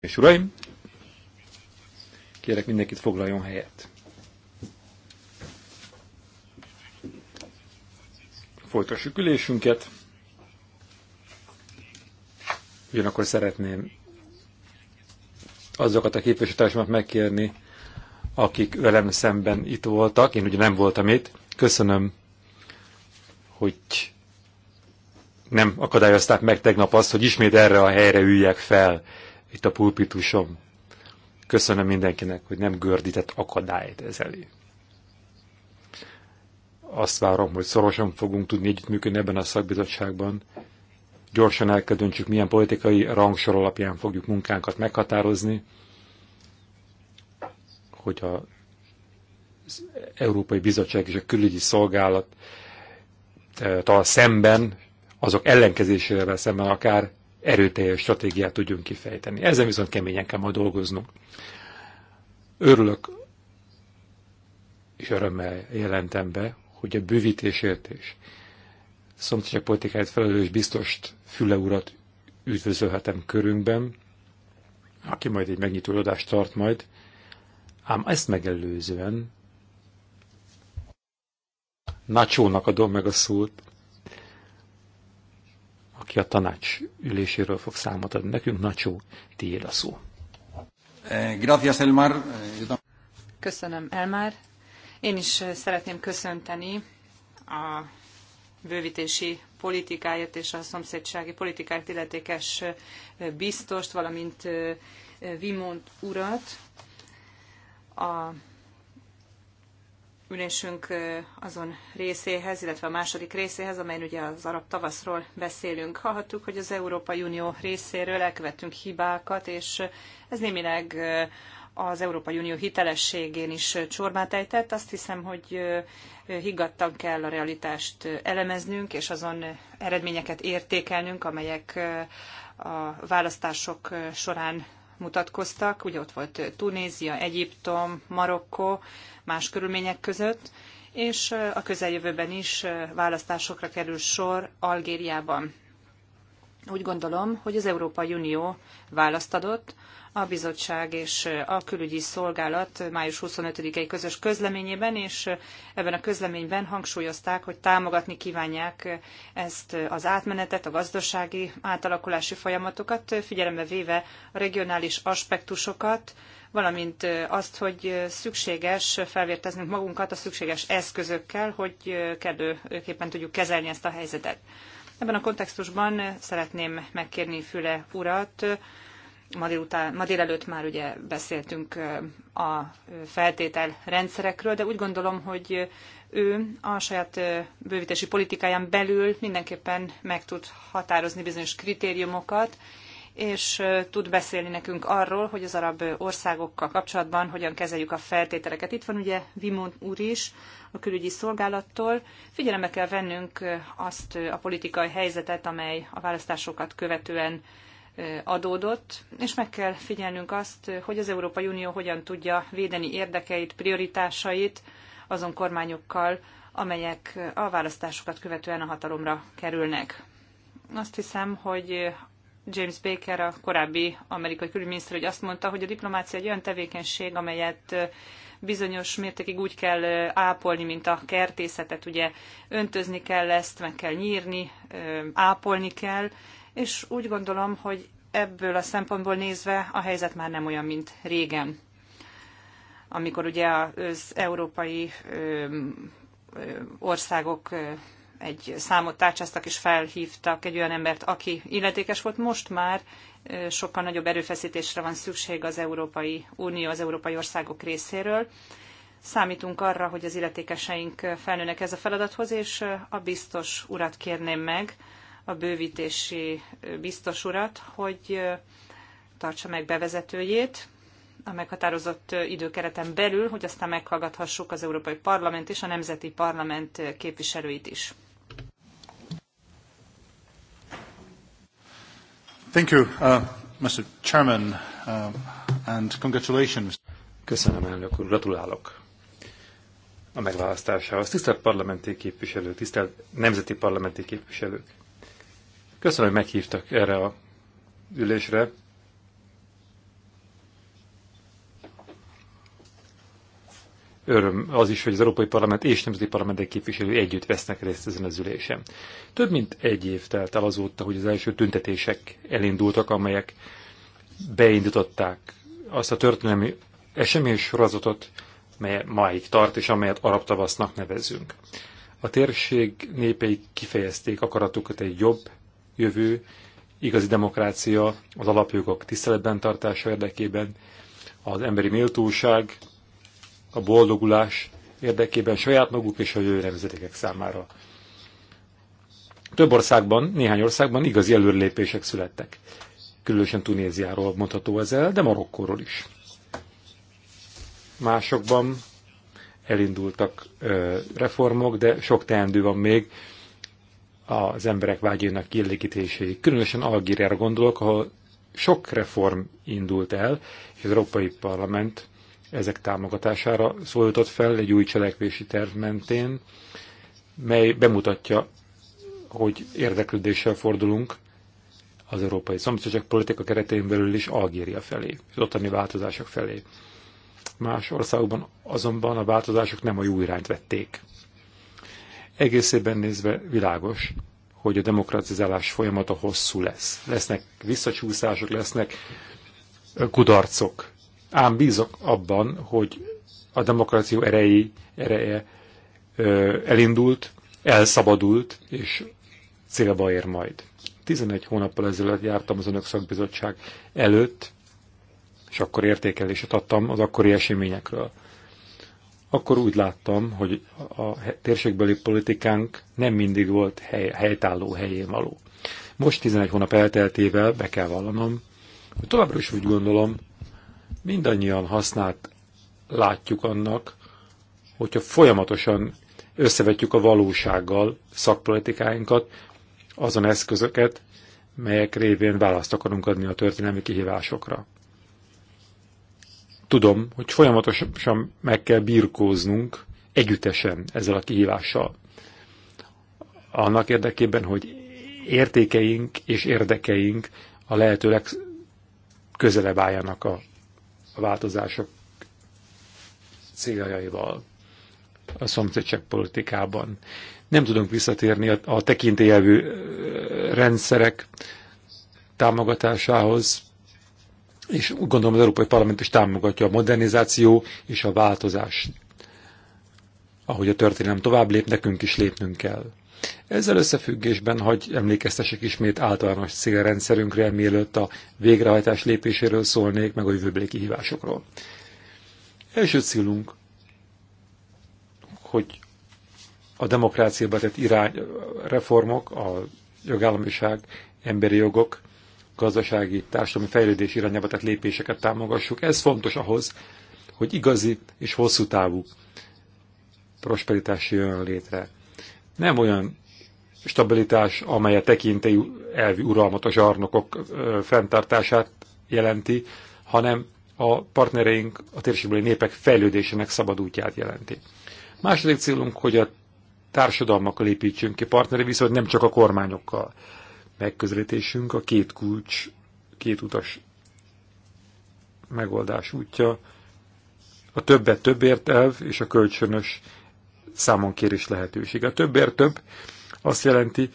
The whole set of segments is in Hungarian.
és uraim, kérek mindenkit foglaljon helyet. Folytassuk ülésünket. Ugyanakkor szeretném azokat a képviselőtársamat megkérni, akik velem szemben itt voltak, én ugye nem voltam itt, köszönöm, hogy nem akadályozták meg tegnap azt, hogy ismét erre a helyre üljek fel itt a pulpitusom. Köszönöm mindenkinek, hogy nem gördített akadályt ez elé. Azt várom, hogy szorosan fogunk tudni együttműködni ebben a szakbizottságban. Gyorsan el kell döntsük, milyen politikai rangsor alapján fogjuk munkánkat meghatározni, hogy a az Európai Bizottság és a Külügyi Szolgálat tal szemben, azok ellenkezésével szemben akár erőteljes stratégiát tudjunk kifejteni. Ezen viszont keményen kell majd dolgoznunk. Örülök és örömmel jelentem be, hogy a bővítésért és politikáját felelős biztost Füle urat üdvözölhetem körünkben, aki majd egy megnyitó adást tart majd, ám ezt megelőzően Nacsónak adom meg a szót, aki a tanács üléséről fog számot adni nekünk. Nacsó, tiéd a szó. Gracias, Elmar. Köszönöm, Elmár. Én is szeretném köszönteni a bővítési politikáért és a szomszédsági politikáért illetékes biztost, valamint Vimont urat, a ülésünk azon részéhez, illetve a második részéhez, amelyen ugye az arab tavaszról beszélünk. Hallhattuk, hogy az Európai Unió részéről elkövettünk hibákat, és ez némileg az Európai Unió hitelességén is csormát ejtett. Azt hiszem, hogy higgadtan kell a realitást elemeznünk, és azon eredményeket értékelnünk, amelyek a választások során mutatkoztak. Ugye ott volt Tunézia, Egyiptom, Marokkó más körülmények között, és a közeljövőben is választásokra kerül sor Algériában. Úgy gondolom, hogy az Európai Unió választ adott, a bizottság és a külügyi szolgálat május 25-i közös közleményében, és ebben a közleményben hangsúlyozták, hogy támogatni kívánják ezt az átmenetet, a gazdasági átalakulási folyamatokat, figyelembe véve a regionális aspektusokat, valamint azt, hogy szükséges felvérteznünk magunkat a szükséges eszközökkel, hogy kedőképpen tudjuk kezelni ezt a helyzetet. Ebben a kontextusban szeretném megkérni Füle urat, ma, délután, ma délelőtt már ugye beszéltünk a feltétel rendszerekről, de úgy gondolom, hogy ő a saját bővítési politikáján belül mindenképpen meg tud határozni bizonyos kritériumokat, és tud beszélni nekünk arról, hogy az arab országokkal kapcsolatban hogyan kezeljük a feltételeket. Itt van ugye Vimon úr is a külügyi szolgálattól. Figyelembe kell vennünk azt a politikai helyzetet, amely a választásokat követően adódott, és meg kell figyelnünk azt, hogy az Európai Unió hogyan tudja védeni érdekeit, prioritásait azon kormányokkal, amelyek a választásokat követően a hatalomra kerülnek. Azt hiszem, hogy James Baker, a korábbi amerikai külügyminiszter, hogy azt mondta, hogy a diplomácia egy olyan tevékenység, amelyet bizonyos mértékig úgy kell ápolni, mint a kertészetet, ugye öntözni kell ezt, meg kell nyírni, ápolni kell, és úgy gondolom, hogy ebből a szempontból nézve a helyzet már nem olyan, mint régen. Amikor ugye az európai országok egy számot tárcsáztak és felhívtak egy olyan embert, aki illetékes volt, most már sokkal nagyobb erőfeszítésre van szükség az Európai Unió, az európai országok részéről. Számítunk arra, hogy az illetékeseink felnőnek ez a feladathoz, és a biztos urat kérném meg, a bővítési biztos urat, hogy tartsa meg bevezetőjét a meghatározott időkereten belül, hogy aztán meghallgathassuk az Európai Parlament és a Nemzeti Parlament képviselőit is. Thank you, uh, Mr. Chairman, uh, and congratulations. Köszönöm, elnök úr, gratulálok a megválasztásához. Tisztelt parlamenti képviselő, tisztelt nemzeti parlamenti képviselők! Köszönöm, hogy meghívtak erre a ülésre. Öröm az is, hogy az Európai Parlament és Nemzeti Parlamentek képviselői együtt vesznek részt ezen az ülésen. Több mint egy év telt el azóta, hogy az első tüntetések elindultak, amelyek beindították azt a történelmi esemény sorozatot, mely máig tart, és amelyet arab tavasznak nevezünk. A térség népei kifejezték akaratukat egy jobb, jövő igazi demokrácia az alapjogok tiszteletben tartása érdekében, az emberi méltóság, a boldogulás érdekében saját maguk és a jövő nemzedékek számára. Több országban, néhány országban igazi előrelépések születtek. Különösen Tunéziáról mondható ez el, de Marokkóról is. Másokban elindultak ö, reformok, de sok teendő van még, az emberek vágyainak kielégítéséig. Különösen Algériára gondolok, ahol sok reform indult el, és az Európai Parlament ezek támogatására szólított fel egy új cselekvési terv mentén, mely bemutatja, hogy érdeklődéssel fordulunk az európai szomszédság politika keretén belül is Algéria felé, az ottani változások felé. Más országokban azonban a változások nem a jó irányt vették egészében nézve világos, hogy a demokratizálás folyamata hosszú lesz. Lesznek visszacsúszások, lesznek kudarcok. Ám bízok abban, hogy a demokráció erejé, ereje elindult, elszabadult, és célba ér majd. 11 hónappal ezelőtt jártam az Önök Szakbizottság előtt, és akkor értékelést adtam az akkori eseményekről akkor úgy láttam, hogy a térségbeli politikánk nem mindig volt hely, helytálló helyén való. Most 11 hónap elteltével be kell vallanom, hogy továbbra is úgy gondolom, mindannyian hasznát látjuk annak, hogyha folyamatosan összevetjük a valósággal szakpolitikáinkat, azon eszközöket, melyek révén választ akarunk adni a történelmi kihívásokra. Tudom, hogy folyamatosan meg kell birkóznunk együttesen ezzel a kihívással. Annak érdekében, hogy értékeink és érdekeink a lehető legközelebb álljanak a, változások céljaival a szomszédság politikában. Nem tudunk visszatérni a, a tekintélyelvű rendszerek támogatásához, és úgy gondolom az Európai Parlament is támogatja a modernizáció és a változás. Ahogy a történelem tovább lép, nekünk is lépnünk kell. Ezzel összefüggésben hagy emlékeztessek ismét általános célrendszerünkre, mielőtt a végrehajtás lépéséről szólnék, meg a jövőbeli kihívásokról. Első célunk, hogy a demokráciába tett irány, reformok, a jogállamiság, emberi jogok gazdasági, társadalmi fejlődés irányába tett lépéseket támogassuk. Ez fontos ahhoz, hogy igazi és hosszú távú prosperitás jön létre. Nem olyan stabilitás, amely a tekintély elvi uralmat a zsarnokok fenntartását jelenti, hanem a partnereink, a térségbeli népek fejlődésének szabad útját jelenti. Második célunk, hogy a társadalmakkal építsünk ki partneri viszonyt, nem csak a kormányokkal megközelítésünk a két kulcs, két utas megoldás útja, a többet többért elv és a kölcsönös számonkérés lehetőség. A többért több azt jelenti,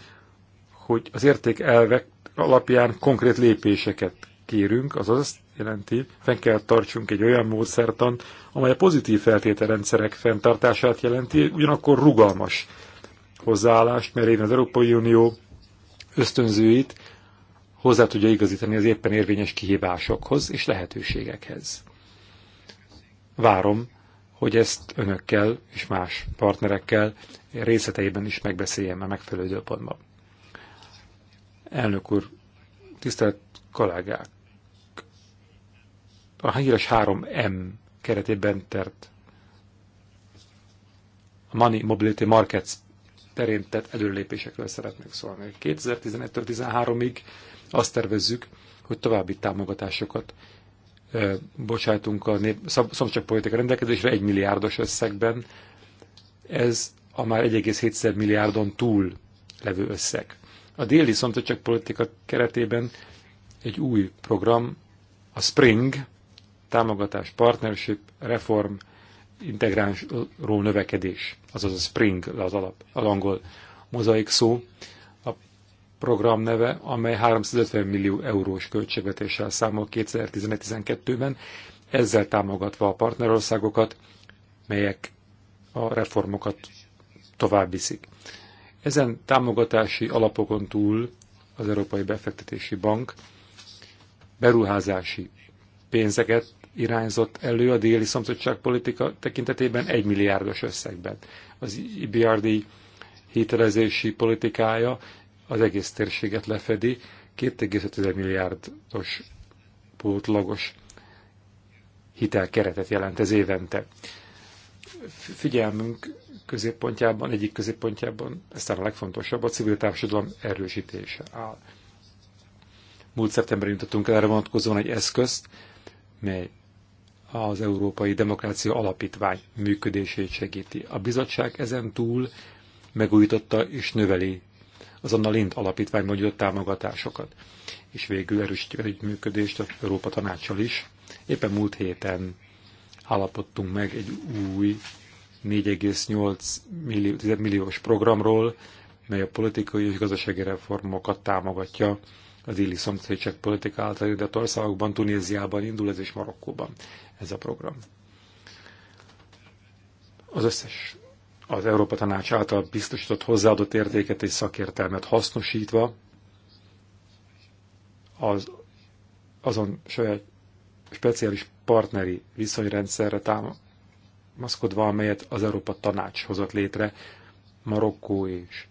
hogy az érték elvek alapján konkrét lépéseket kérünk, azaz azt jelenti, fenn kell tartsunk egy olyan módszertan, amely a pozitív feltételrendszerek fenntartását jelenti, ugyanakkor rugalmas hozzáállást, mert én az Európai Unió ösztönzőit hozzá tudja igazítani az éppen érvényes kihívásokhoz és lehetőségekhez. Várom, hogy ezt önökkel és más partnerekkel részleteiben is megbeszéljem a megfelelő időpontban. Elnök úr, tisztelt kollégák! A híres 3M keretében tert a Money Mobility Markets terén tett előlépésekről szeretnék szólni. 2011-től 2013 ig azt tervezzük, hogy további támogatásokat bocsájtunk a nép, szomszédpolitika rendelkezésre egy milliárdos összegben. Ez a már 1,7 milliárdon túl levő összeg. A déli politika keretében egy új program, a SPRING, támogatás, partnership, reform, integránsról növekedés, azaz a spring, az alap, az angol mozaik szó, a program neve, amely 350 millió eurós költségvetéssel számol 2011-12-ben, ezzel támogatva a partnerországokat, melyek a reformokat tovább viszik. Ezen támogatási alapokon túl az Európai Befektetési Bank beruházási pénzeket irányzott elő a déli politika tekintetében egy milliárdos összegben. Az IBRD hitelezési politikája az egész térséget lefedi, 2,5 milliárdos pótlagos hitelkeretet jelent ez évente. Figyelmünk középpontjában, egyik középpontjában, aztán a legfontosabb, a civil társadalom erősítése áll. Múlt szeptemberben jutottunk erre vonatkozóan egy eszközt, mely az Európai Demokrácia Alapítvány működését segíti. A bizottság ezen túl megújította és növeli az Anna Lind Alapítvány mondjuk támogatásokat. És végül erősítjük egy működést az Európa Tanácsal is. Éppen múlt héten állapodtunk meg egy új 4,8 millió, milliós programról, mely a politikai és gazdasági reformokat támogatja az illi szomszédság politika által érdett országokban, Tunéziában indul ez és Marokkóban ez a program. Az összes az Európa Tanács által biztosított hozzáadott értéket és szakértelmet hasznosítva az, azon saját speciális partneri viszonyrendszerre támaszkodva, amelyet az Európa Tanács hozott létre Marokkó és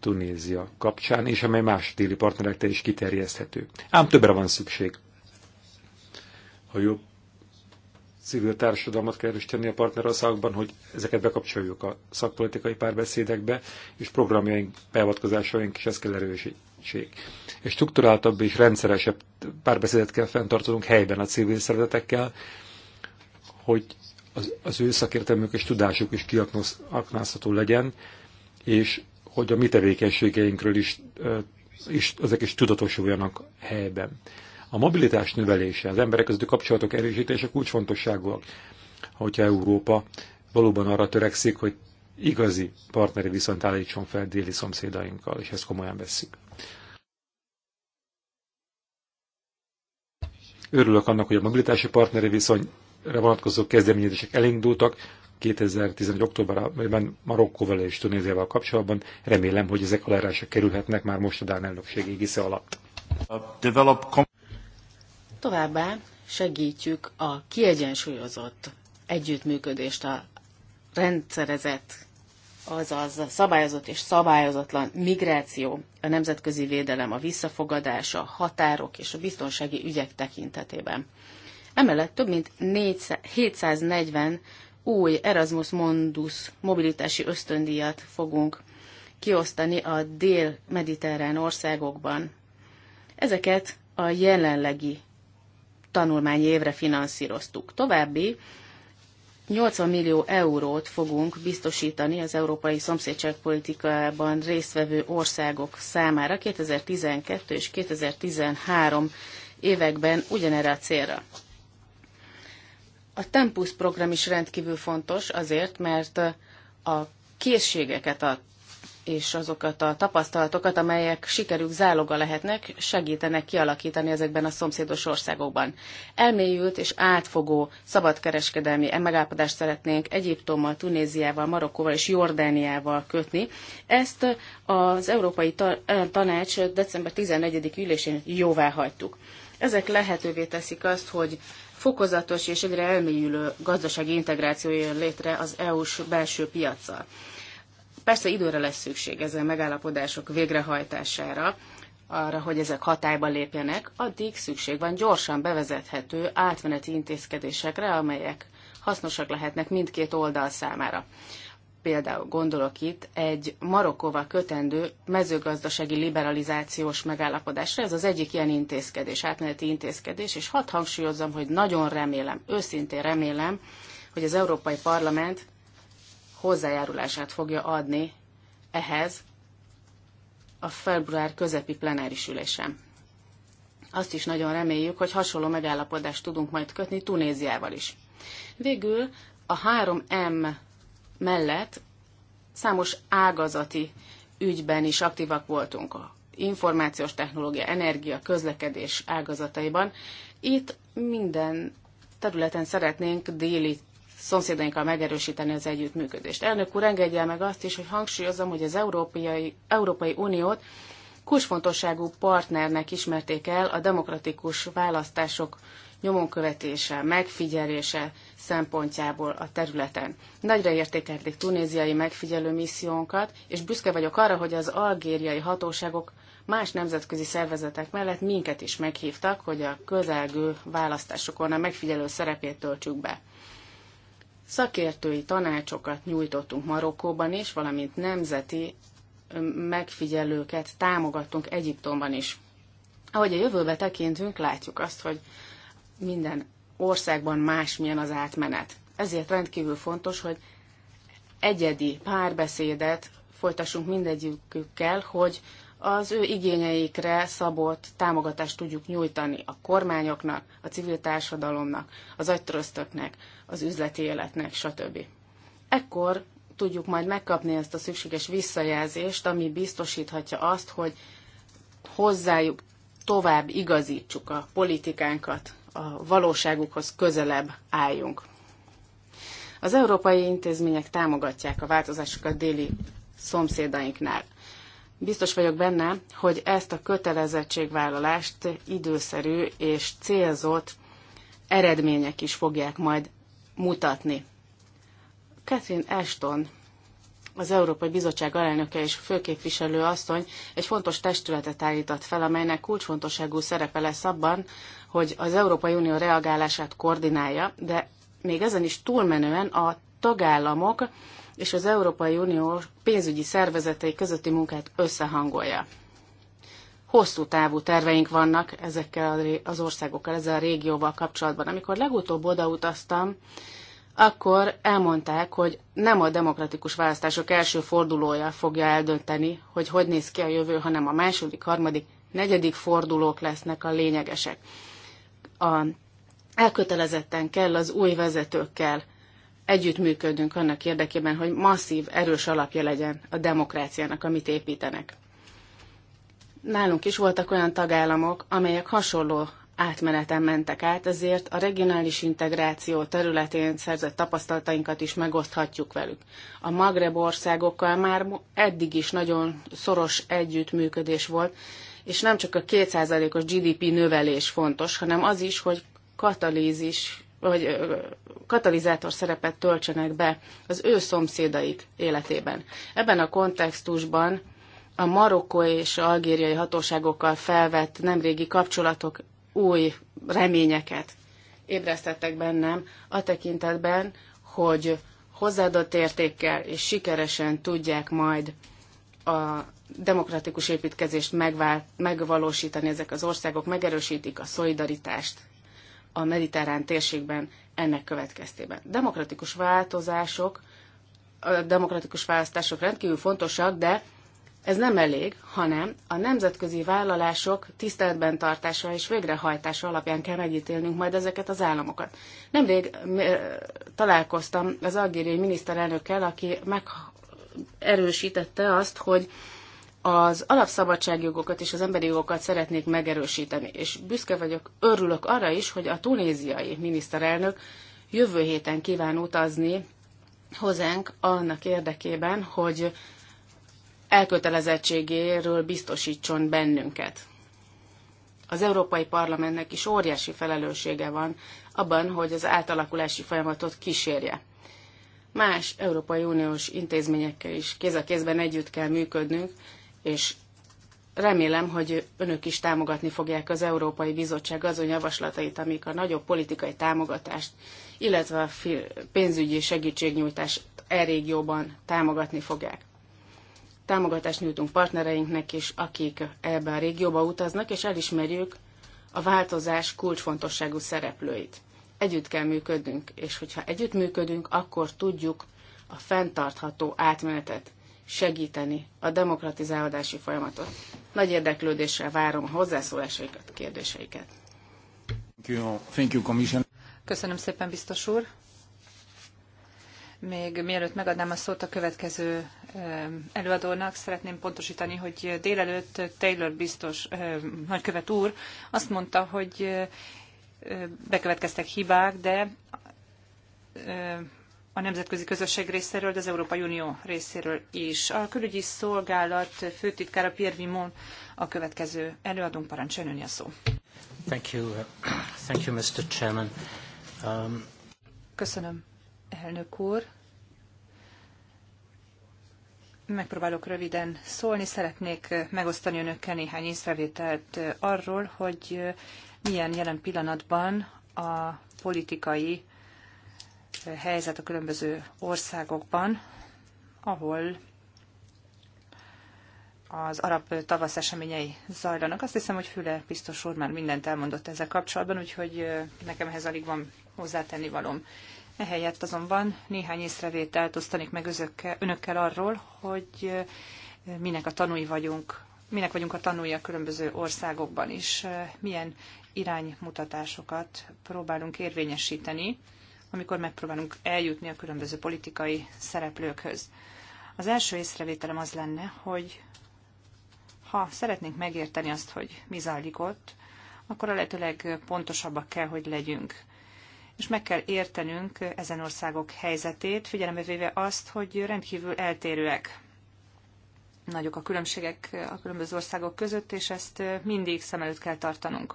Tunézia kapcsán, és amely más déli partnerekre is kiterjeszthető. Ám többre van szükség. Ha jobb civil társadalmat kell erősíteni a partnerországban, hogy ezeket bekapcsoljuk a szakpolitikai párbeszédekbe, és programjaink, beavatkozásaink is ezt kell erősítsék. És strukturáltabb és rendszeresebb párbeszédet kell fenntartanunk helyben a civil szervezetekkel, hogy az, az ő szakértelmük és tudásuk is kiaknázható legyen, és hogy a mi tevékenységeinkről is, is ezek is tudatosuljanak helyben. A mobilitás növelése, az emberek közötti kapcsolatok erősítése kulcsfontosságúak, hogyha Európa valóban arra törekszik, hogy igazi partneri viszont állítson fel déli szomszédainkkal, és ezt komolyan veszik. Örülök annak, hogy a mobilitási partneri viszony vonatkozó kezdeményezések elindultak 2011. októberben Marokkóval és Tunéziával kapcsolatban. Remélem, hogy ezek alárásra kerülhetnek már most a Dán elnökség égisze alatt. Továbbá segítjük a kiegyensúlyozott együttműködést a rendszerezett, azaz szabályozott és szabályozatlan migráció, a nemzetközi védelem, a visszafogadás, a határok és a biztonsági ügyek tekintetében. Emellett több mint 740 új Erasmus Mondus mobilitási ösztöndíjat fogunk kiosztani a dél-mediterrán országokban. Ezeket a jelenlegi tanulmányi évre finanszíroztuk. További 80 millió eurót fogunk biztosítani az európai szomszédságpolitikában résztvevő országok számára 2012 és 2013 években ugyanerre a célra. A Tempus program is rendkívül fontos azért, mert a készségeket a, és azokat a tapasztalatokat, amelyek sikerük záloga lehetnek, segítenek kialakítani ezekben a szomszédos országokban. Elmélyült és átfogó szabadkereskedelmi megállapodást szeretnénk Egyiptommal, Tunéziával, Marokkóval és Jordániával kötni. Ezt az Európai eh, Tanács december 14. ülésén jóvá hagytuk. Ezek lehetővé teszik azt, hogy fokozatos és egyre elmélyülő gazdasági integráció jön létre az EU-s belső piaccal. Persze időre lesz szükség ezen megállapodások végrehajtására, arra, hogy ezek hatályba lépjenek, addig szükség van gyorsan bevezethető átmeneti intézkedésekre, amelyek hasznosak lehetnek mindkét oldal számára. Például gondolok itt egy Marokkóval kötendő mezőgazdasági liberalizációs megállapodásra. Ez az egyik ilyen intézkedés, átmeneti intézkedés, és hadd hangsúlyozzam, hogy nagyon remélem, őszintén remélem, hogy az Európai Parlament hozzájárulását fogja adni ehhez a február közepi plenáris ülésem. Azt is nagyon reméljük, hogy hasonló megállapodást tudunk majd kötni Tunéziával is. Végül a 3M mellett számos ágazati ügyben is aktívak voltunk a információs technológia, energia, közlekedés ágazataiban. Itt minden területen szeretnénk déli szomszédainkkal megerősíteni az együttműködést. Elnök úr, engedje meg azt is, hogy hangsúlyozom, hogy az Európai, Európai Uniót kulcsfontosságú partnernek ismerték el a demokratikus választások nyomonkövetése, megfigyelése szempontjából a területen. Nagyra értékelték tunéziai megfigyelő missziónkat, és büszke vagyok arra, hogy az algériai hatóságok más nemzetközi szervezetek mellett minket is meghívtak, hogy a közelgő választásokon a megfigyelő szerepét töltsük be. Szakértői tanácsokat nyújtottunk Marokkóban is, valamint nemzeti megfigyelőket támogattunk Egyiptomban is. Ahogy a jövőbe tekintünk, látjuk azt, hogy minden országban másmilyen az átmenet. Ezért rendkívül fontos, hogy egyedi párbeszédet folytassunk mindegyikükkel, hogy az ő igényeikre szabott támogatást tudjuk nyújtani a kormányoknak, a civil társadalomnak, az agytröztöknek, az üzleti életnek, stb. Ekkor tudjuk majd megkapni ezt a szükséges visszajelzést, ami biztosíthatja azt, hogy hozzájuk tovább igazítsuk a politikánkat a valóságukhoz közelebb álljunk. Az európai intézmények támogatják a változásokat déli szomszédainknál. Biztos vagyok benne, hogy ezt a kötelezettségvállalást időszerű és célzott eredmények is fogják majd mutatni. Catherine Ashton, az Európai Bizottság alelnöke és főképviselő asszony egy fontos testületet állított fel, amelynek kulcsfontosságú szerepe lesz abban, hogy az Európai Unió reagálását koordinálja, de még ezen is túlmenően a tagállamok és az Európai Unió pénzügyi szervezetei közötti munkát összehangolja. Hosszú távú terveink vannak ezekkel az országokkal, ezzel a régióval kapcsolatban. Amikor legutóbb odautaztam, akkor elmondták, hogy nem a demokratikus választások első fordulója fogja eldönteni, hogy hogy néz ki a jövő, hanem a második, harmadik, negyedik fordulók lesznek a lényegesek a, elkötelezetten kell az új vezetőkkel együttműködünk annak érdekében, hogy masszív, erős alapja legyen a demokráciának, amit építenek. Nálunk is voltak olyan tagállamok, amelyek hasonló átmeneten mentek át, ezért a regionális integráció területén szerzett tapasztalatainkat is megoszthatjuk velük. A Magreb országokkal már eddig is nagyon szoros együttműködés volt, és nem csak a kétszázalékos GDP növelés fontos, hanem az is, hogy katalízis, vagy katalizátor szerepet töltsenek be az ő szomszédaik életében. Ebben a kontextusban a marokkó és algériai hatóságokkal felvett nemrégi kapcsolatok új reményeket ébresztettek bennem a tekintetben, hogy hozzáadott értékkel és sikeresen tudják majd a demokratikus építkezést megvál, megvalósítani ezek az országok, megerősítik a szolidaritást a mediterrán térségben ennek következtében. Demokratikus változások, a demokratikus választások rendkívül fontosak, de ez nem elég, hanem a nemzetközi vállalások tiszteletben tartása és végrehajtása alapján kell megítélnünk majd ezeket az államokat. Nemrég találkoztam az algériai miniszterelnökkel, aki meg erősítette azt, hogy az alapszabadságjogokat és az emberi jogokat szeretnék megerősíteni, és büszke vagyok, örülök arra is, hogy a tunéziai miniszterelnök jövő héten kíván utazni hozzánk annak érdekében, hogy elkötelezettségéről biztosítson bennünket. Az Európai Parlamentnek is óriási felelőssége van abban, hogy az átalakulási folyamatot kísérje. Más Európai Uniós intézményekkel is kéz a kézben együtt kell működnünk, és remélem, hogy önök is támogatni fogják az Európai Bizottság azon javaslatait, amik a nagyobb politikai támogatást, illetve a pénzügyi segítségnyújtást e régióban támogatni fogják. Támogatást nyújtunk partnereinknek is, akik ebbe a régióba utaznak, és elismerjük a változás kulcsfontosságú szereplőit. Együtt kell működnünk, és hogyha együtt működünk, akkor tudjuk a fenntartható átmenetet segíteni a demokratizálódási folyamatot. Nagy érdeklődéssel várom a hozzászólásaikat, kérdéseiket. Thank you, Commission. Köszönöm szépen, biztos úr. Még mielőtt megadnám a szót a következő előadónak, szeretném pontosítani, hogy délelőtt Taylor biztos nagykövet úr azt mondta, hogy bekövetkeztek hibák, de a nemzetközi közösség részéről, de az Európai Unió részéről is. A külügyi szolgálat főtitkára Pierre Vimon a következő előadónk parancsoljon a szó. Thank you. Uh, thank you, Mr. Chairman. Um... Köszönöm, elnök úr. Megpróbálok röviden szólni. Szeretnék megosztani önökkel néhány észrevételt arról, hogy milyen jelen pillanatban a politikai helyzet a különböző országokban, ahol az arab tavasz eseményei zajlanak. Azt hiszem, hogy Füle biztos úr már mindent elmondott ezzel kapcsolatban, úgyhogy nekem ehhez alig van hozzátenni valom. Ehelyett azonban néhány észrevételt osztanék meg özökkel, önökkel arról, hogy minek a tanúi vagyunk, minek vagyunk a tanúi a különböző országokban is, milyen iránymutatásokat próbálunk érvényesíteni amikor megpróbálunk eljutni a különböző politikai szereplőkhöz. Az első észrevételem az lenne, hogy ha szeretnénk megérteni azt, hogy mi zajlik ott, akkor a lehetőleg pontosabbak kell, hogy legyünk. És meg kell értenünk ezen országok helyzetét, figyelembe véve azt, hogy rendkívül eltérőek. Nagyok a különbségek a különböző országok között, és ezt mindig szem előtt kell tartanunk.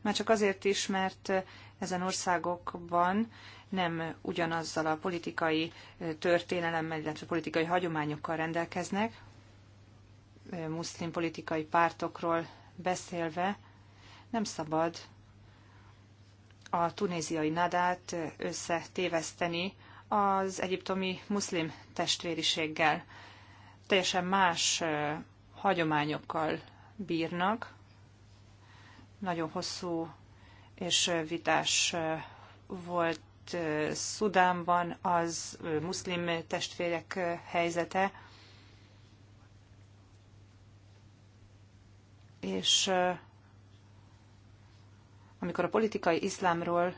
Már csak azért is, mert ezen országokban nem ugyanazzal a politikai történelemmel, illetve politikai hagyományokkal rendelkeznek, muszlim politikai pártokról beszélve, nem szabad a tunéziai nadát összetéveszteni az egyiptomi muszlim testvériséggel. Teljesen más hagyományokkal bírnak, nagyon hosszú és vitás volt Szudánban, az muszlim testvérek helyzete, és amikor a politikai iszlámról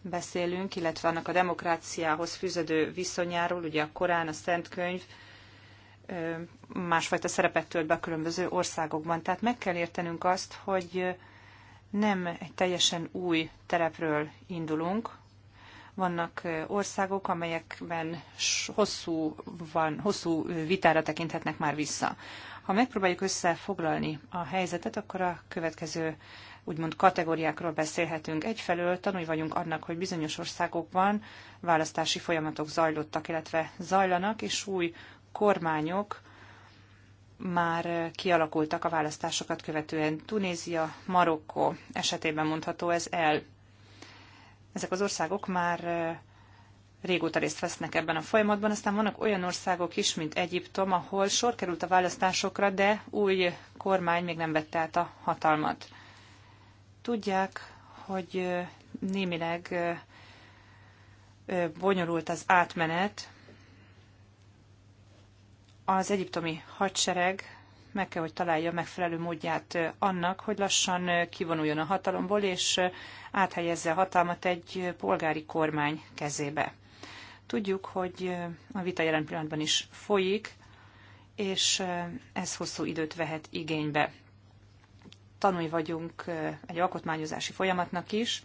beszélünk, illetve annak a demokráciához fűződő viszonyáról, ugye a Korán, a Szentkönyv másfajta szerepet tölt be a különböző országokban. Tehát meg kell értenünk azt, hogy nem egy teljesen új terepről indulunk, vannak országok, amelyekben hosszú, van, hosszú vitára tekinthetnek már vissza. Ha megpróbáljuk összefoglalni a helyzetet, akkor a következő úgymond kategóriákról beszélhetünk. Egyfelől tanulj vagyunk annak, hogy bizonyos országokban választási folyamatok zajlottak, illetve zajlanak, és új kormányok már kialakultak a választásokat követően. Tunézia, Marokkó esetében mondható ez el ezek az országok már régóta részt vesznek ebben a folyamatban. Aztán vannak olyan országok is, mint Egyiptom, ahol sor került a választásokra, de új kormány még nem vette át a hatalmat. Tudják, hogy némileg bonyolult az átmenet. Az egyiptomi hadsereg meg kell, hogy találja megfelelő módját annak, hogy lassan kivonuljon a hatalomból, és áthelyezze a hatalmat egy polgári kormány kezébe. Tudjuk, hogy a vita jelen pillanatban is folyik, és ez hosszú időt vehet igénybe. Tanulj vagyunk egy alkotmányozási folyamatnak is,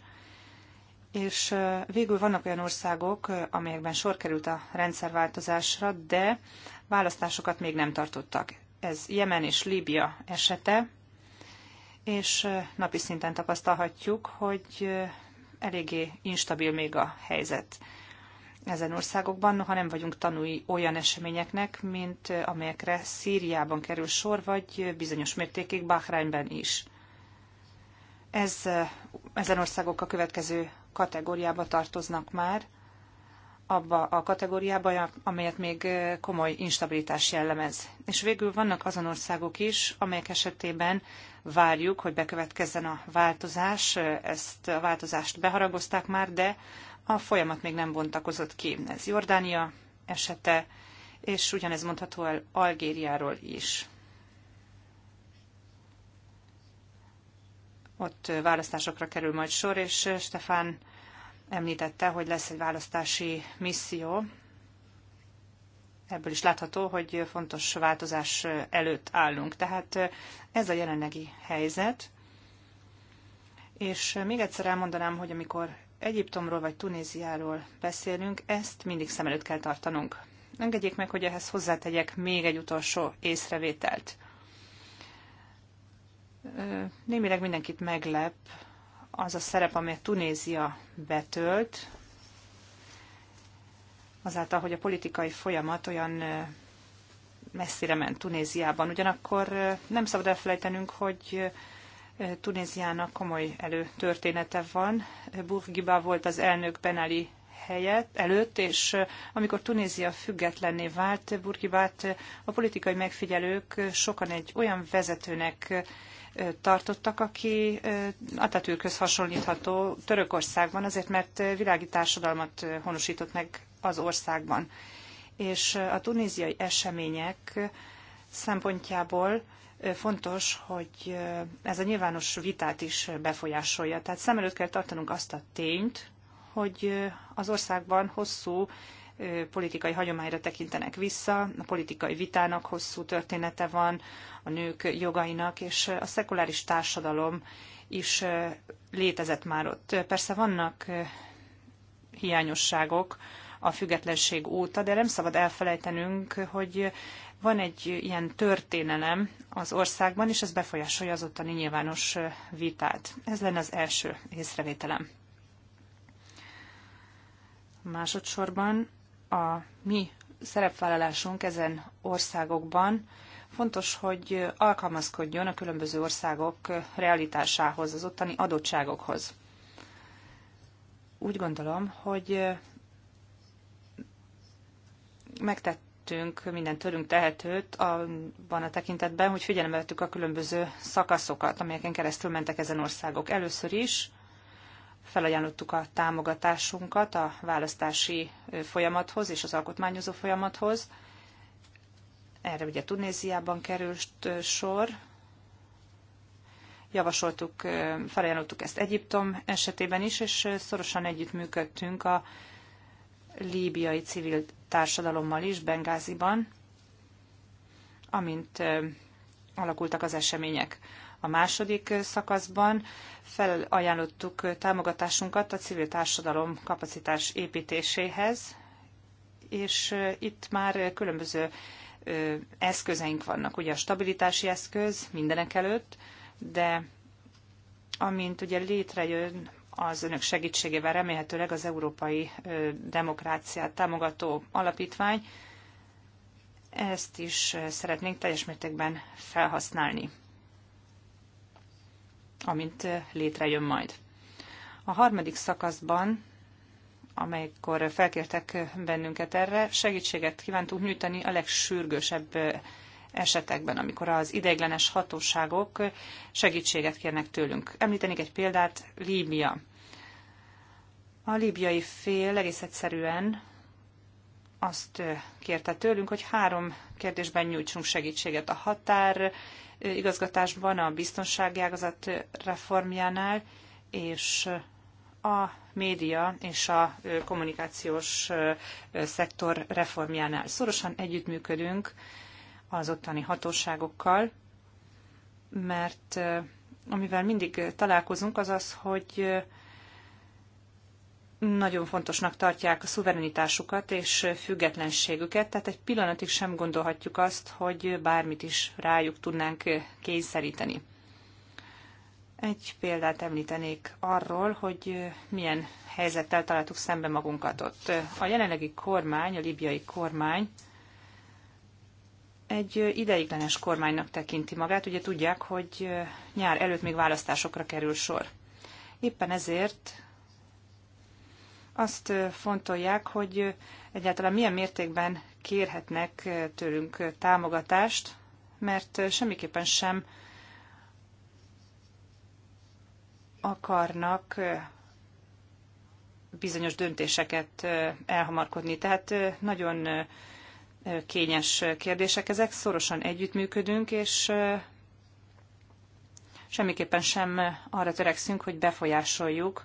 és végül vannak olyan országok, amelyekben sor került a rendszerváltozásra, de választásokat még nem tartottak ez Jemen és Líbia esete, és napi szinten tapasztalhatjuk, hogy eléggé instabil még a helyzet ezen országokban, noha nem vagyunk tanúi olyan eseményeknek, mint amelyekre Szíriában kerül sor, vagy bizonyos mértékig Bahreinben is. Ez, ezen országok a következő kategóriába tartoznak már, abba a kategóriába, amelyet még komoly instabilitás jellemez. És végül vannak azon országok is, amelyek esetében várjuk, hogy bekövetkezzen a változás, ezt a változást beharagozták már, de a folyamat még nem bontakozott ki. Ez Jordánia esete, és ugyanez mondható el Algériáról is. Ott választásokra kerül majd sor, és Stefan említette, hogy lesz egy választási misszió. Ebből is látható, hogy fontos változás előtt állunk. Tehát ez a jelenlegi helyzet. És még egyszer elmondanám, hogy amikor Egyiptomról vagy Tunéziáról beszélünk, ezt mindig szem előtt kell tartanunk. Engedjék meg, hogy ehhez hozzátegyek még egy utolsó észrevételt. Némileg mindenkit meglep az a szerep, amelyet Tunézia betölt, azáltal, hogy a politikai folyamat olyan messzire ment Tunéziában. Ugyanakkor nem szabad elfelejtenünk, hogy Tunéziának komoly előtörténete van. Burgiba volt az elnök Benali helyett, előtt, és amikor Tunézia függetlenné vált, Burgibát a politikai megfigyelők sokan egy olyan vezetőnek tartottak, aki Atatürkhöz hasonlítható Törökországban, azért mert világi társadalmat honosított meg az országban. És a tunéziai események szempontjából fontos, hogy ez a nyilvános vitát is befolyásolja. Tehát szem előtt kell tartanunk azt a tényt, hogy az országban hosszú politikai hagyományra tekintenek vissza, a politikai vitának hosszú története van, a nők jogainak, és a szekuláris társadalom is létezett már ott. Persze vannak hiányosságok a függetlenség óta, de nem szabad elfelejtenünk, hogy van egy ilyen történelem az országban, és ez befolyásolja az ottani nyilvános vitát. Ez lenne az első észrevételem. Másodszorban a mi szerepvállalásunk ezen országokban fontos, hogy alkalmazkodjon a különböző országok realitásához, az ottani adottságokhoz. Úgy gondolom, hogy megtettünk minden törünk tehetőt abban a tekintetben, hogy figyelembe vettük a különböző szakaszokat, amelyeken keresztül mentek ezen országok. Először is felajánlottuk a támogatásunkat a választási folyamathoz és az alkotmányozó folyamathoz. Erre ugye Tunéziában került sor. Javasoltuk, felajánlottuk ezt Egyiptom esetében is, és szorosan együttműködtünk a líbiai civil társadalommal is Bengáziban, amint alakultak az események. A második szakaszban felajánlottuk támogatásunkat a civil társadalom kapacitás építéséhez, és itt már különböző eszközeink vannak. Ugye a stabilitási eszköz mindenek előtt, de amint ugye létrejön az önök segítségével remélhetőleg az Európai Demokráciát támogató alapítvány, ezt is szeretnénk teljes mértékben felhasználni amint eh, létrejön majd. A harmadik szakaszban, amelykor felkértek eh, bennünket erre, segítséget kívántunk nyújtani a legsürgősebb eh, esetekben, amikor az ideiglenes hatóságok segítséget kérnek tőlünk. Említenék egy példát, Líbia. A líbiai fél egész egyszerűen azt kérte tőlünk, hogy három kérdésben nyújtsunk segítséget. A határ igazgatásban, a biztonsági ágazat reformjánál, és a média és a kommunikációs szektor reformjánál. Szorosan együttműködünk az ottani hatóságokkal, mert amivel mindig találkozunk, az az, hogy nagyon fontosnak tartják a szuverenitásukat és függetlenségüket, tehát egy pillanatig sem gondolhatjuk azt, hogy bármit is rájuk tudnánk kényszeríteni. Egy példát említenék arról, hogy milyen helyzettel találtuk szembe magunkat ott. A jelenlegi kormány, a libiai kormány egy ideiglenes kormánynak tekinti magát. Ugye tudják, hogy nyár előtt még választásokra kerül sor. Éppen ezért azt fontolják, hogy egyáltalán milyen mértékben kérhetnek tőlünk támogatást, mert semmiképpen sem akarnak bizonyos döntéseket elhamarkodni. Tehát nagyon kényes kérdések ezek, szorosan együttműködünk, és semmiképpen sem arra törekszünk, hogy befolyásoljuk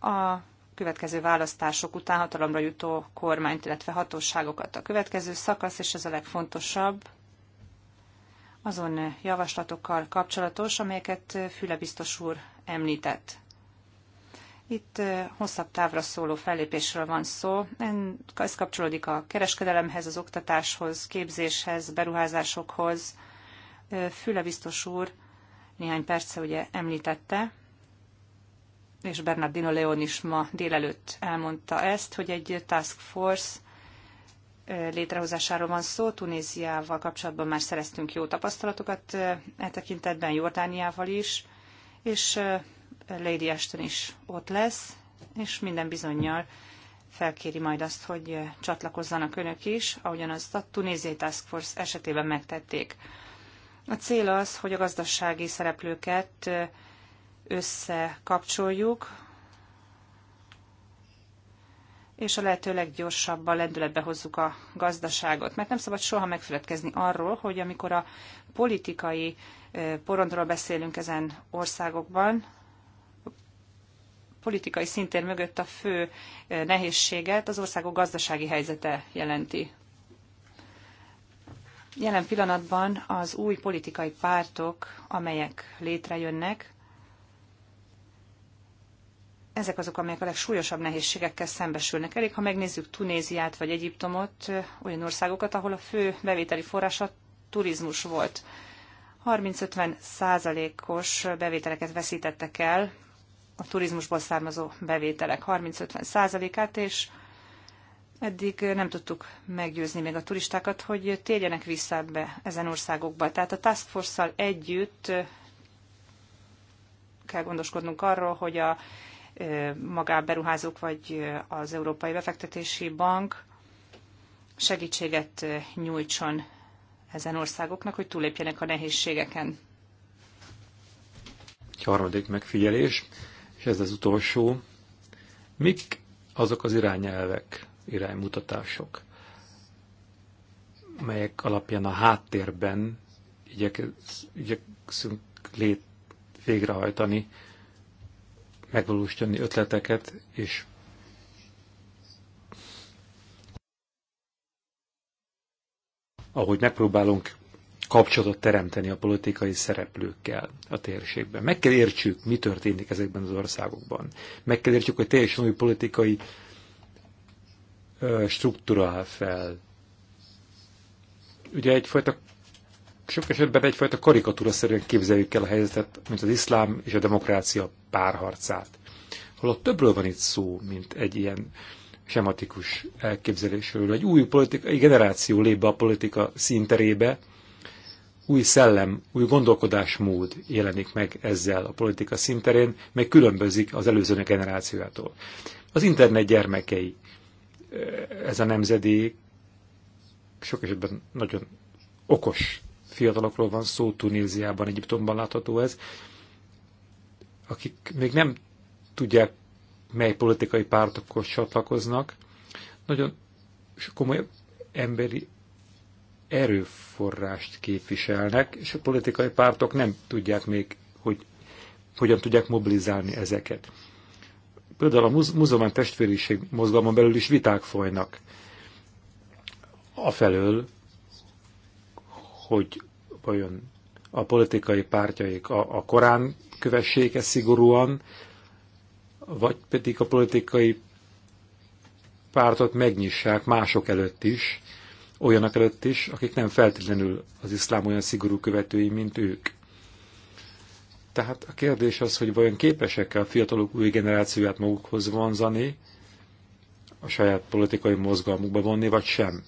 a következő választások után hatalomra jutó kormányt, illetve hatóságokat. A következő szakasz, és ez a legfontosabb, azon javaslatokkal kapcsolatos, amelyeket Füle biztos úr említett. Itt eh, hosszabb távra szóló fellépésről van szó. Ez kapcsolódik a kereskedelemhez, az oktatáshoz, képzéshez, beruházásokhoz. Eh, Füle biztos úr néhány perce ugye említette, és Bernardino Leon is ma délelőtt elmondta ezt, hogy egy task force létrehozásáról van szó. Tunéziával kapcsolatban már szereztünk jó tapasztalatokat e tekintetben, Jordániával is, és Lady Ashton is ott lesz, és minden bizonyal felkéri majd azt, hogy csatlakozzanak önök is, ahogyan azt a Tunéziai Task Force esetében megtették. A cél az, hogy a gazdasági szereplőket összekapcsoljuk, és a lehető leggyorsabban lendületbe hozzuk a gazdaságot. Mert nem szabad soha megfeledkezni arról, hogy amikor a politikai porondról beszélünk ezen országokban, politikai szintér mögött a fő nehézséget az országok gazdasági helyzete jelenti. Jelen pillanatban az új politikai pártok, amelyek létrejönnek, ezek azok, amelyek a legsúlyosabb nehézségekkel szembesülnek. Elég, ha megnézzük Tunéziát vagy Egyiptomot, olyan országokat, ahol a fő bevételi forrása turizmus volt. 30-50 százalékos bevételeket veszítettek el a turizmusból származó bevételek 30-50 százalékát, és eddig nem tudtuk meggyőzni még a turistákat, hogy térjenek vissza ebbe ezen országokba. Tehát a Task Force-szal együtt kell gondoskodnunk arról, hogy a magánberuházók vagy az Európai Befektetési Bank segítséget nyújtson ezen országoknak, hogy túlépjenek a nehézségeken. Harmadik megfigyelés, és ez az utolsó. Mik azok az irányelvek, iránymutatások, melyek alapján a háttérben igyekszünk lét, végrehajtani megvalósítani ötleteket és ahogy megpróbálunk kapcsolatot teremteni a politikai szereplőkkel a térségben. Meg kell értsük, mi történik ezekben az országokban. Meg kell értsük, hogy teljesen új politikai struktúra áll fel. Ugye egyfajta sok esetben egyfajta karikatúraszerűen képzeljük el a helyzetet, mint az iszlám és a demokrácia párharcát. Holott többről van itt szó, mint egy ilyen sematikus elképzelésről. Egy új politikai generáció lép be a politika színterébe, új szellem, új gondolkodásmód jelenik meg ezzel a politika színterén, meg különbözik az előzőnek generációjától. Az internet gyermekei, eh, ez a nemzedék sok esetben nagyon okos fiatalokról van szó, Tunéziában, Egyiptomban látható ez, akik még nem tudják, mely politikai pártokhoz csatlakoznak. Nagyon komoly emberi erőforrást képviselnek, és a politikai pártok nem tudják még, hogy hogyan tudják mobilizálni ezeket. Például a muzulmán testvériség mozgalma belül is viták folynak. Afelől, hogy vajon a politikai pártjaik a, a korán kövessék-e szigorúan, vagy pedig a politikai pártot megnyissák mások előtt is, olyanok előtt is, akik nem feltétlenül az iszlám olyan szigorú követői, mint ők. Tehát a kérdés az, hogy vajon képesek-e a fiatalok új generációját magukhoz vonzani, a saját politikai mozgalmukba vonni, vagy sem.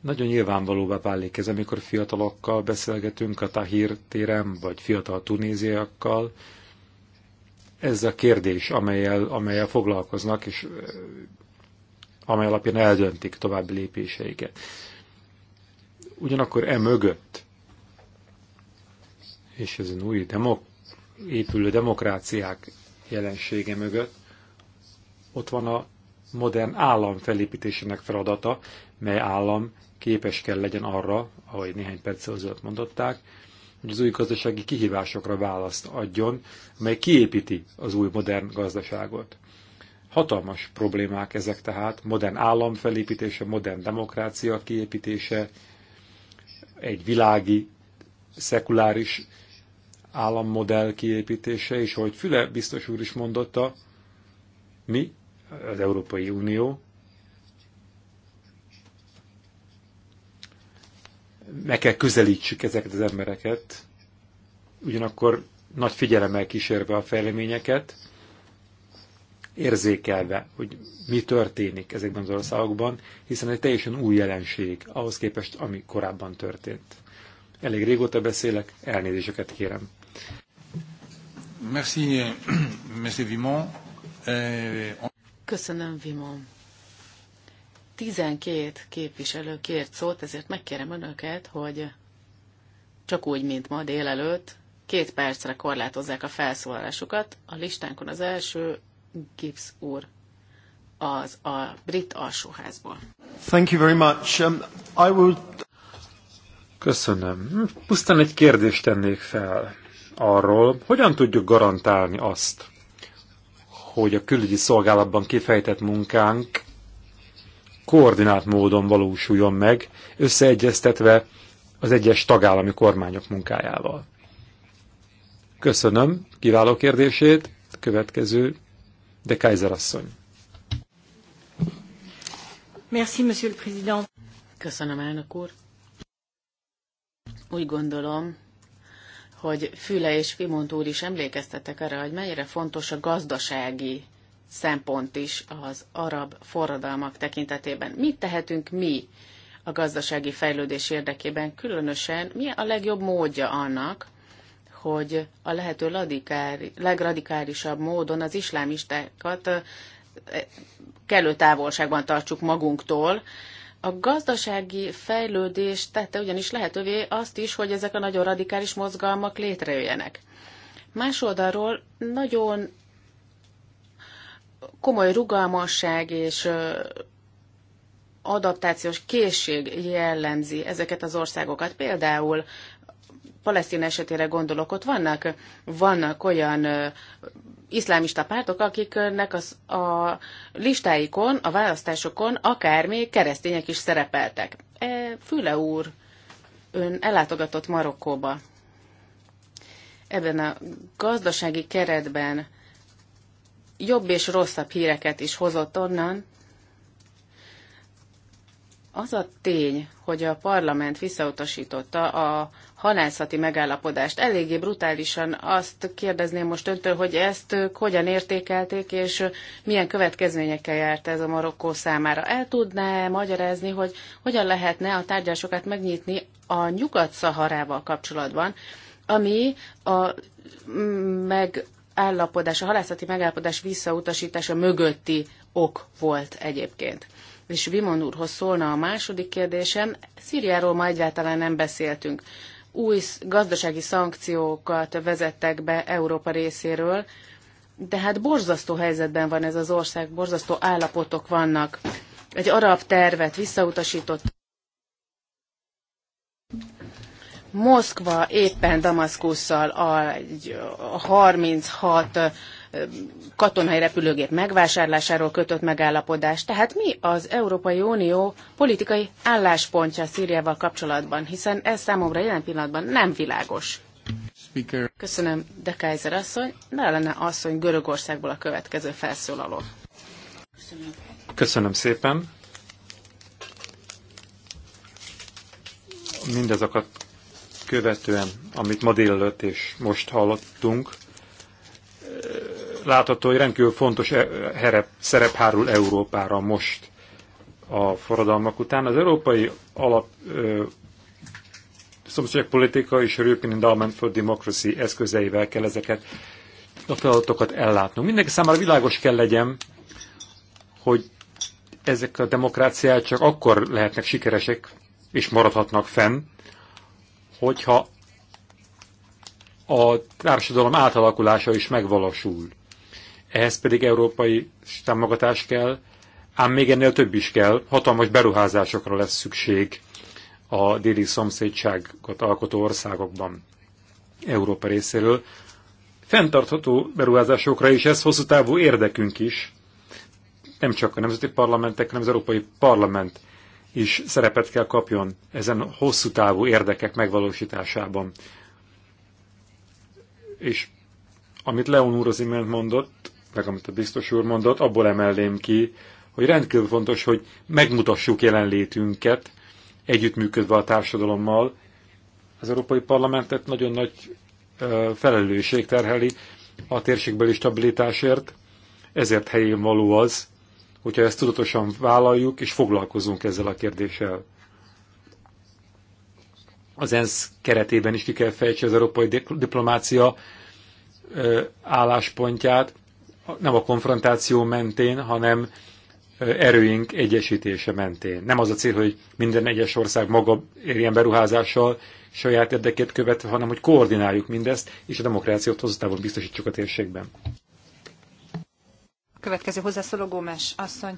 Nagyon nyilvánvalóvá válik ez, amikor fiatalokkal beszélgetünk a Tahir téren, vagy fiatal tunéziakkal. Ez a kérdés, amelyel, amelyel foglalkoznak, és amely alapján eldöntik további lépéseiket. Ugyanakkor e mögött, és ez új demok, épülő demokráciák jelensége mögött, ott van a modern állam felépítésének feladata, mely állam képes kell legyen arra, ahogy néhány perc ezelőtt mondották, hogy az új gazdasági kihívásokra választ adjon, mely kiépíti az új modern gazdaságot. Hatalmas problémák ezek tehát, modern állam felépítése, modern demokrácia kiépítése, egy világi, szekuláris állammodell kiépítése, és ahogy Füle biztos úr is mondotta, mi, az Európai Unió, meg kell közelítsük ezeket az embereket, ugyanakkor nagy figyelemmel kísérve a fejleményeket, érzékelve, hogy mi történik ezekben az országokban, hiszen egy teljesen új jelenség ahhoz képest, ami korábban történt. Elég régóta beszélek, elnézéseket kérem. Merci, euh, Monsieur Vimon. Euh, Köszönöm, Vimon 12 képviselő kért szót, ezért megkérem önöket, hogy csak úgy, mint ma délelőtt, két percre korlátozzák a felszólalásukat. A listánkon az első Gibbs úr az a brit alsóházból. Thank you very much. Um, I will... Köszönöm. Pusztán egy kérdést tennék fel arról, hogyan tudjuk garantálni azt, hogy a külügyi szolgálatban kifejtett munkánk koordinált módon valósuljon meg, összeegyeztetve az egyes tagállami kormányok munkájával. Köszönöm kiváló kérdését, következő de Kaiser asszony. Merci, monsieur le président. Köszönöm, elnök úr. Úgy gondolom, hogy Füle és Fimont úr is emlékeztettek arra, hogy mennyire fontos a gazdasági szempont is az arab forradalmak tekintetében. Mit tehetünk mi a gazdasági fejlődés érdekében, különösen mi a legjobb módja annak, hogy a lehető legradikálisabb módon az iszlámistákat e, kellő távolságban tartsuk magunktól. A gazdasági fejlődés tette ugyanis lehetővé azt is, hogy ezek a nagyon radikális mozgalmak létrejöjjenek. Más oldalról nagyon komoly rugalmasság és adaptációs készség jellemzi ezeket az országokat. Például Palesztin esetére gondolok, ott vannak, vannak olyan iszlámista pártok, akiknek az, a listáikon, a választásokon akár még keresztények is szerepeltek. E, Füle úr, ön ellátogatott Marokkóba. Ebben a gazdasági keretben jobb és rosszabb híreket is hozott onnan. Az a tény, hogy a parlament visszautasította a halászati megállapodást. Eléggé brutálisan azt kérdezném most öntől, hogy ezt ők hogyan értékelték, és milyen következményekkel járt ez a Marokkó számára. El tudná -e magyarázni, hogy hogyan lehetne a tárgyásokat megnyitni a Nyugat-Szaharával kapcsolatban, ami a mm, meg állapodás, a halászati megállapodás visszautasítása mögötti ok volt egyébként. És Vimon úrhoz szólna a második kérdésem. Szíriáról ma egyáltalán nem beszéltünk. Új gazdasági szankciókat vezettek be Európa részéről, de hát borzasztó helyzetben van ez az ország, borzasztó állapotok vannak. Egy arab tervet visszautasított Moszkva éppen Damaszkusszal a 36 katonai repülőgép megvásárlásáról kötött megállapodást. Tehát mi az Európai Unió politikai álláspontja Szíriával kapcsolatban, hiszen ez számomra jelen pillanatban nem világos. Speaker. Köszönöm, de Kaiser asszony. Ne lenne asszony Görögországból a következő felszólaló. Köszönöm. Köszönöm szépen. Mindazokat követően, amit ma délelőtt és most hallottunk, látható, hogy rendkívül fontos e- herep, szerep hárul Európára most a forradalmak után. Az európai alap szomszédpolitika és a European Endowment for Democracy eszközeivel kell ezeket a feladatokat ellátnunk. Mindenki számára világos kell legyen, hogy ezek a demokráciák csak akkor lehetnek sikeresek és maradhatnak fenn, hogyha a társadalom átalakulása is megvalósul. Ehhez pedig európai támogatás kell, ám még ennél több is kell, hatalmas beruházásokra lesz szükség a déli szomszédságot alkotó országokban Európa részéről. Fentartható beruházásokra is ez hosszú távú érdekünk is, nem csak a nemzeti parlamentek, hanem az Európai Parlament is szerepet kell kapjon ezen hosszú távú érdekek megvalósításában. És amit Leon úr az imént mondott, meg amit a biztos úr mondott, abból emelném ki, hogy rendkívül fontos, hogy megmutassuk jelenlétünket, együttműködve a társadalommal. Az Európai Parlamentet nagyon nagy felelősség terheli a térségbeli stabilitásért, ezért helyén való az, hogyha ezt tudatosan vállaljuk és foglalkozunk ezzel a kérdéssel. Az ENSZ keretében is ki kell fejtse az európai diplomácia álláspontját, nem a konfrontáció mentén, hanem erőink egyesítése mentén. Nem az a cél, hogy minden egyes ország maga érjen beruházással, saját érdekét követve, hanem hogy koordináljuk mindezt, és a demokrációt hozzátávon biztosítsuk a térségben. Következő hozzászóló Gómez asszony.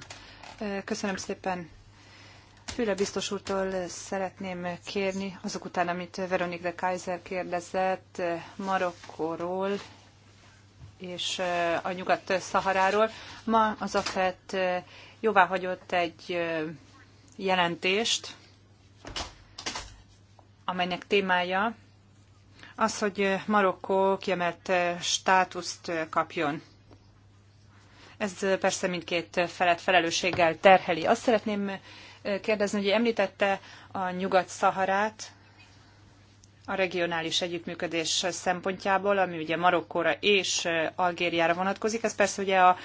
Köszönöm szépen. Füle biztos úrtól szeretném kérni, azok után, amit Veronique de Kaiser kérdezett Marokkóról és a Nyugat-Szaharáról. Ma az AFET jóvá hagyott egy jelentést, amelynek témája az, hogy Marokkó kiemelt státuszt kapjon. Ez persze mindkét felet felelősséggel terheli. Azt szeretném kérdezni, hogy említette a Nyugat-Szaharát a regionális együttműködés szempontjából, ami ugye Marokkóra és Algériára vonatkozik, ez persze ugye a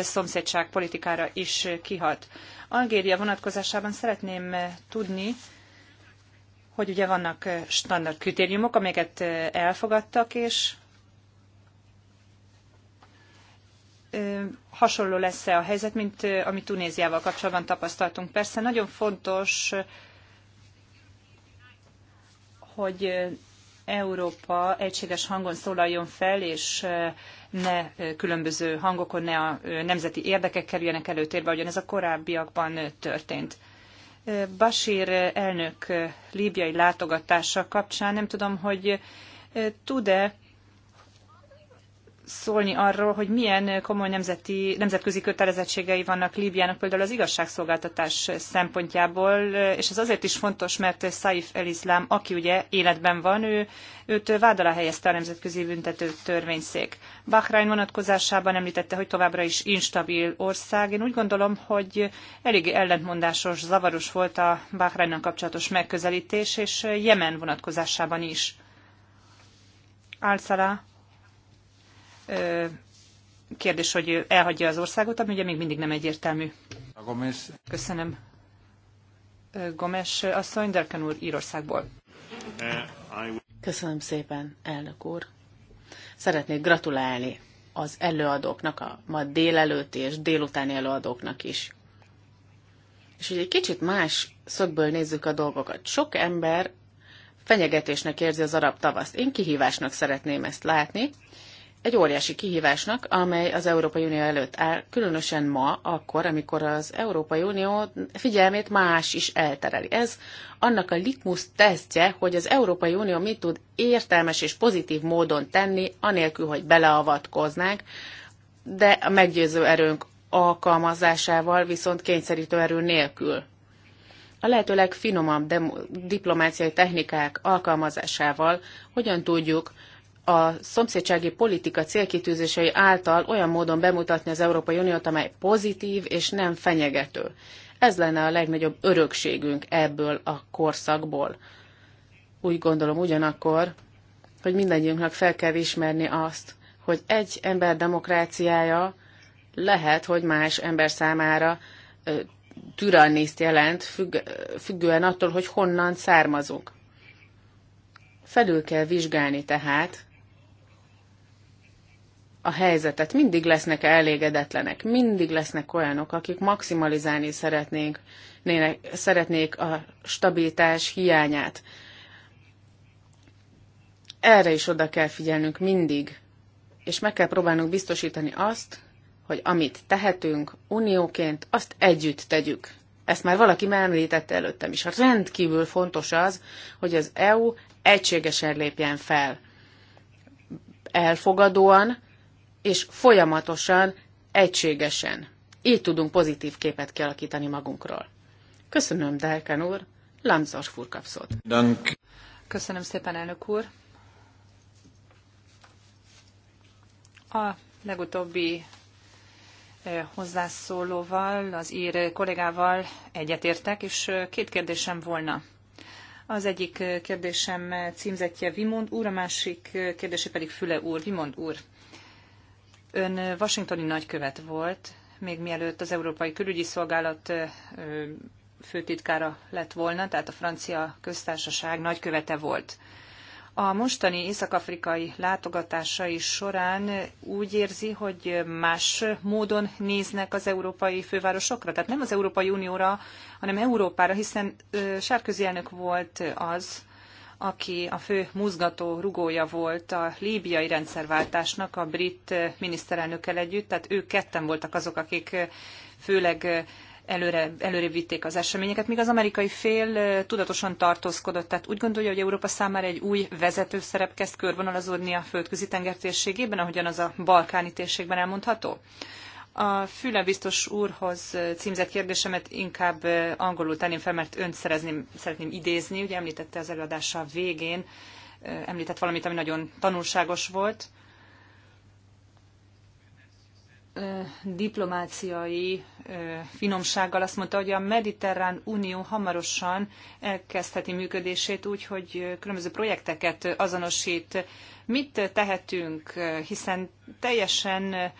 szomszédság politikára is kihat. Algéria vonatkozásában szeretném tudni, hogy ugye vannak standard kritériumok, amelyeket elfogadtak, és hasonló lesz-e a helyzet, mint amit Tunéziával kapcsolatban tapasztaltunk. Persze nagyon fontos, hogy Európa egységes hangon szólaljon fel, és ne különböző hangokon, ne a nemzeti érdekek kerüljenek előtérbe, ahogyan ez a korábbiakban történt. Basír elnök líbiai látogatása kapcsán nem tudom, hogy tud-e szólni arról, hogy milyen komoly nemzeti, nemzetközi kötelezettségei vannak Líbiának például az igazságszolgáltatás szempontjából, és ez azért is fontos, mert Saif el islam aki ugye életben van, ő, őt vád alá helyezte a Nemzetközi Büntető Törvényszék. Bahrain vonatkozásában említette, hogy továbbra is instabil ország. Én úgy gondolom, hogy elég ellentmondásos, zavaros volt a Bahrainnal kapcsolatos megközelítés, és Jemen vonatkozásában is. Álszalá kérdés, hogy elhagyja az országot, ami ugye még mindig nem egyértelmű. Gomes. Köszönöm. Gomes asszony, Derken úr Írországból. Eh, Köszönöm szépen, elnök úr. Szeretnék gratulálni az előadóknak, a ma délelőtti és délutáni előadóknak is. És hogy egy kicsit más szögből nézzük a dolgokat. Sok ember fenyegetésnek érzi az arab tavaszt. Én kihívásnak szeretném ezt látni, egy óriási kihívásnak, amely az Európai Unió előtt áll, különösen ma, akkor, amikor az Európai Unió figyelmét más is eltereli. Ez annak a litmus tesztje, hogy az Európai Unió mit tud értelmes és pozitív módon tenni, anélkül, hogy beleavatkoznánk, de a meggyőző erőnk alkalmazásával, viszont kényszerítő erő nélkül. A lehető legfinomabb diplomáciai technikák alkalmazásával hogyan tudjuk a szomszédsági politika célkitűzései által olyan módon bemutatni az Európai Uniót, amely pozitív és nem fenyegető. Ez lenne a legnagyobb örökségünk ebből a korszakból. Úgy gondolom ugyanakkor, hogy mindannyiunknak fel kell ismerni azt, hogy egy ember demokráciája lehet, hogy más ember számára türanniszt jelent, függ, függően attól, hogy honnan származunk. Felül kell vizsgálni tehát a helyzetet. Mindig lesznek elégedetlenek, mindig lesznek olyanok, akik maximalizálni szeretnénk, nének, szeretnék a stabilitás hiányát. Erre is oda kell figyelnünk mindig, és meg kell próbálnunk biztosítani azt, hogy amit tehetünk unióként, azt együtt tegyük. Ezt már valaki említette előttem is. Rendkívül fontos az, hogy az EU egységesen lépjen fel. Elfogadóan, és folyamatosan, egységesen. Így tudunk pozitív képet kialakítani magunkról. Köszönöm, Delken úr, Lamzas fúr Köszönöm szépen, elnök úr. A legutóbbi hozzászólóval, az ír kollégával egyetértek, és két kérdésem volna. Az egyik kérdésem címzetje Vimond úr, a másik kérdése pedig Füle úr. Vimond úr, Ön washingtoni nagykövet volt, még mielőtt az Európai Külügyi Szolgálat főtitkára lett volna, tehát a francia köztársaság nagykövete volt. A mostani észak-afrikai látogatásai során úgy érzi, hogy más módon néznek az európai fővárosokra, tehát nem az Európai Unióra, hanem Európára, hiszen Sárközi elnök volt az, aki a fő mozgató rugója volt a líbiai rendszerváltásnak a brit eh, miniszterelnökkel együtt, tehát ők ketten voltak azok, akik eh, főleg eh, előre, előrébb vitték az eseményeket, míg az amerikai fél tudatosan tartózkodott. Tehát úgy gondolja, hogy Európa számára egy új vezető szerep kezd körvonalazódni a földközi tenger térségében, ahogyan az a balkáni térségben elmondható? A Füle biztos úrhoz címzett kérdésemet inkább angolul tenném fel, mert önt szerezném, szeretném idézni. Ugye említette az előadása végén, említett valamit, ami nagyon tanulságos volt. Diplomáciai finomsággal azt mondta, hogy a Mediterrán Unió hamarosan elkezdheti működését úgy, hogy különböző projekteket azonosít. Mit tehetünk, hiszen teljesen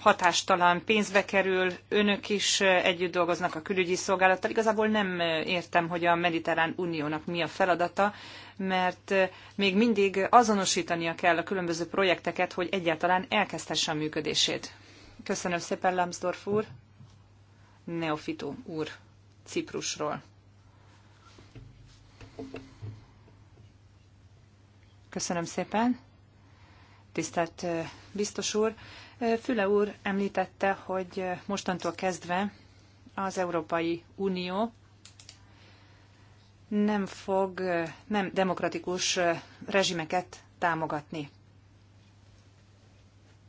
hatástalan pénzbe kerül, önök is együtt dolgoznak a külügyi szolgálattal. Igazából nem értem, hogy a Mediterrán Uniónak mi a feladata, mert még mindig azonosítania kell a különböző projekteket, hogy egyáltalán elkezdhesse a működését. Köszönöm szépen, Lambsdorff úr. Neofitó úr, Ciprusról. Köszönöm szépen. Tisztelt biztos úr, Füle úr említette, hogy mostantól kezdve az Európai Unió nem fog nem demokratikus rezsimeket támogatni.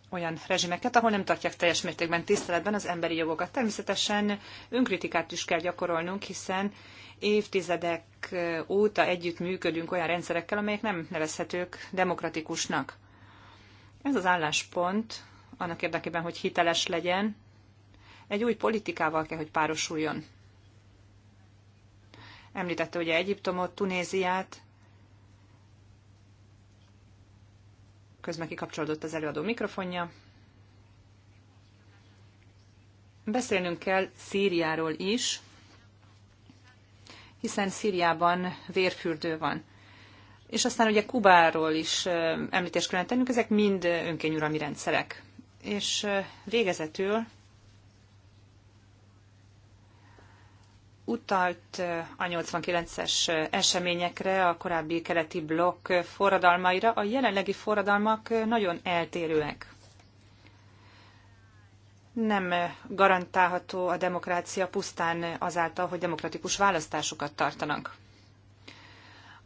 Olyan rezsimeket, ahol nem tartják teljes mértékben tiszteletben az emberi jogokat. Természetesen önkritikát is kell gyakorolnunk, hiszen évtizedek óta együtt működünk olyan rendszerekkel, amelyek nem nevezhetők demokratikusnak. Ez az álláspont, annak érdekében, hogy hiteles legyen, egy új politikával kell, hogy párosuljon. Említette ugye Egyiptomot, Tunéziát, közben kikapcsolódott az előadó mikrofonja. Beszélnünk kell Szíriáról is, hiszen Szíriában vérfürdő van és aztán ugye Kubáról is említést kellene tennünk, ezek mind önkényuralmi rendszerek. És végezetül utalt a 89-es eseményekre, a korábbi keleti blokk forradalmaira. A jelenlegi forradalmak nagyon eltérőek. Nem garantálható a demokrácia pusztán azáltal, hogy demokratikus választásokat tartanak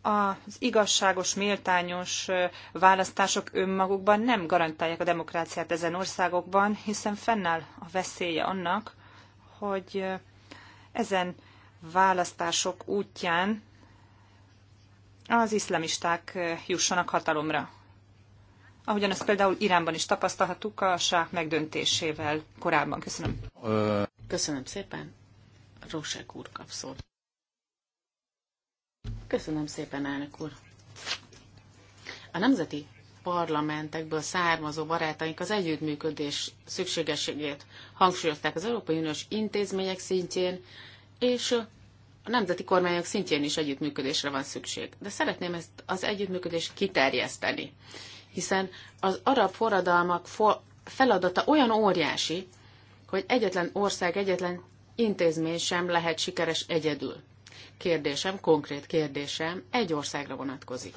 az igazságos, méltányos választások önmagukban nem garantálják a demokráciát ezen országokban, hiszen fennáll a veszélye annak, hogy ezen választások útján az iszlamisták jussanak hatalomra. Ahogyan ezt például Iránban is tapasztalhattuk a sáh megdöntésével korábban. Köszönöm. Köszönöm szépen. Rósek úr kap szót. Köszönöm szépen, elnök úr. A nemzeti parlamentekből származó barátaink az együttműködés szükségességét hangsúlyozták az Európai Uniós intézmények szintjén, és a nemzeti kormányok szintjén is együttműködésre van szükség. De szeretném ezt az együttműködést kiterjeszteni, hiszen az arab forradalmak for- feladata olyan óriási, hogy egyetlen ország, egyetlen intézmény sem lehet sikeres egyedül kérdésem, konkrét kérdésem egy országra vonatkozik,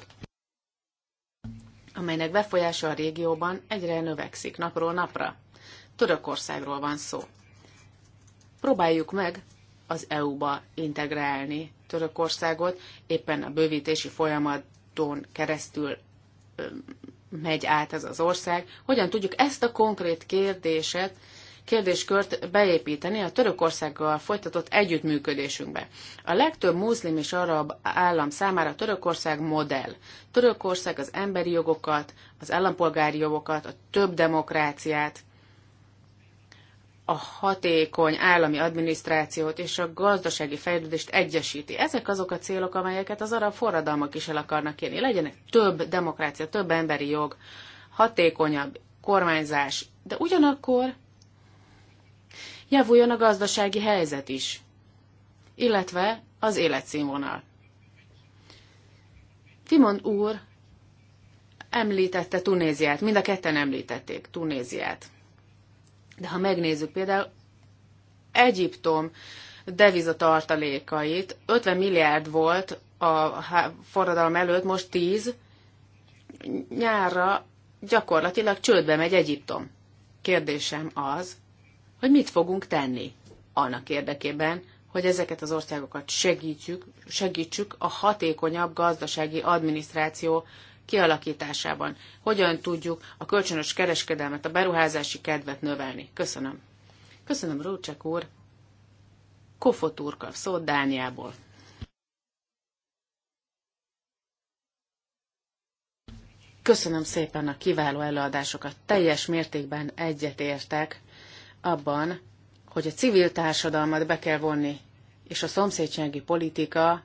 amelynek befolyása a régióban egyre növekszik napról napra. Törökországról van szó. Próbáljuk meg az EU-ba integrálni Törökországot, éppen a bővítési folyamaton keresztül megy át ez az ország. Hogyan tudjuk ezt a konkrét kérdéset kérdéskört beépíteni a Törökországgal folytatott együttműködésünkbe. A legtöbb muszlim és arab állam számára Törökország modell. Törökország az emberi jogokat, az állampolgári jogokat, a több demokráciát, a hatékony állami adminisztrációt és a gazdasági fejlődést egyesíti. Ezek azok a célok, amelyeket az arab forradalmak is el akarnak érni. Legyenek több demokrácia, több emberi jog, hatékonyabb kormányzás, de ugyanakkor javuljon a gazdasági helyzet is, illetve az életszínvonal. Timon úr említette Tunéziát, mind a ketten említették Tunéziát. De ha megnézzük például Egyiptom devizatartalékait, 50 milliárd volt a forradalom előtt, most 10, nyárra gyakorlatilag csődbe megy Egyiptom. Kérdésem az, hogy mit fogunk tenni annak érdekében, hogy ezeket az országokat segítjük, segítsük a hatékonyabb gazdasági adminisztráció kialakításában. Hogyan tudjuk a kölcsönös kereskedelmet, a beruházási kedvet növelni? Köszönöm. Köszönöm, Rócsek úr. Kofot úr kap szót Dániából. Köszönöm szépen a kiváló előadásokat. Teljes mértékben egyetértek abban, hogy a civil társadalmat be kell vonni, és a szomszédsági politika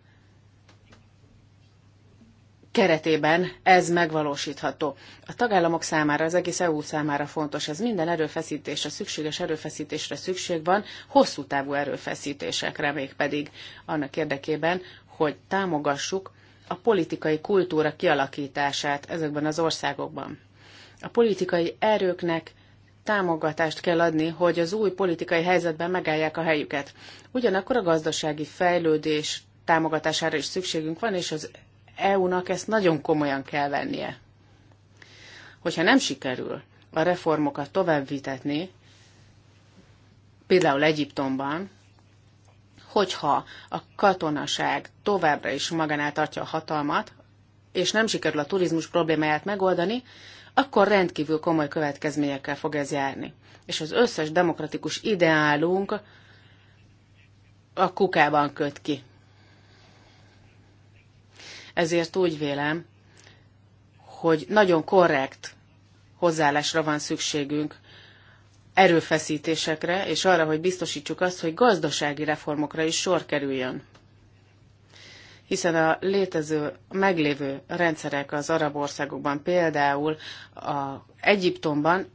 keretében ez megvalósítható. A tagállamok számára, az egész EU számára fontos, ez minden erőfeszítésre, szükséges erőfeszítésre szükség van, hosszú távú erőfeszítésekre pedig annak érdekében, hogy támogassuk a politikai kultúra kialakítását ezekben az országokban. A politikai erőknek támogatást kell adni, hogy az új politikai helyzetben megállják a helyüket. Ugyanakkor a gazdasági fejlődés támogatására is szükségünk van, és az EU-nak ezt nagyon komolyan kell vennie. Hogyha nem sikerül a reformokat tovább vitetni, például Egyiptomban, hogyha a katonaság továbbra is magánál tartja a hatalmat, és nem sikerül a turizmus problémáját megoldani, akkor rendkívül komoly következményekkel fog ez járni. És az összes demokratikus ideálunk a kukában köt ki. Ezért úgy vélem, hogy nagyon korrekt hozzáállásra van szükségünk, erőfeszítésekre, és arra, hogy biztosítsuk azt, hogy gazdasági reformokra is sor kerüljön hiszen a létező, meglévő rendszerek az arab országokban, például a Egyiptomban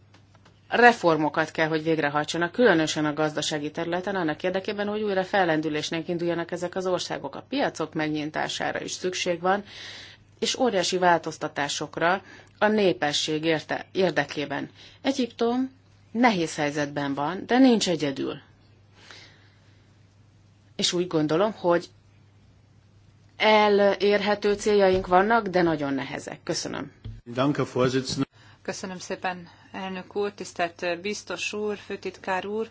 reformokat kell, hogy végrehajtsanak, különösen a gazdasági területen, annak érdekében, hogy újra fellendülésnek induljanak ezek az országok. A piacok megnyitására is szükség van, és óriási változtatásokra a népesség érte, érdekében. Egyiptom nehéz helyzetben van, de nincs egyedül. És úgy gondolom, hogy elérhető céljaink vannak, de nagyon nehezek. Köszönöm. Köszönöm szépen, elnök úr, tisztelt biztos úr, főtitkár úr.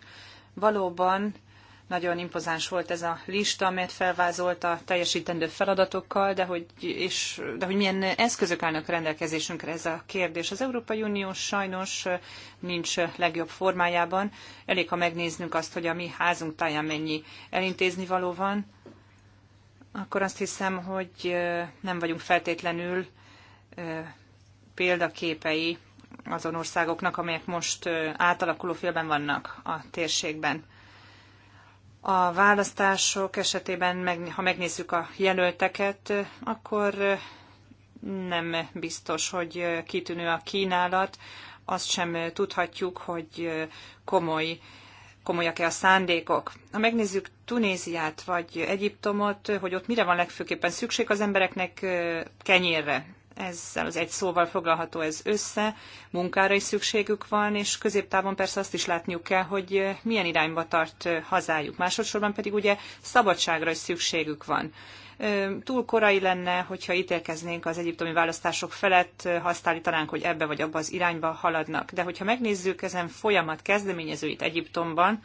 Valóban nagyon impozáns volt ez a lista, amelyet felvázolt a teljesítendő feladatokkal, de hogy, és, de hogy milyen eszközök állnak rendelkezésünkre ez a kérdés. Az Európai Unió sajnos nincs legjobb formájában. Elég, ha megnéznünk azt, hogy a mi házunk táján mennyi elintézni való van, akkor azt hiszem, hogy nem vagyunk feltétlenül példaképei azon országoknak, amelyek most átalakuló félben vannak a térségben. A választások esetében, ha megnézzük a jelölteket, akkor nem biztos, hogy kitűnő a kínálat. Azt sem tudhatjuk, hogy komoly komolyak-e a szándékok. Ha megnézzük Tunéziát vagy Egyiptomot, hogy ott mire van legfőképpen szükség az embereknek kenyérre. Ezzel az egy szóval foglalható ez össze, munkára is szükségük van, és középtávon persze azt is látniuk kell, hogy milyen irányba tart hazájuk. Másodszorban pedig ugye szabadságra is szükségük van túl korai lenne, hogyha ítélkeznénk az egyiptomi választások felett, ha azt állítanánk, hogy ebbe vagy abba az irányba haladnak. De hogyha megnézzük ezen folyamat kezdeményezőit Egyiptomban,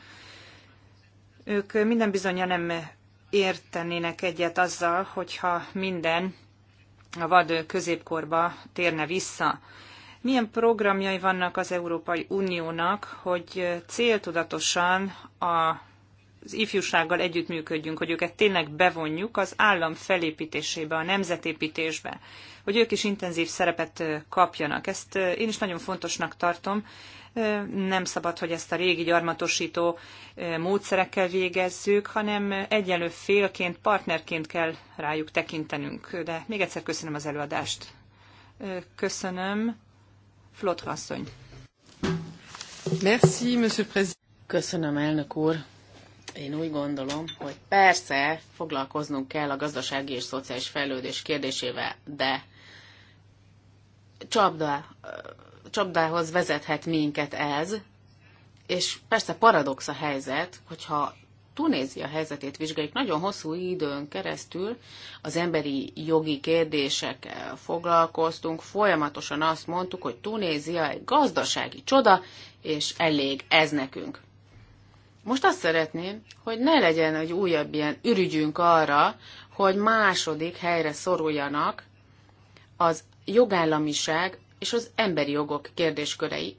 ők minden bizonyja nem értenének egyet azzal, hogyha minden a vad középkorba térne vissza. Milyen programjai vannak az Európai Uniónak, hogy céltudatosan a az ifjúsággal együttműködjünk, hogy őket tényleg bevonjuk az állam felépítésébe, a nemzetépítésbe, hogy ők is intenzív szerepet kapjanak. Ezt én is nagyon fontosnak tartom. Nem szabad, hogy ezt a régi gyarmatosító módszerekkel végezzük, hanem egyenlő félként, partnerként kell rájuk tekintenünk. De még egyszer köszönöm az előadást. Köszönöm. Flotra asszony. Merci, Monsieur Président. Köszönöm, elnök úr. Én úgy gondolom, hogy persze foglalkoznunk kell a gazdasági és szociális fejlődés kérdésével, de csapda, csapdához vezethet minket ez, és persze paradox a helyzet, hogyha Tunézia helyzetét vizsgáljuk, nagyon hosszú időn keresztül az emberi jogi kérdésekkel foglalkoztunk, folyamatosan azt mondtuk, hogy Tunézia egy gazdasági csoda, és elég ez nekünk. Most azt szeretném, hogy ne legyen egy újabb ilyen ürügyünk arra, hogy második helyre szoruljanak az jogállamiság és az emberi jogok kérdéskörei.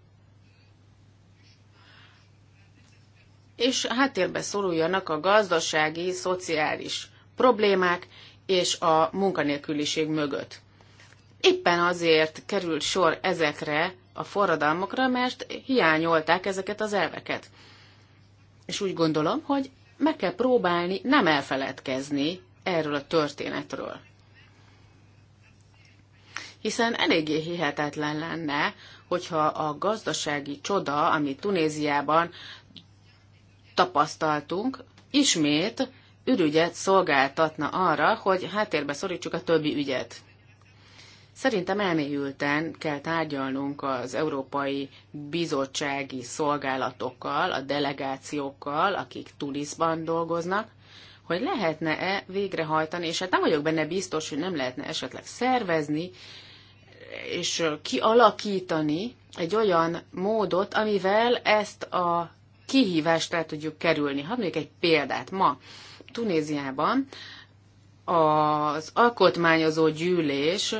És háttérbe szoruljanak a gazdasági, szociális problémák és a munkanélküliség mögött. Éppen azért került sor ezekre a forradalmakra, mert hiányolták ezeket az elveket. És úgy gondolom, hogy meg kell próbálni nem elfeledkezni erről a történetről. Hiszen eléggé hihetetlen lenne, hogyha a gazdasági csoda, amit Tunéziában tapasztaltunk, ismét ürügyet szolgáltatna arra, hogy háttérbe szorítsuk a többi ügyet. Szerintem elmélyülten kell tárgyalnunk az Európai Bizottsági Szolgálatokkal, a delegációkkal, akik Tuliszban dolgoznak, hogy lehetne-e végrehajtani, és hát nem vagyok benne biztos, hogy nem lehetne esetleg szervezni, és kialakítani egy olyan módot, amivel ezt a kihívást el tudjuk kerülni. Hadd még egy példát. Ma Tunéziában az alkotmányozó gyűlés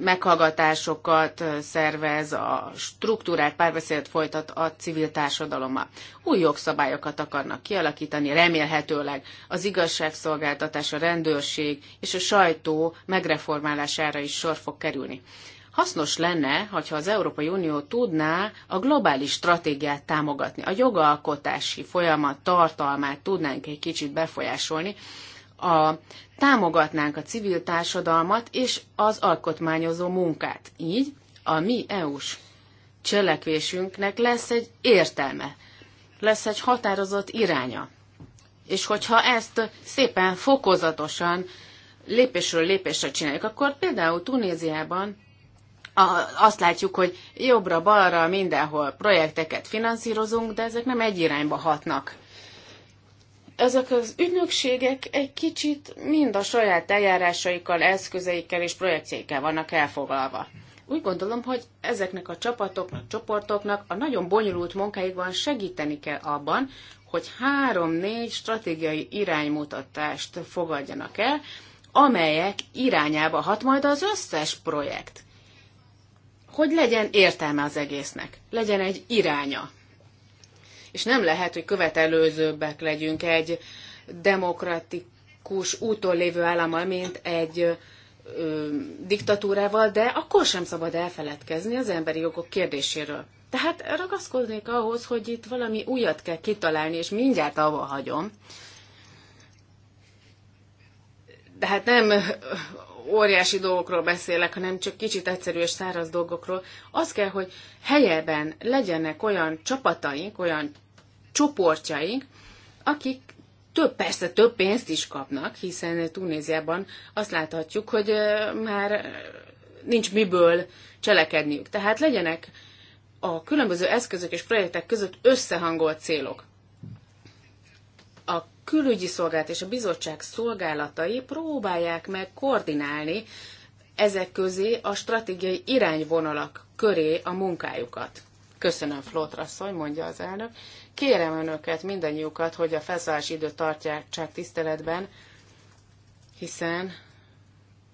meghallgatásokat szervez, a struktúrát, párbeszédet folytat a civil társadalommal. Új jogszabályokat akarnak kialakítani, remélhetőleg az igazságszolgáltatás, a rendőrség és a sajtó megreformálására is sor fog kerülni. Hasznos lenne, hogyha az Európai Unió tudná a globális stratégiát támogatni, a jogalkotási folyamat tartalmát tudnánk egy kicsit befolyásolni, a, támogatnánk a civil társadalmat és az alkotmányozó munkát. Így a mi EU-s cselekvésünknek lesz egy értelme, lesz egy határozott iránya. És hogyha ezt szépen fokozatosan lépésről lépésre csináljuk, akkor például Tunéziában azt látjuk, hogy jobbra-balra mindenhol projekteket finanszírozunk, de ezek nem egy irányba hatnak ezek az ügynökségek egy kicsit mind a saját eljárásaikkal, eszközeikkel és projektjeikkel vannak elfoglalva. Úgy gondolom, hogy ezeknek a csapatoknak, csoportoknak a nagyon bonyolult munkáikban segíteni kell abban, hogy három-négy stratégiai iránymutatást fogadjanak el, amelyek irányába hat majd az összes projekt. Hogy legyen értelme az egésznek, legyen egy iránya és nem lehet, hogy követelőzőbbek legyünk egy demokratikus úton lévő állammal, mint egy ö, diktatúrával, de akkor sem szabad elfeledkezni az emberi jogok kérdéséről. Tehát ragaszkodnék ahhoz, hogy itt valami újat kell kitalálni, és mindjárt avval hagyom. De hát nem óriási dolgokról beszélek, hanem csak kicsit egyszerű és száraz dolgokról. Az kell, hogy helyeben legyenek olyan csapataink, olyan csoportjaink, akik több, persze több pénzt is kapnak, hiszen Tunéziában azt láthatjuk, hogy már nincs miből cselekedniük. Tehát legyenek a különböző eszközök és projektek között összehangolt célok. A külügyi szolgálat és a bizottság szolgálatai próbálják meg koordinálni ezek közé a stratégiai irányvonalak köré a munkájukat. Köszönöm, Flótrasszony, mondja az elnök. Kérem önöket, mindannyiukat, hogy a felszállási időt tartják csak tiszteletben, hiszen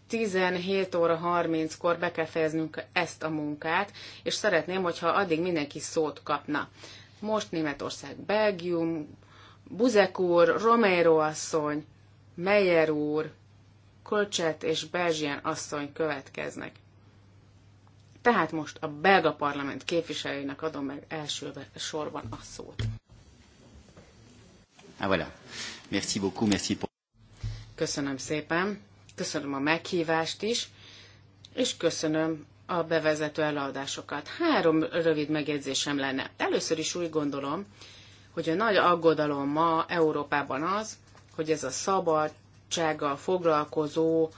17 óra 30-kor be kell fejeznünk ezt a munkát, és szeretném, hogyha addig mindenki szót kapna. Most Németország Belgium Buzek úr, Romero asszony, Meyer úr, Kolcset és Belzsien asszony következnek. Tehát most a belga parlament képviselőinek adom meg első sorban a szót. Ah, voilà. Merci beaucoup, merci pour... Köszönöm szépen, köszönöm a meghívást is, és köszönöm a bevezető előadásokat. Három rövid megjegyzésem lenne. Először is úgy gondolom, hogy a nagy aggodalom ma Európában az, hogy ez a szabadsággal foglalkozó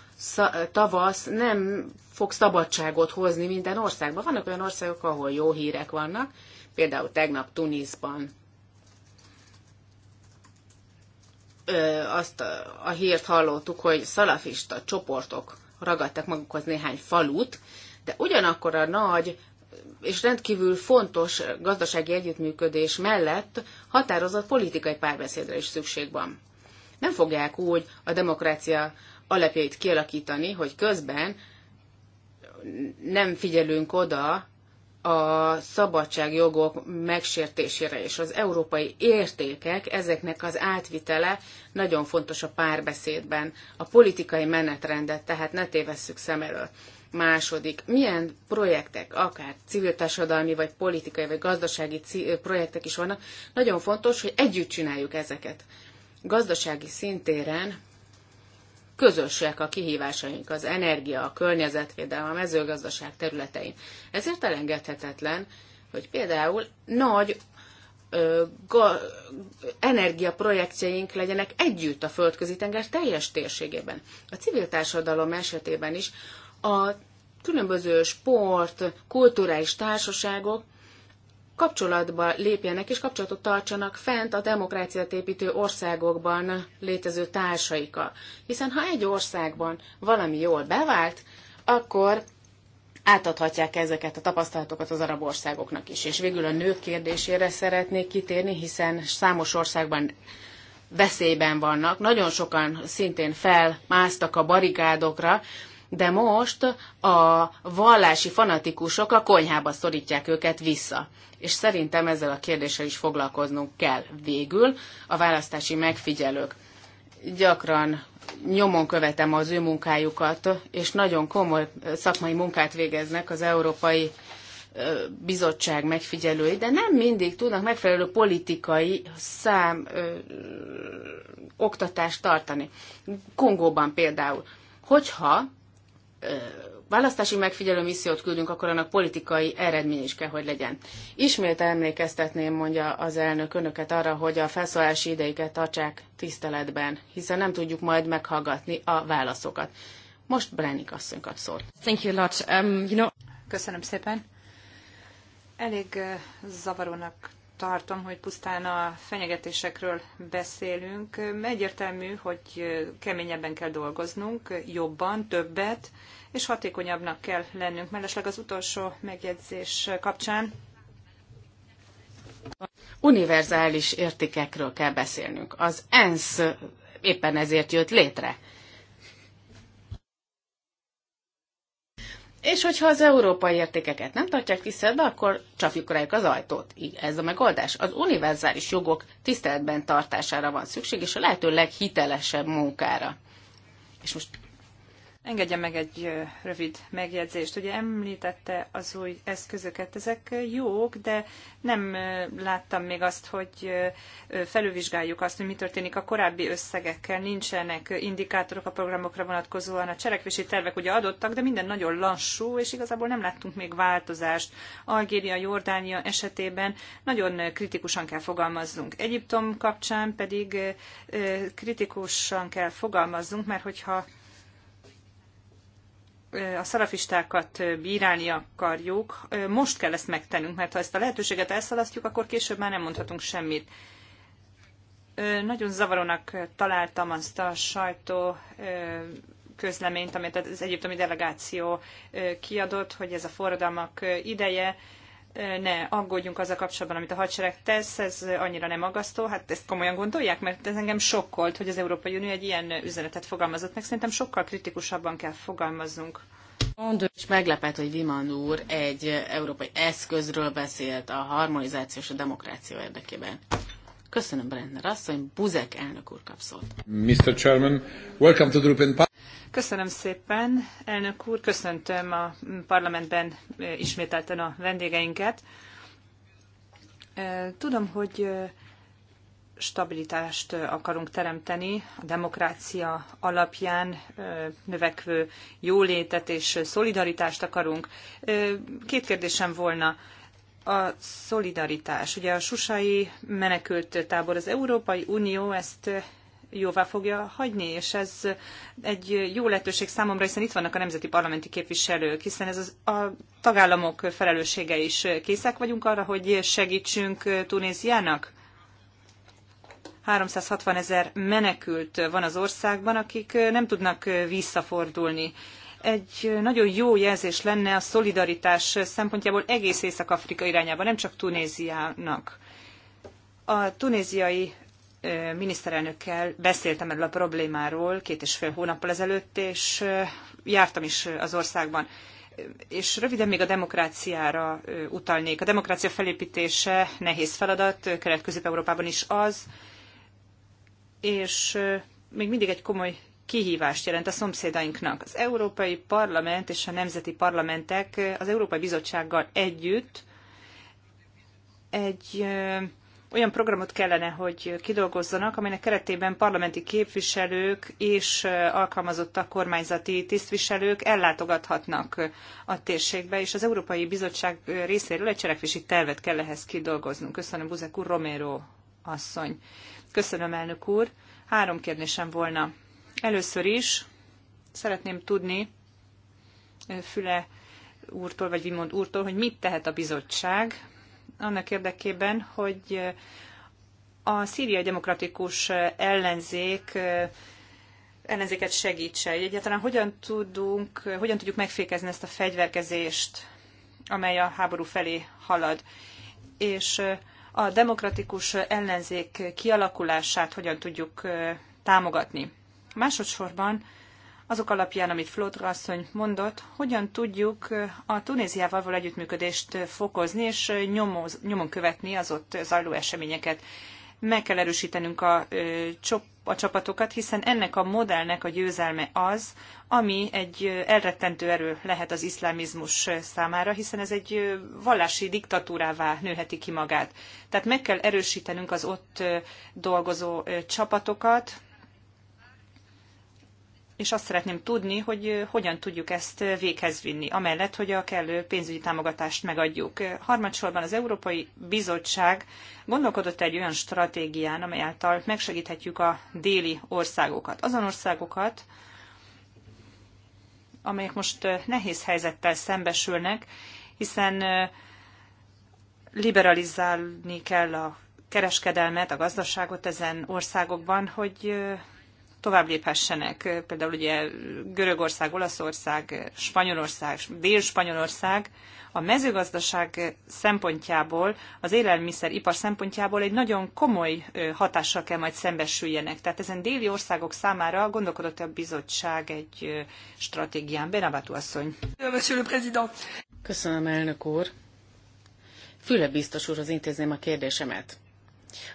tavasz nem fog szabadságot hozni minden országban. Vannak olyan országok, ahol jó hírek vannak, például tegnap Tunisban azt a hírt hallottuk, hogy szalafista csoportok ragadtak magukhoz néhány falut, de ugyanakkor a nagy és rendkívül fontos gazdasági együttműködés mellett határozott politikai párbeszédre is szükség van. Nem fogják úgy a demokrácia alapjait kialakítani, hogy közben nem figyelünk oda a szabadságjogok megsértésére és az európai értékek, ezeknek az átvitele nagyon fontos a párbeszédben, a politikai menetrendet, tehát ne tévesszük szem elől. Második, milyen projektek, akár civil társadalmi, vagy politikai, vagy gazdasági projektek is vannak, nagyon fontos, hogy együtt csináljuk ezeket. Gazdasági szintéren közösek a kihívásaink, az energia, a környezetvédelem, a mezőgazdaság területein. Ezért elengedhetetlen, hogy például nagy energiaprojekcióink ga, energiaprojektjeink legyenek együtt a földközi tenger teljes térségében. A civil társadalom esetében is a különböző sport, kulturális társaságok kapcsolatba lépjenek és kapcsolatot tartsanak fent a demokráciát építő országokban létező társaikkal. Hiszen ha egy országban valami jól bevált, akkor átadhatják ezeket a tapasztalatokat az arab országoknak is. És végül a nők kérdésére szeretnék kitérni, hiszen számos országban veszélyben vannak. Nagyon sokan szintén felmásztak a barikádokra, de most a vallási fanatikusok a konyhába szorítják őket vissza. És szerintem ezzel a kérdéssel is foglalkoznunk kell végül. A választási megfigyelők gyakran nyomon követem az ő munkájukat, és nagyon komoly szakmai munkát végeznek az Európai bizottság megfigyelői, de nem mindig tudnak megfelelő politikai szám ö, oktatást tartani. Kongóban például. Hogyha választási megfigyelő missziót küldünk, akkor annak politikai eredmény is kell, hogy legyen. Ismét emlékeztetném, mondja az elnök önöket arra, hogy a felszólási ideiket tartsák tiszteletben, hiszen nem tudjuk majd meghallgatni a válaszokat. Most Brenik asszony kap szót. Thank you lot. Um, you know... Köszönöm szépen. Elég zavarónak tartom, hogy pusztán a fenyegetésekről beszélünk. Egyértelmű, hogy keményebben kell dolgoznunk, jobban, többet, és hatékonyabbnak kell lennünk. Mellesleg az utolsó megjegyzés kapcsán univerzális értékekről kell beszélnünk. Az ENSZ éppen ezért jött létre. És hogyha az európai értékeket nem tartják tiszteletben, akkor csapjuk rájuk az ajtót. Így ez a megoldás. Az univerzális jogok tiszteletben tartására van szükség, és a lehető leghitelesebb munkára. És most Engedje meg egy rövid megjegyzést. Ugye említette az új eszközöket, ezek jók, de nem láttam még azt, hogy felülvizsgáljuk azt, hogy mi történik a korábbi összegekkel. Nincsenek indikátorok a programokra vonatkozóan, a cselekvési tervek ugye adottak, de minden nagyon lassú, és igazából nem láttunk még változást. Algéria, Jordánia esetében nagyon kritikusan kell fogalmaznunk. Egyiptom kapcsán pedig kritikusan kell fogalmaznunk, mert hogyha a szarafistákat bírálni akarjuk, most kell ezt megtennünk, mert ha ezt a lehetőséget elszalasztjuk, akkor később már nem mondhatunk semmit. Nagyon zavarónak találtam azt a sajtó közleményt, amit az egyiptomi delegáció kiadott, hogy ez a forradalmak ideje, ne aggódjunk az a kapcsolatban, amit a hadsereg tesz, ez annyira nem agasztó. Hát ezt komolyan gondolják, mert ez engem sokkolt, hogy az Európai Unió egy ilyen üzenetet fogalmazott meg. Szerintem sokkal kritikusabban kell fogalmaznunk. És meglepett, hogy Viman úr egy európai eszközről beszélt a harmonizáció és a demokráció érdekében. Köszönöm, Brenner asszony, Buzek elnök úr kapszolt. Mr. Chairman, welcome to the European Köszönöm szépen, elnök úr, köszöntöm a parlamentben ismételten a vendégeinket. Tudom, hogy stabilitást akarunk teremteni, a demokrácia alapján növekvő jólétet és szolidaritást akarunk. Két kérdésem volna. A szolidaritás. Ugye a susai menekült tábor az Európai Unió ezt jóvá fogja hagyni, és ez egy jó lehetőség számomra, hiszen itt vannak a nemzeti parlamenti képviselők, hiszen ez az, a tagállamok felelőssége is. Készek vagyunk arra, hogy segítsünk Tunéziának? 360 ezer menekült van az országban, akik nem tudnak visszafordulni. Egy nagyon jó jelzés lenne a szolidaritás szempontjából egész Észak-Afrika irányába, nem csak Tunéziának. A tunéziai miniszterelnökkel beszéltem erről a problémáról két és fél hónappal ezelőtt, és jártam is az országban. És röviden még a demokráciára utalnék. A demokrácia felépítése nehéz feladat, Kelet-Közép-Európában is az, és még mindig egy komoly kihívást jelent a szomszédainknak. Az Európai Parlament és a nemzeti parlamentek az Európai Bizottsággal együtt egy olyan programot kellene, hogy kidolgozzanak, amelynek keretében parlamenti képviselők és alkalmazottak kormányzati tisztviselők ellátogathatnak a térségbe, és az Európai Bizottság részéről egy cselekvési tervet kell ehhez kidolgoznunk. Köszönöm, Buzek úr, Romero asszony. Köszönöm, elnök úr. Három kérdésem volna. Először is szeretném tudni, Füle úrtól, vagy Vimond úrtól, hogy mit tehet a bizottság annak érdekében, hogy a szíriai demokratikus ellenzék ellenzéket segítse. Egyáltalán hogyan, tudunk, hogyan tudjuk megfékezni ezt a fegyverkezést, amely a háború felé halad? És a demokratikus ellenzék kialakulását hogyan tudjuk támogatni? Másodszorban azok alapján, amit Flotra asszony mondott, hogyan tudjuk a Tunéziával való együttműködést fokozni és nyomoz, nyomon követni az ott zajló eseményeket. Meg kell erősítenünk a, a csapatokat, hiszen ennek a modellnek a győzelme az, ami egy elrettentő erő lehet az iszlámizmus számára, hiszen ez egy vallási diktatúrává nőheti ki magát. Tehát meg kell erősítenünk az ott dolgozó csapatokat, és azt szeretném tudni, hogy hogyan tudjuk ezt véghez vinni, amellett, hogy a kellő pénzügyi támogatást megadjuk. Harmadsorban az Európai Bizottság gondolkodott egy olyan stratégián, amely által megsegíthetjük a déli országokat. Azon országokat, amelyek most nehéz helyzettel szembesülnek, hiszen liberalizálni kell a kereskedelmet, a gazdaságot ezen országokban, hogy tovább léphessenek. Például ugye Görögország, Olaszország, Spanyolország, Dél-Spanyolország a mezőgazdaság szempontjából, az élelmiszeripar szempontjából egy nagyon komoly hatással kell majd szembesüljenek. Tehát ezen déli országok számára gondolkodott a bizottság egy stratégián. Benabatú asszony. Köszönöm, elnök úr. Füle biztos az intézném a kérdésemet.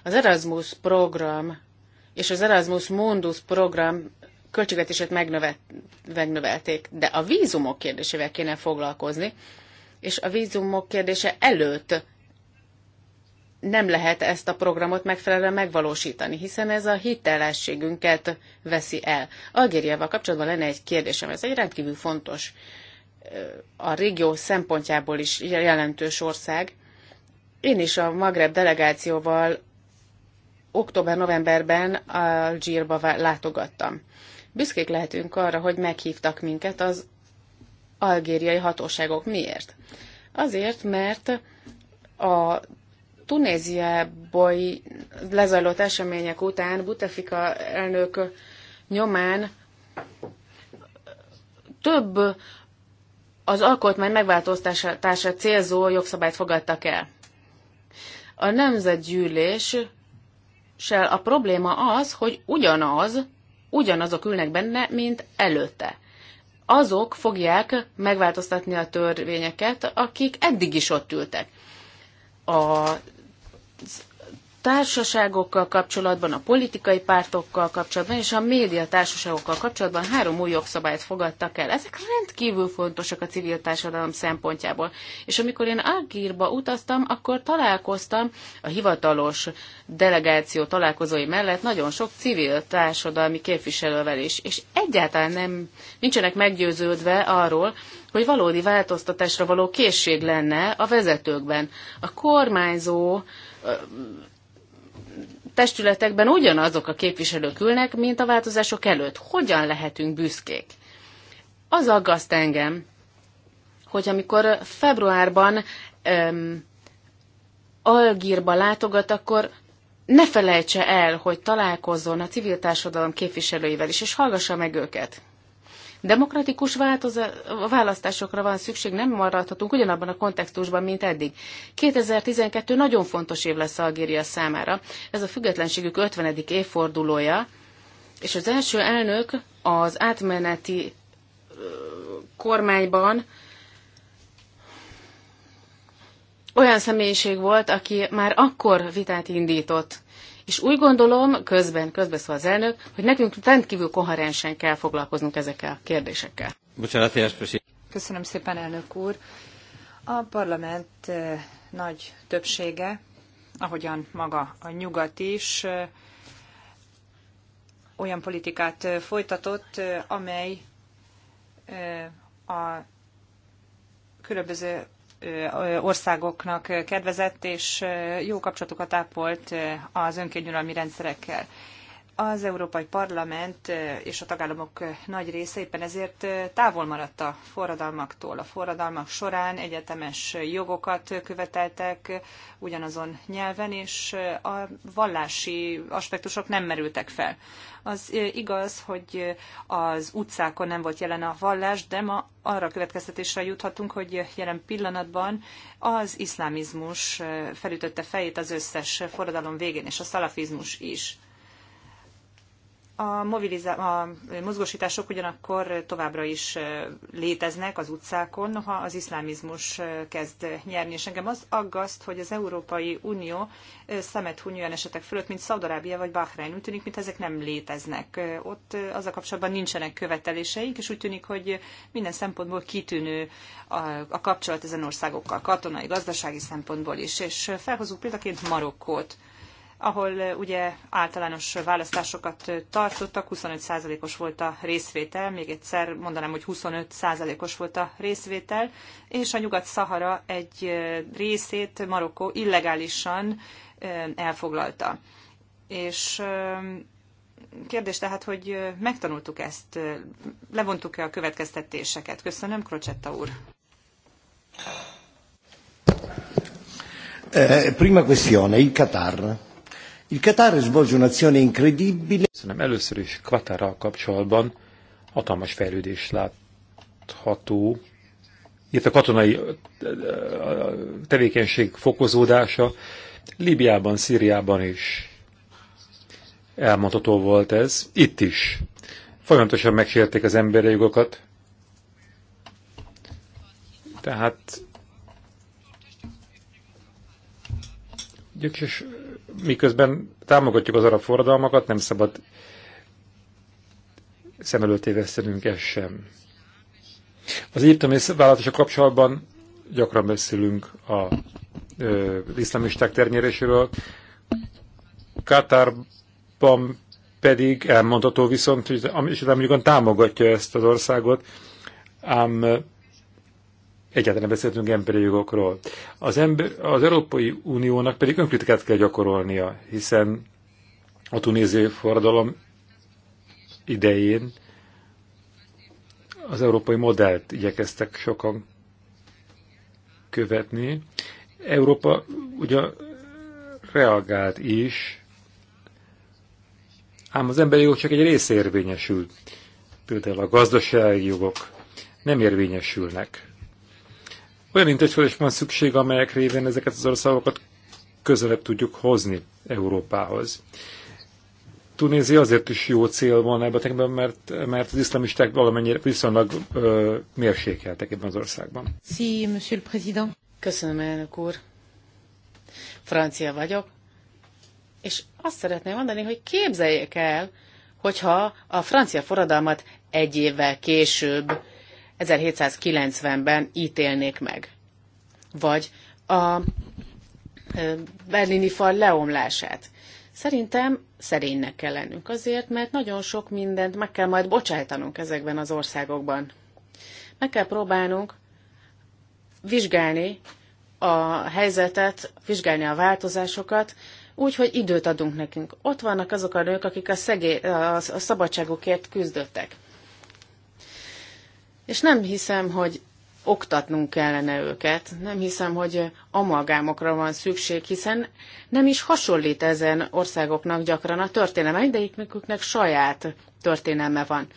Az Erasmus program és az Erasmus Mundus program költségvetését megnövelték, de a vízumok kérdésével kéne foglalkozni, és a vízumok kérdése előtt nem lehet ezt a programot megfelelően megvalósítani, hiszen ez a hitelességünket veszi el. Algériával kapcsolatban lenne egy kérdésem, ez egy rendkívül fontos, a régió szempontjából is jelentős ország. Én is a Magreb delegációval október-novemberben Algírba látogattam. Büszkék lehetünk arra, hogy meghívtak minket az algériai hatóságok. Miért? Azért, mert a Tunéziából lezajlott események után Butefika elnök nyomán több az alkotmány megváltoztatása célzó jogszabályt fogadtak el. A Nemzetgyűlés sel a probléma az, hogy ugyanaz, ugyanazok ülnek benne, mint előtte. Azok fogják megváltoztatni a törvényeket, akik eddig is ott ültek. A társaságokkal kapcsolatban, a politikai pártokkal kapcsolatban és a média társaságokkal kapcsolatban három új jogszabályt fogadtak el. Ezek rendkívül fontosak a civil társadalom szempontjából. És amikor én Algírba utaztam, akkor találkoztam a hivatalos delegáció találkozói mellett nagyon sok civil társadalmi képviselővel is, és egyáltalán nem nincsenek meggyőződve arról, hogy valódi változtatásra való készség lenne a vezetőkben. A kormányzó testületekben ugyanazok a képviselők ülnek, mint a változások előtt. Hogyan lehetünk büszkék? Az aggaszt engem, hogy amikor februárban öm, Algírba látogat, akkor ne felejtse el, hogy találkozzon a civil társadalom képviselőivel is, és hallgassa meg őket. Demokratikus változa- választásokra van szükség, nem maradhatunk ugyanabban a kontextusban, mint eddig. 2012 nagyon fontos év lesz Algéria számára. Ez a függetlenségük 50. évfordulója, és az első elnök az átmeneti kormányban olyan személyiség volt, aki már akkor vitát indított és úgy gondolom, közben, közbeszól az elnök, hogy nekünk rendkívül koherensen kell foglalkoznunk ezekkel a kérdésekkel. Bocsánat, Köszönöm szépen, elnök úr. A parlament eh, nagy többsége, ahogyan maga a nyugat is, eh, olyan politikát eh, folytatott, amely a különböző országoknak kedvezett, és jó kapcsolatokat ápolt az önkényuralmi rendszerekkel. Az Európai Parlament és a tagállamok nagy része éppen ezért távol maradt a forradalmaktól. A forradalmak során egyetemes jogokat követeltek ugyanazon nyelven, és a vallási aspektusok nem merültek fel. Az igaz, hogy az utcákon nem volt jelen a vallás, de ma arra következtetésre juthatunk, hogy jelen pillanatban az iszlámizmus felütötte fejét az összes forradalom végén, és a szalafizmus is a, a mozgósítások ugyanakkor továbbra is léteznek az utcákon, noha az iszlámizmus kezd nyerni, és engem az aggaszt, hogy az Európai Unió szemet huny olyan esetek fölött, mint Szaudarábia vagy Bahrein. Úgy tűnik, mint ezek nem léteznek. Ott a kapcsolatban nincsenek követeléseink, és úgy tűnik, hogy minden szempontból kitűnő a, a kapcsolat ezen országokkal, katonai, gazdasági szempontból is. És felhozunk példaként Marokkót ahol ugye általános választásokat tartottak, 25%-os volt a részvétel, még egyszer mondanám, hogy 25%-os volt a részvétel, és a Nyugat-Szahara egy részét Marokkó illegálisan elfoglalta. És kérdés tehát, hogy megtanultuk ezt, levontuk-e a következtetéseket? Köszönöm, Krocsetta úr. Eh, prima questione, il Qatar. Il Qatar svolge un'azione incredibile. Szerintem először is Katarral kapcsolatban hatalmas fejlődés látható, illetve katonai tevékenység fokozódása Líbiában, Szíriában is elmondható volt ez, itt is. Folyamatosan megsérték az emberi jogokat, tehát gyökses miközben támogatjuk az arab forradalmakat, nem szabad szem előtt évesztenünk ezt sem. Az írtam vállalatosok kapcsolatban gyakran beszélünk a ö, iszlamisták ternyéréséről. Katárban pedig elmondható viszont, hogy Islám mondjuk támogatja ezt az országot, ám egyáltalán beszéltünk emberi jogokról. Az, ember, az Európai Uniónak pedig önkritikát kell gyakorolnia, hiszen a tunéziai forradalom idején az európai modellt igyekeztek sokan követni. Európa ugye reagált is, ám az emberi jogok csak egy része érvényesül. Például a gazdasági jogok nem érvényesülnek olyan intézkedések van szükség, amelyek révén ezeket az országokat közelebb tudjuk hozni Európához. Tunézia azért is jó cél van ebben a tekintetben, mert, mert az iszlamisták valamennyire viszonylag ö, mérsékeltek ebben az országban. Si, monsieur le président. Köszönöm, elnök úr. Francia vagyok, és azt szeretném mondani, hogy képzeljék el, hogyha a francia forradalmat egy évvel később 1790-ben ítélnék meg. Vagy a berlini fal leomlását. Szerintem szerénynek kell lennünk azért, mert nagyon sok mindent meg kell majd bocsájtanunk ezekben az országokban. Meg kell próbálnunk vizsgálni a helyzetet, vizsgálni a változásokat, úgy, hogy időt adunk nekünk. Ott vannak azok a nők, akik a, szegé, a szabadságokért küzdöttek. És nem hiszem, hogy oktatnunk kellene őket, nem hiszem, hogy amalgámokra van szükség, hiszen nem is hasonlít ezen országoknak gyakran a történelme, de mindegyiknek saját történelme van.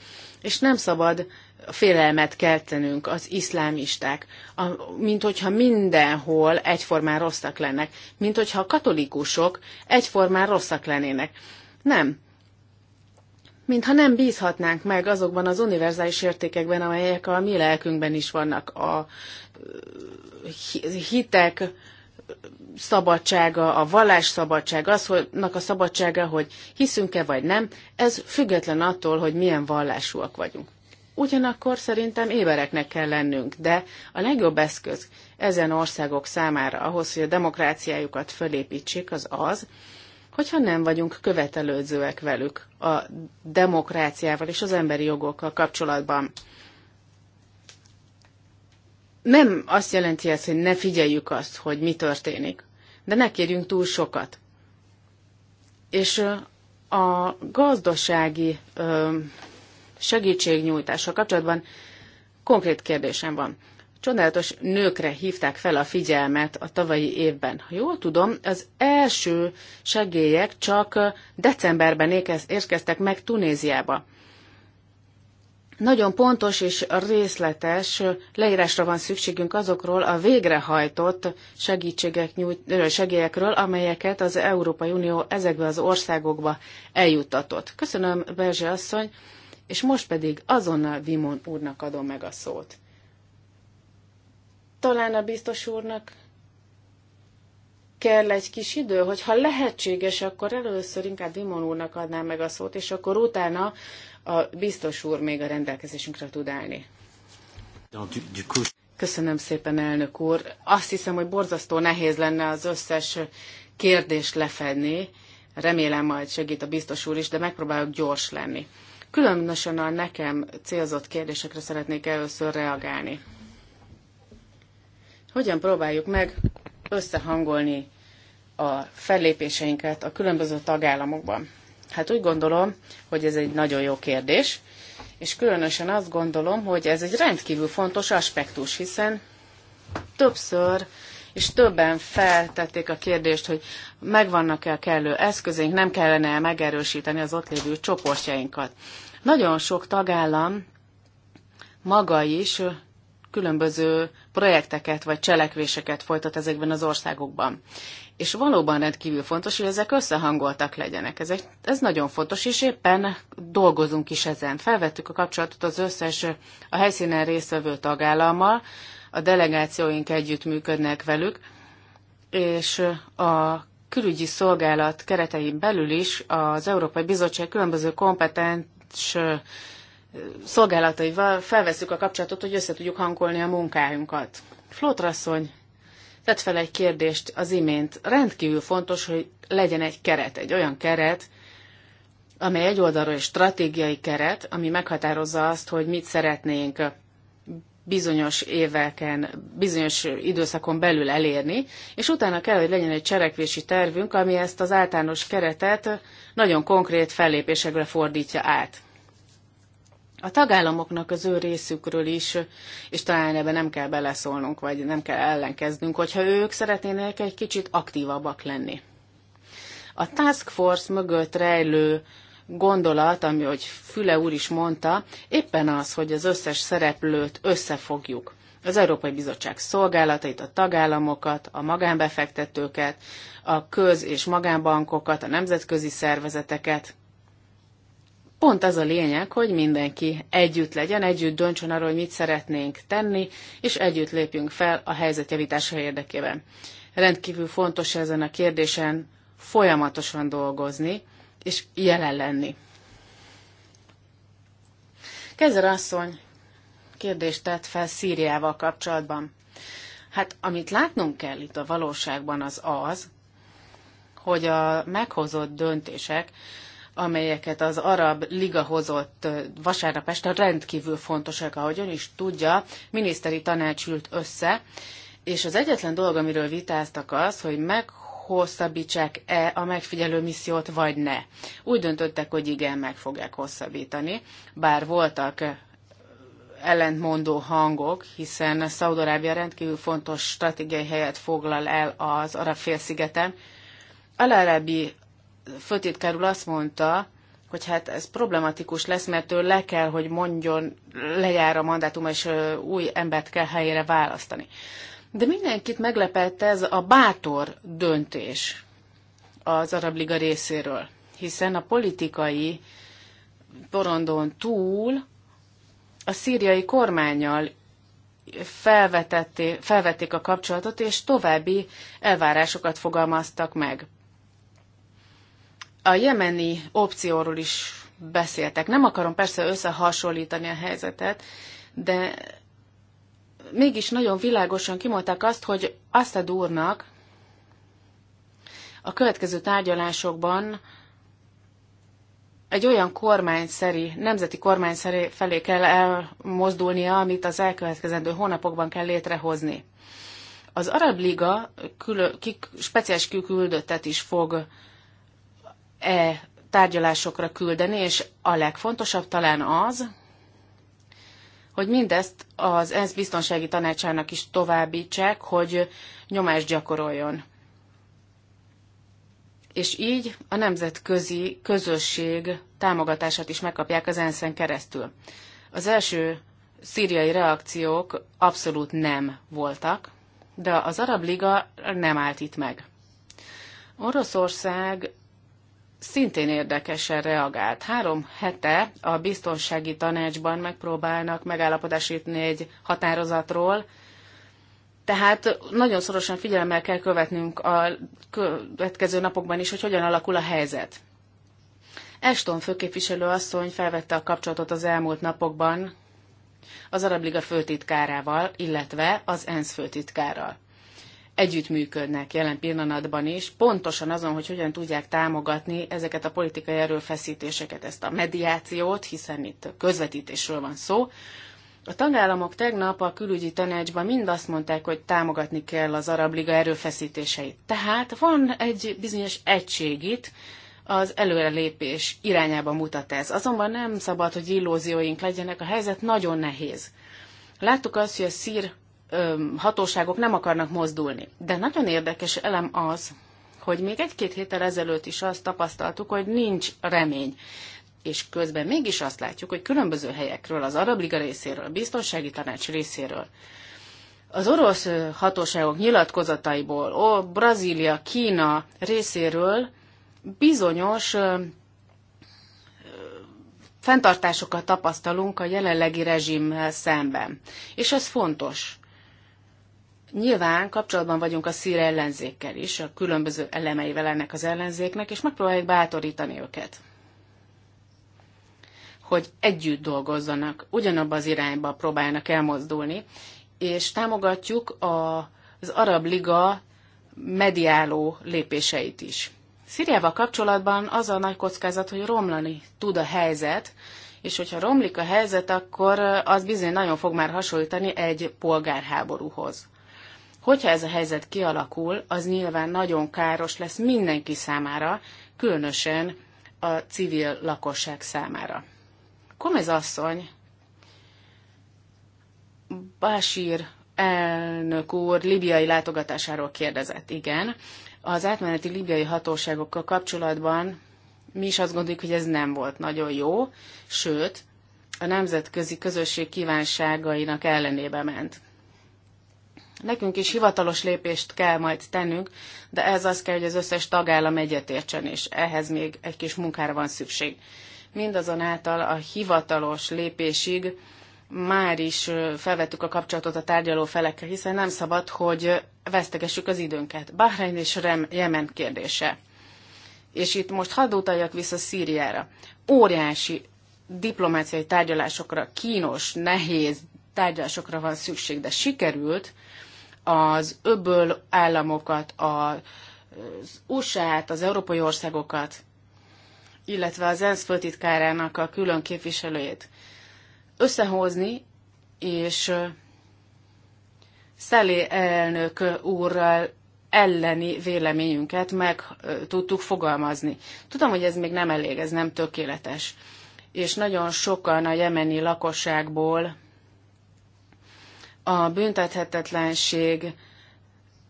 És nem szabad félelmet keltenünk az iszlámisták, a, mint hogyha mindenhol egyformán rosszak lennek, mint hogyha a katolikusok egyformán rosszak lennének. Nem, mintha nem bízhatnánk meg azokban az univerzális értékekben, amelyek a mi lelkünkben is vannak. A hitek szabadsága, a vallás szabadság, hogy a szabadsága, hogy hiszünk-e vagy nem, ez független attól, hogy milyen vallásúak vagyunk. Ugyanakkor szerintem ébereknek kell lennünk, de a legjobb eszköz ezen országok számára ahhoz, hogy a demokráciájukat fölépítsék, az az, hogyha nem vagyunk követelőzőek velük a demokráciával és az emberi jogokkal kapcsolatban. Nem azt jelenti ez, hogy ne figyeljük azt, hogy mi történik, de ne kérjünk túl sokat. És a gazdasági segítségnyújtással kapcsolatban konkrét kérdésem van csodálatos nőkre hívták fel a figyelmet a tavalyi évben. Ha jól tudom, az első segélyek csak decemberben érkeztek meg Tunéziába. Nagyon pontos és részletes leírásra van szükségünk azokról a végrehajtott segítségek nyújt, segélyekről, amelyeket az Európai Unió ezekbe az országokba eljuttatott. Köszönöm, Berzsi asszony, és most pedig azonnal Vimon úrnak adom meg a szót. Talán a biztos úrnak kell egy kis idő, hogyha lehetséges, akkor először inkább Dimon úrnak adnám meg a szót, és akkor utána a biztos úr még a rendelkezésünkre tud állni. Köszönöm szépen, elnök úr. Azt hiszem, hogy borzasztó nehéz lenne az összes kérdést lefedni. Remélem majd segít a biztos úr is, de megpróbálok gyors lenni. Különösen a nekem célzott kérdésekre szeretnék először reagálni hogyan próbáljuk meg összehangolni a fellépéseinket a különböző tagállamokban? Hát úgy gondolom, hogy ez egy nagyon jó kérdés, és különösen azt gondolom, hogy ez egy rendkívül fontos aspektus, hiszen többször és többen feltették a kérdést, hogy megvannak-e a kellő eszközénk, nem kellene -e megerősíteni az ott lévő csoportjainkat. Nagyon sok tagállam maga is különböző projekteket vagy cselekvéseket folytat ezekben az országokban. És valóban rendkívül fontos, hogy ezek összehangoltak legyenek. Ez, egy, ez nagyon fontos, és éppen dolgozunk is ezen. Felvettük a kapcsolatot az összes a helyszínen résztvevő tagállammal, a delegációink együtt működnek velük, és a külügyi szolgálat keretein belül is az Európai Bizottság különböző kompetens szolgálataival felveszük a kapcsolatot, hogy össze tudjuk hangolni a munkájunkat. Flótrasszony tett fel egy kérdést az imént. Rendkívül fontos, hogy legyen egy keret, egy olyan keret, amely egy oldalról egy stratégiai keret, ami meghatározza azt, hogy mit szeretnénk bizonyos éveken, bizonyos időszakon belül elérni, és utána kell, hogy legyen egy cselekvési tervünk, ami ezt az általános keretet nagyon konkrét fellépésekre fordítja át a tagállamoknak az ő részükről is, és talán ebben nem kell beleszólnunk, vagy nem kell ellenkeznünk, hogyha ők szeretnének egy kicsit aktívabbak lenni. A Task Force mögött rejlő gondolat, ami, hogy Füle úr is mondta, éppen az, hogy az összes szereplőt összefogjuk. Az Európai Bizottság szolgálatait, a tagállamokat, a magánbefektetőket, a köz- és magánbankokat, a nemzetközi szervezeteket, Pont az a lényeg, hogy mindenki együtt legyen, együtt döntsön arról, hogy mit szeretnénk tenni, és együtt lépjünk fel a helyzet javítása érdekében. Rendkívül fontos ezen a kérdésen folyamatosan dolgozni, és jelen lenni. Kezer asszony kérdést tett fel Szíriával kapcsolatban. Hát, amit látnunk kell itt a valóságban az az, hogy a meghozott döntések amelyeket az Arab Liga hozott vasárnap este rendkívül fontosak, ahogy ön is tudja, miniszteri tanács ült össze, és az egyetlen dolog, amiről vitáztak az, hogy meghosszabbítsák-e a megfigyelő missziót, vagy ne. Úgy döntöttek, hogy igen, meg fogják hosszabbítani, bár voltak ellentmondó hangok, hiszen Szaudarábia rendkívül fontos stratégiai helyet foglal el az arab félszigeten. Alarábi főtitkár úr azt mondta, hogy hát ez problematikus lesz, mert ő le kell, hogy mondjon, lejár a mandátum és új embert kell helyére választani. De mindenkit meglepett ez a bátor döntés az Arab Liga részéről, hiszen a politikai porondon túl a szíriai kormányjal felvetették a kapcsolatot, és további elvárásokat fogalmaztak meg a jemeni opcióról is beszéltek. Nem akarom persze összehasonlítani a helyzetet, de mégis nagyon világosan kimondták azt, hogy azt a durnak a következő tárgyalásokban egy olyan kormányszeri, nemzeti kormányszeri felé kell elmozdulnia, amit az elkövetkezendő hónapokban kell létrehozni. Az Arab Liga külön, kik, speciális kiküldöttet is fog e tárgyalásokra küldeni, és a legfontosabb talán az, hogy mindezt az ENSZ biztonsági tanácsának is továbbítsák, hogy nyomást gyakoroljon. És így a nemzetközi közösség támogatását is megkapják az ENSZ-en keresztül. Az első szíriai reakciók abszolút nem voltak, de az Arab Liga nem állt itt meg. Oroszország szintén érdekesen reagált. Három hete a biztonsági tanácsban megpróbálnak megállapodást jutni egy határozatról, tehát nagyon szorosan figyelemmel kell követnünk a következő napokban is, hogy hogyan alakul a helyzet. Eston főképviselő asszony felvette a kapcsolatot az elmúlt napokban az Arab Liga főtitkárával, illetve az ENSZ főtitkárral együttműködnek jelen pillanatban is, pontosan azon, hogy hogyan tudják támogatni ezeket a politikai erőfeszítéseket, ezt a mediációt, hiszen itt közvetítésről van szó. A tagállamok tegnap a külügyi tanácsban mind azt mondták, hogy támogatni kell az Arab Liga erőfeszítéseit. Tehát van egy bizonyos egység itt, az előrelépés irányába mutat ez. Azonban nem szabad, hogy illúzióink legyenek, a helyzet nagyon nehéz. Láttuk azt, hogy a szír hatóságok nem akarnak mozdulni. De nagyon érdekes elem az, hogy még egy-két héttel ezelőtt is azt tapasztaltuk, hogy nincs remény. És közben mégis azt látjuk, hogy különböző helyekről, az Arab Liga részéről, a Biztonsági Tanács részéről, az orosz hatóságok nyilatkozataiból, ó, Brazília, Kína részéről bizonyos ö, ö, fenntartásokat tapasztalunk a jelenlegi rezsimmel szemben. És ez fontos. Nyilván kapcsolatban vagyunk a szír ellenzékkel is, a különböző elemeivel ennek az ellenzéknek, és megpróbáljuk bátorítani őket, hogy együtt dolgozzanak, ugyanabba az irányba próbáljanak elmozdulni, és támogatjuk a, az Arab Liga mediáló lépéseit is. Szíriával kapcsolatban az a nagy kockázat, hogy romlani tud a helyzet, és hogyha romlik a helyzet, akkor az bizony nagyon fog már hasonlítani egy polgárháborúhoz. Hogyha ez a helyzet kialakul, az nyilván nagyon káros lesz mindenki számára, különösen a civil lakosság számára. Komez asszony, Bashir elnök úr libiai látogatásáról kérdezett. Igen, az átmeneti libiai hatóságokkal kapcsolatban mi is azt gondoljuk, hogy ez nem volt nagyon jó, sőt, a nemzetközi közösség kívánságainak ellenébe ment. Nekünk is hivatalos lépést kell majd tennünk, de ez az kell, hogy az összes tagállam egyetértsen, és ehhez még egy kis munkára van szükség. Mindazonáltal a hivatalos lépésig már is felvettük a kapcsolatot a tárgyaló felekkel, hiszen nem szabad, hogy vesztegessük az időnket. Bahrein és Rem, Jemen kérdése. És itt most hadd utaljak vissza Szíriára. Óriási diplomáciai tárgyalásokra, kínos, nehéz tárgyalásokra van szükség, de sikerült az öböl államokat, az USA-t, az európai országokat, illetve az ENSZ főtitkárának a külön képviselőjét összehozni, és Szelé elnök úrral elleni véleményünket meg tudtuk fogalmazni. Tudom, hogy ez még nem elég, ez nem tökéletes. És nagyon sokan a jemeni lakosságból a büntethetetlenség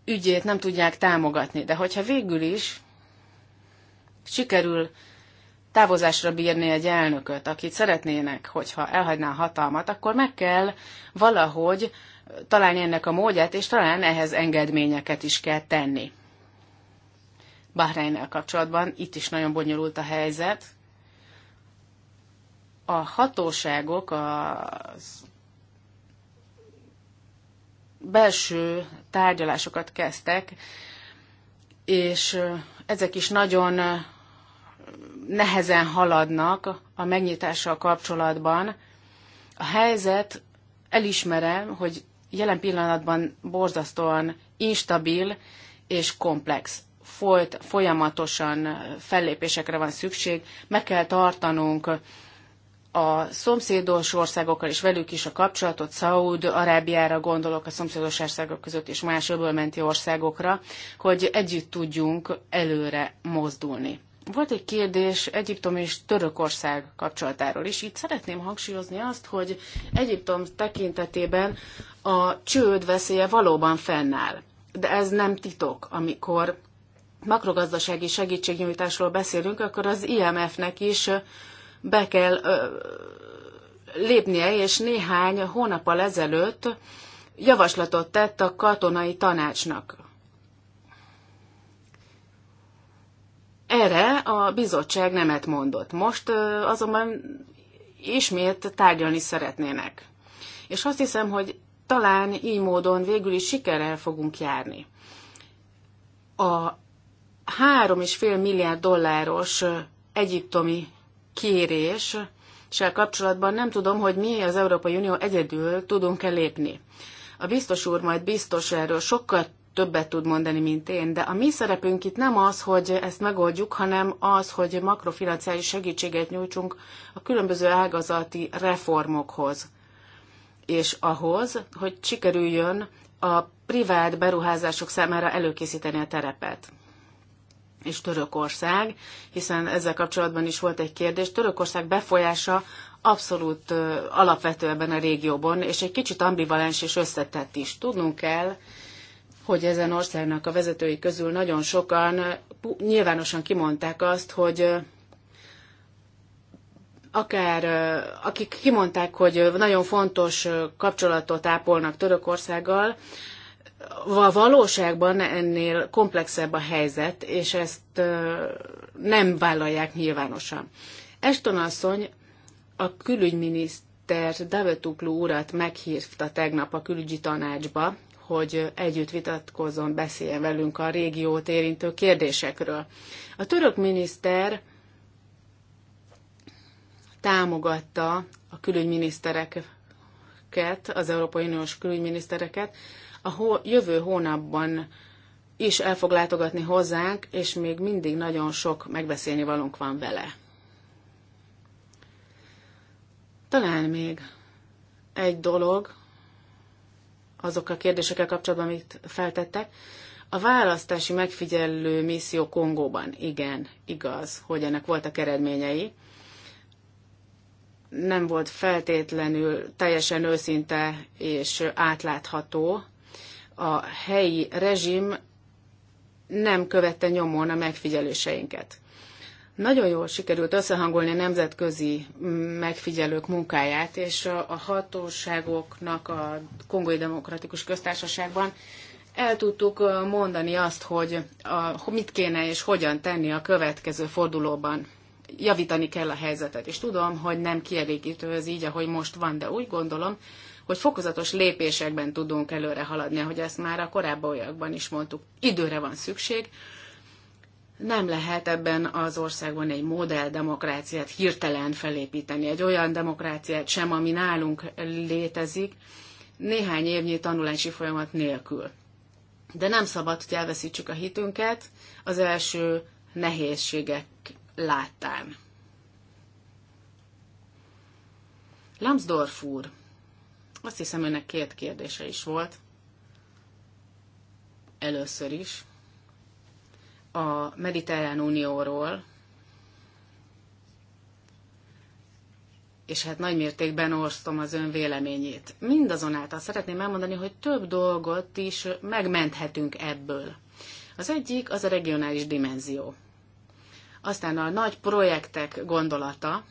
ügyét nem tudják támogatni. De hogyha végül is sikerül távozásra bírni egy elnököt, akit szeretnének, hogyha elhagyná a hatalmat, akkor meg kell valahogy találni ennek a módját, és talán ehhez engedményeket is kell tenni. Bahreinnel kapcsolatban itt is nagyon bonyolult a helyzet. A hatóságok, az belső tárgyalásokat kezdtek, és ezek is nagyon nehezen haladnak a megnyitással kapcsolatban. A helyzet elismerem, hogy jelen pillanatban borzasztóan instabil és komplex. Folyt, folyamatosan fellépésekre van szükség, meg kell tartanunk a szomszédos országokkal és velük is a kapcsolatot, Szaúd, Arábiára gondolok, a szomszédos országok között és más öbölmenti országokra, hogy együtt tudjunk előre mozdulni. Volt egy kérdés Egyiptom és Törökország kapcsolatáról is. Itt szeretném hangsúlyozni azt, hogy Egyiptom tekintetében a csőd veszélye valóban fennáll. De ez nem titok, amikor makrogazdasági segítségnyújtásról beszélünk, akkor az IMF-nek is be kell lépnie, és néhány hónappal ezelőtt javaslatot tett a katonai tanácsnak. Erre a bizottság nemet mondott. Most azonban ismét tárgyalni szeretnének. És azt hiszem, hogy talán így módon végül is sikerrel fogunk járni. A három és fél milliárd dolláros egyiptomi kérés, kéréssel kapcsolatban nem tudom, hogy mi az Európai Unió egyedül tudunk-e lépni. A biztos úr majd biztos erről sokkal többet tud mondani, mint én, de a mi szerepünk itt nem az, hogy ezt megoldjuk, hanem az, hogy makrofinanciális segítséget nyújtsunk a különböző ágazati reformokhoz, és ahhoz, hogy sikerüljön a privát beruházások számára előkészíteni a terepet és Törökország, hiszen ezzel kapcsolatban is volt egy kérdés. Törökország befolyása abszolút alapvető ebben a régióban, és egy kicsit ambivalens és összetett is. Tudnunk kell, hogy ezen országnak a vezetői közül nagyon sokan nyilvánosan kimondták azt, hogy akár akik kimondták, hogy nagyon fontos kapcsolatot ápolnak Törökországgal, a valóságban ennél komplexebb a helyzet, és ezt nem vállalják nyilvánosan. Eston asszony a külügyminiszter Davetuklu urat meghívta tegnap a külügyi tanácsba, hogy együtt vitatkozzon, beszéljen velünk a régiót érintő kérdésekről. A török miniszter támogatta a külügyminisztereket, az Európai Uniós külügyminisztereket, a hó, jövő hónapban is el fog látogatni hozzánk, és még mindig nagyon sok megbeszélni valunk van vele. Talán még egy dolog azok a kérdésekkel kapcsolatban, amit feltettek. A választási megfigyelő misszió Kongóban, igen, igaz, hogy ennek voltak eredményei. Nem volt feltétlenül teljesen őszinte és átlátható, a helyi rezsim nem követte nyomon a megfigyeléseinket. Nagyon jól sikerült összehangolni a nemzetközi megfigyelők munkáját, és a hatóságoknak a Kongói Demokratikus Köztársaságban el tudtuk mondani azt, hogy a, mit kéne és hogyan tenni a következő fordulóban. Javítani kell a helyzetet, és tudom, hogy nem kielégítő ez így, ahogy most van, de úgy gondolom, hogy fokozatos lépésekben tudunk előre haladni, ahogy ezt már a korábbiakban is mondtuk. Időre van szükség, nem lehet ebben az országban egy modell demokráciát hirtelen felépíteni, egy olyan demokráciát sem, ami nálunk létezik, néhány évnyi tanulási folyamat nélkül. De nem szabad, hogy elveszítsük a hitünket az első nehézségek láttán. Lambsdorff úr azt hiszem, önnek két kérdése is volt. Először is a Mediterrán Unióról, és hát nagy mértékben orsztom az ön véleményét. Mindazonáltal szeretném elmondani, hogy több dolgot is megmenthetünk ebből. Az egyik az a regionális dimenzió. Aztán a nagy projektek gondolata,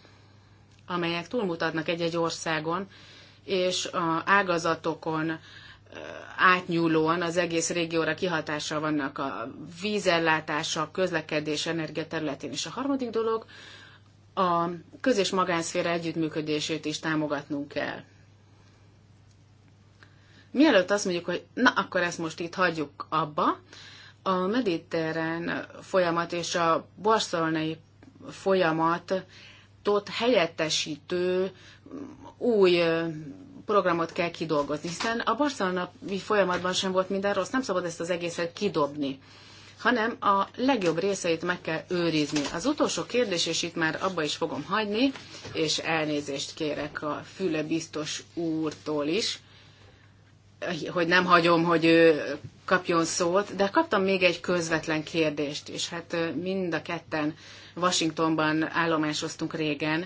amelyek túlmutatnak egy-egy országon, és a ágazatokon átnyúlóan az egész régióra kihatással vannak a vízellátása, a közlekedés, energia területén. És a harmadik dolog, a köz- és magánszféra együttműködését is támogatnunk kell. Mielőtt azt mondjuk, hogy na, akkor ezt most itt hagyjuk abba, a mediterrán folyamat és a barcelonai folyamat programot helyettesítő új programot kell kidolgozni, hiszen a Barcelona folyamatban sem volt minden rossz, nem szabad ezt az egészet kidobni, hanem a legjobb részeit meg kell őrizni. Az utolsó kérdés, és itt már abba is fogom hagyni, és elnézést kérek a füle biztos úrtól is, hogy nem hagyom, hogy ő kapjon szót, de kaptam még egy közvetlen kérdést is. Hát mind a ketten Washingtonban állomásoztunk régen.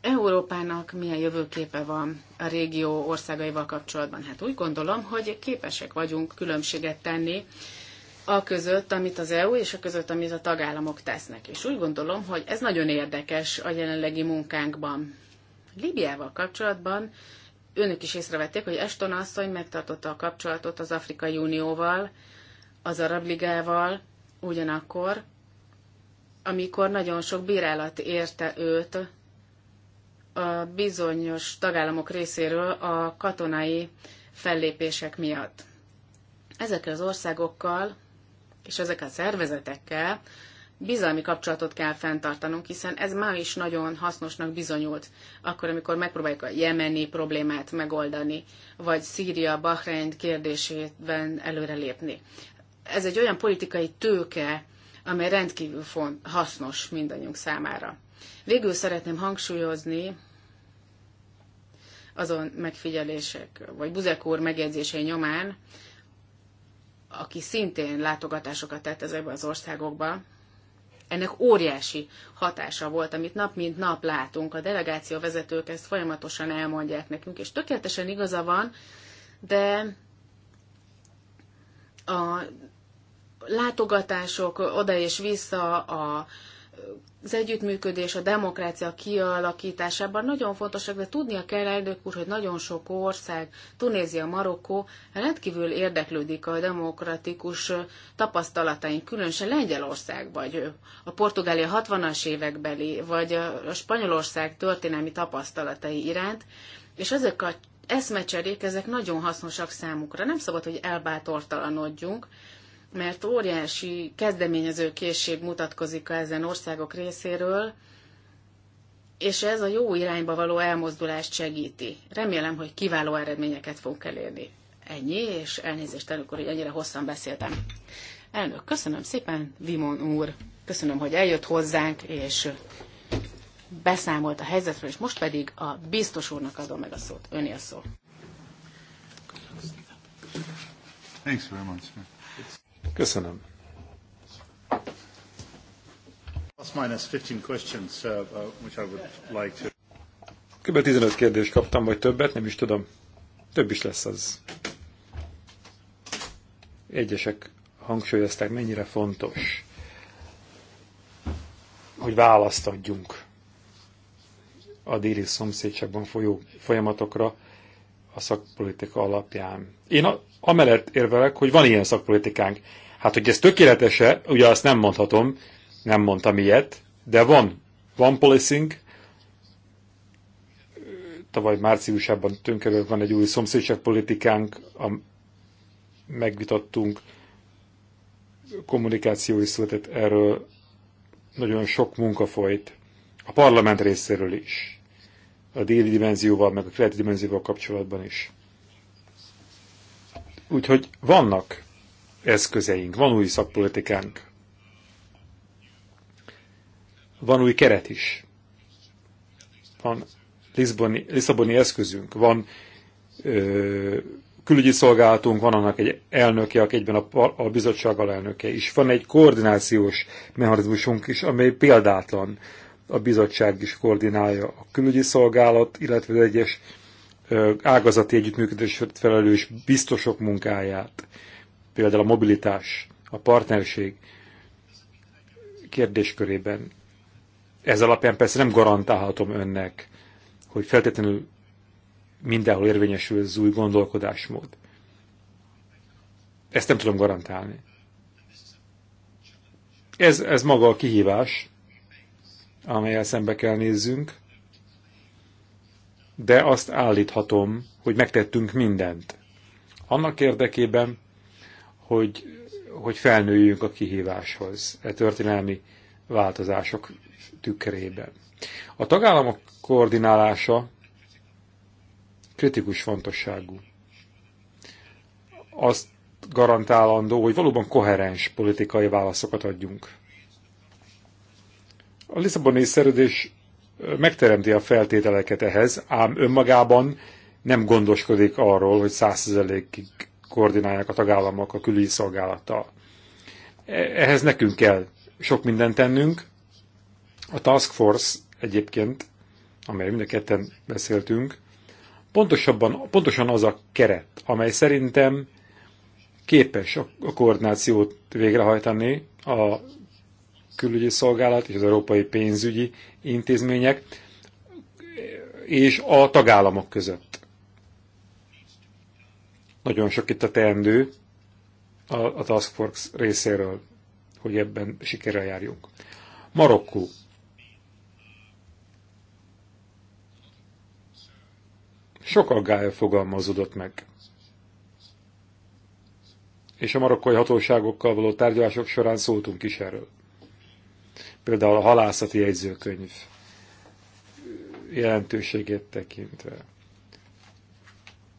Európának milyen jövőképe van a régió országaival kapcsolatban? Hát úgy gondolom, hogy képesek vagyunk különbséget tenni a között, amit az EU, és a között, amit a tagállamok tesznek. És úgy gondolom, hogy ez nagyon érdekes a jelenlegi munkánkban. Libiával kapcsolatban önök is észrevették, hogy Eston asszony megtartotta a kapcsolatot az Afrikai Unióval, az Arab Ligával, ugyanakkor, amikor nagyon sok bírálat érte őt a bizonyos tagállamok részéről a katonai fellépések miatt. Ezekkel az országokkal és ezekkel a szervezetekkel bizalmi kapcsolatot kell fenntartanunk, hiszen ez ma is nagyon hasznosnak bizonyult, akkor, amikor megpróbáljuk a jemeni problémát megoldani, vagy Szíria, Bahrein kérdésében előrelépni. Ez egy olyan politikai tőke, amely rendkívül font, hasznos mindannyiunk számára. Végül szeretném hangsúlyozni azon megfigyelések, vagy Buzek úr megjegyzései nyomán, aki szintén látogatásokat tett ezekbe az országokba, ennek óriási hatása volt, amit nap mint nap látunk. A delegáció vezetők ezt folyamatosan elmondják nekünk, és tökéletesen igaza van, de a látogatások oda és vissza, a az együttműködés a demokrácia kialakításában nagyon fontosak, de tudnia kell, elnök úr, hogy nagyon sok ország, Tunézia, Marokkó rendkívül érdeklődik a demokratikus tapasztalataink, különösen Lengyelország, vagy a Portugália 60-as évekbeli, vagy a Spanyolország történelmi tapasztalatai iránt, és ezek a eszmecserék, ezek nagyon hasznosak számukra. Nem szabad, hogy elbátortalanodjunk, mert óriási kezdeményező készség mutatkozik ezen országok részéről, és ez a jó irányba való elmozdulást segíti. Remélem, hogy kiváló eredményeket fogunk elérni. Ennyi, és elnézést elnök úr, hogy ennyire hosszan beszéltem. Elnök, köszönöm szépen, Vimon úr, köszönöm, hogy eljött hozzánk, és beszámolt a helyzetről, és most pedig a biztos úrnak adom meg a szót. Öné a szó. Thanks very much. Köszönöm. Uh, uh, Kb. 15 kérdést kaptam, vagy többet, nem is tudom. Több is lesz az. Egyesek hangsúlyozták, mennyire fontos, hogy választ adjunk a déli szomszédságban folyó folyamatokra a szakpolitika alapján. Én a, amellett érvelek, hogy van ilyen szakpolitikánk, Hát, hogy ez tökéletese, ugye azt nem mondhatom, nem mondtam ilyet, de van, van policing, tavaly márciusában tönkerült van egy új szomszédságpolitikánk, a, megvitattunk, kommunikáció is született erről, nagyon sok munka folyt, a parlament részéről is, a déli dimenzióval, meg a keleti dimenzióval kapcsolatban is. Úgyhogy vannak eszközeink, van új szakpolitikánk, van új keret is, van Liszboni, Lisszaboni eszközünk, van ö, külügyi szolgálatunk, van annak egy elnöke, aki egyben a, a bizottság alelnöke is. Van egy koordinációs mechanizmusunk is, amely példátlan. A bizottság is koordinálja a külügyi szolgálat, illetve az egyes ágazati együttműködés felelős biztosok munkáját például a mobilitás, a partnerség kérdéskörében. Ez alapján persze nem garantálhatom önnek, hogy feltétlenül mindenhol érvényesül az új gondolkodásmód. Ezt nem tudom garantálni. Ez, ez maga a kihívás, amelyel szembe kell nézzünk, de azt állíthatom, hogy megtettünk mindent. Annak érdekében, hogy, hogy felnőjünk a kihíváshoz, e történelmi változások tükrében. A tagállamok koordinálása kritikus fontosságú. Azt garantálandó, hogy valóban koherens politikai válaszokat adjunk. A Lisszaboni szerződés megteremti a feltételeket ehhez, ám önmagában nem gondoskodik arról, hogy százszerzelékig koordinálják a tagállamok a külügyi szolgálattal. E, ehhez nekünk kell sok mindent tennünk. A Task Force egyébként, amely mind a ketten beszéltünk, pontosabban, pontosan az a keret, amely szerintem képes a koordinációt végrehajtani a külügyi szolgálat és az európai pénzügyi intézmények és a tagállamok között. Nagyon sok itt a teendő a, a Task Force részéről, hogy ebben sikerrel járjunk. Marokkó. Sok aggály fogalmazódott meg. És a marokkai hatóságokkal való tárgyalások során szóltunk is erről. Például a halászati jegyzőkönyv jelentőségét tekintve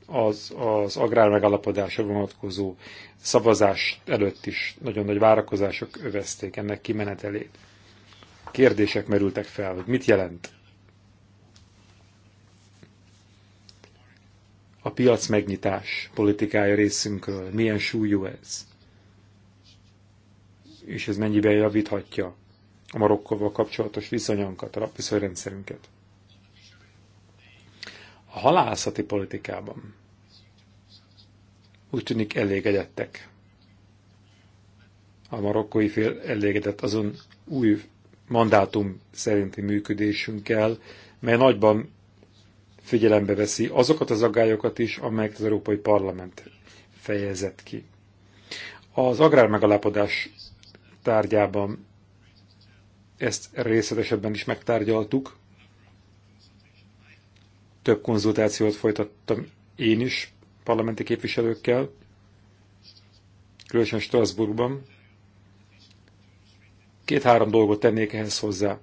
az, az megalapodása vonatkozó szavazás előtt is nagyon nagy várakozások övezték ennek kimenetelét. Kérdések merültek fel, hogy mit jelent a piac megnyitás politikája részünkről, milyen súlyú ez, és ez mennyiben javíthatja a Marokkóval kapcsolatos viszonyunkat, a viszonyrendszerünket. A halászati politikában úgy tűnik elégedettek. A marokkói fél elégedett azon új mandátum szerinti működésünkkel, mely nagyban figyelembe veszi azokat az agályokat is, amelyeket az Európai Parlament fejezett ki. Az agrármegalapodás tárgyában ezt részletesebben is megtárgyaltuk, több konzultációt folytattam én is parlamenti képviselőkkel, különösen Strasbourgban. Két-három dolgot tennék ehhez hozzá.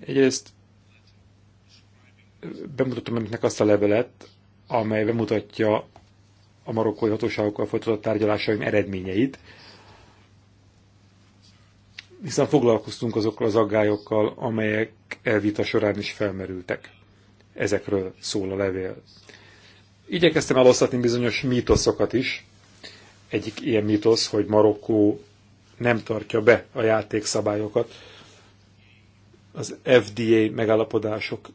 Egyrészt bemutatom önöknek azt a levelet, amely bemutatja a marokkói hatóságokkal folytatott tárgyalásaim eredményeit, hiszen foglalkoztunk azokkal az aggályokkal, amelyek elvita során is felmerültek. Ezekről szól a levél. Igyekeztem elosztatni bizonyos mítoszokat is. Egyik ilyen mítosz, hogy Marokkó nem tartja be a játékszabályokat, az FDA megállapodások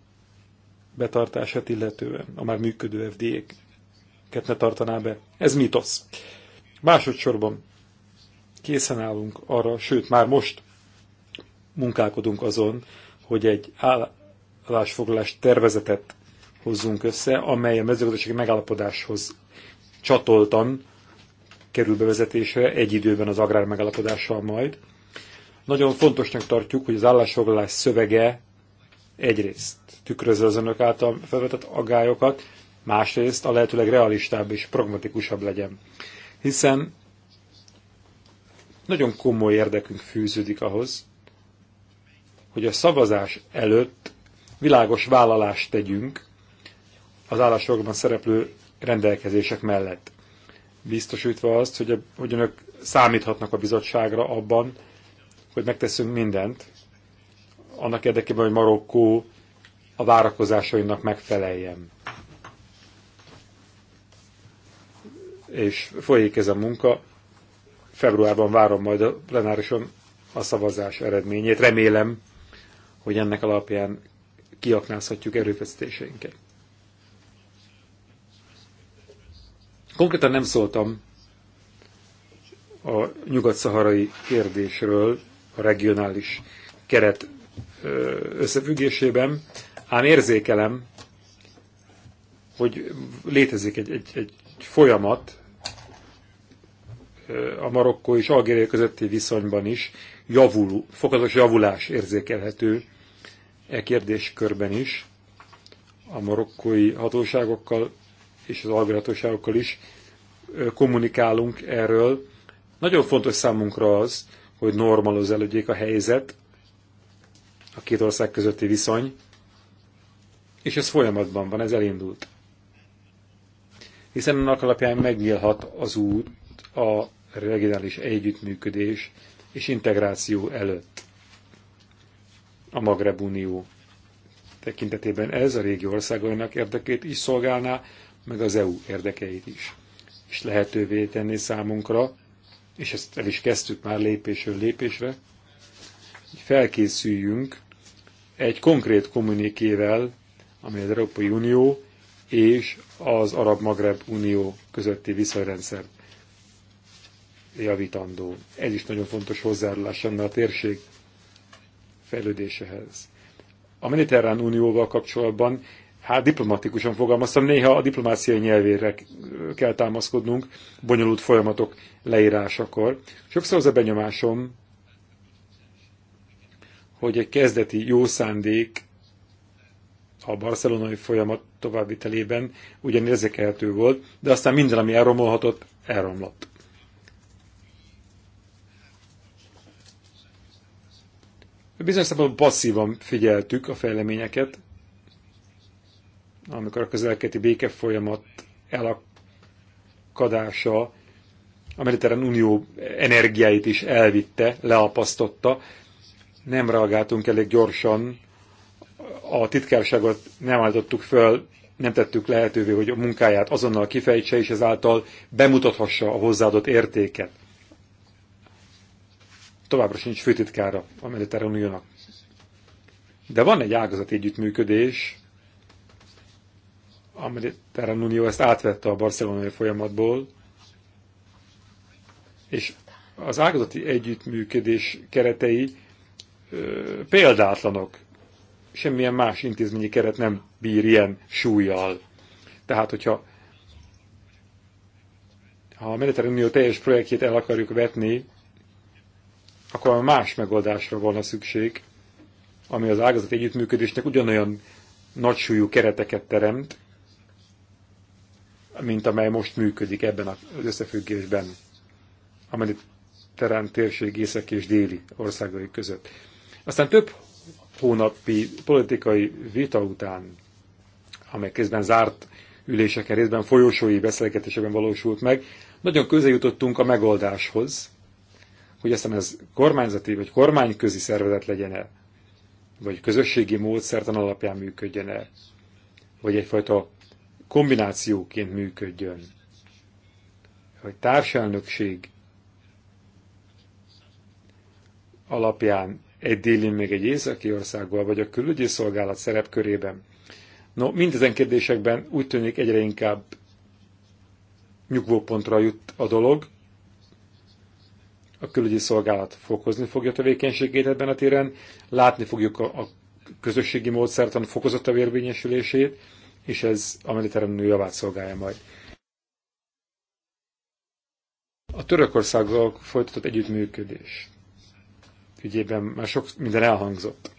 betartását illetően, a már működő FDA-ket ne tartaná be. Ez mítosz. Másodszorban készen állunk arra, sőt már most munkálkodunk azon, hogy egy állásfoglalás tervezetet hozzunk össze, amely a mezőgazdasági megállapodáshoz csatoltan kerül bevezetésre egy időben az agrár megállapodással majd. Nagyon fontosnak tartjuk, hogy az állásfoglalás szövege egyrészt tükrözze az önök által felvetett agályokat, másrészt a lehetőleg realistább és pragmatikusabb legyen. Hiszen nagyon komoly érdekünk fűződik ahhoz, hogy a szavazás előtt világos vállalást tegyünk az állásfoglalóban szereplő rendelkezések mellett. Biztosítva azt, hogy, a, hogy önök számíthatnak a bizottságra abban, hogy megteszünk mindent, annak érdekében, hogy Marokkó a várakozásainak megfeleljen. És folyik ez a munka. Februárban várom majd a plenárison a szavazás eredményét. Remélem, hogy ennek alapján kiaknázhatjuk erőfeszítéseinket. Konkrétan nem szóltam a nyugat-szaharai kérdésről a regionális keret összefüggésében, ám érzékelem, hogy létezik egy, egy, egy folyamat a Marokkó és Algéria közötti viszonyban is javuló, fokozatos javulás érzékelhető e kérdéskörben is a marokkói hatóságokkal és az algér hatóságokkal is kommunikálunk erről. Nagyon fontos számunkra az, hogy normalizálódjék a helyzet, a két ország közötti viszony, és ez folyamatban van, ez elindult. Hiszen annak alapján megnyílhat az út a regionális együttműködés és integráció előtt a Magreb Unió tekintetében ez a régi országainak érdekét is szolgálná, meg az EU érdekeit is. És lehetővé tenni számunkra, és ezt el is kezdtük már lépésről lépésre, hogy felkészüljünk egy konkrét kommunikével, ami az Európai Unió és az Arab-Magreb Unió közötti viszonyrendszer javítandó. Ez is nagyon fontos hozzárulás lenne a térség fejlődésehez. A Mediterrán Unióval kapcsolatban, hát diplomatikusan fogalmaztam, néha a diplomáciai nyelvére kell támaszkodnunk bonyolult folyamatok leírásakor. Sokszor az a benyomásom, hogy egy kezdeti jó szándék a barcelonai folyamat továbbvitelében ugyan érzékelhető volt, de aztán minden, ami elromolhatott, elromlott. Bizonyos szempontból passzívan figyeltük a fejleményeket, amikor a közelketi béke folyamat elakadása a Mediterrán Unió energiáit is elvitte, leapasztotta. Nem reagáltunk elég gyorsan, a titkárságot nem állítottuk föl, nem tettük lehetővé, hogy a munkáját azonnal kifejtse, és ezáltal bemutathassa a hozzáadott értéket továbbra sincs főtitkára a Mediterrán De van egy ágazati együttműködés, a Mediterrán ezt átvette a barcelonai folyamatból, és az ágazati együttműködés keretei ö, példátlanok. Semmilyen más intézményi keret nem bír ilyen súlyjal. Tehát, hogyha ha a Mediterrán teljes projektjét el akarjuk vetni, akkor más megoldásra volna szükség, ami az ágazat együttműködésnek ugyanolyan nagysúlyú kereteket teremt, mint amely most működik ebben az összefüggésben, amely teremt térség észak és déli országai között. Aztán több hónapi politikai vita után, amely közben zárt üléseken, részben folyosói beszélgetésekben valósult meg, nagyon közel jutottunk a megoldáshoz, hogy aztán ez kormányzati vagy kormányközi szervezet legyen-e, vagy közösségi módszertan alapján működjön-e, vagy egyfajta kombinációként működjön, hogy társelnökség alapján egy déli, még egy északi országgal, vagy a külügyi szolgálat szerepkörében. No, mindezen kérdésekben úgy tűnik egyre inkább nyugvópontra jut a dolog, a külügyi szolgálat fokozni fogja a tevékenységét ebben a téren, látni fogjuk a, a közösségi módszertan fokozottabb érvényesülését, és ez a mediterránő javát szolgálja majd. A Törökországgal folytatott együttműködés ügyében már sok minden elhangzott.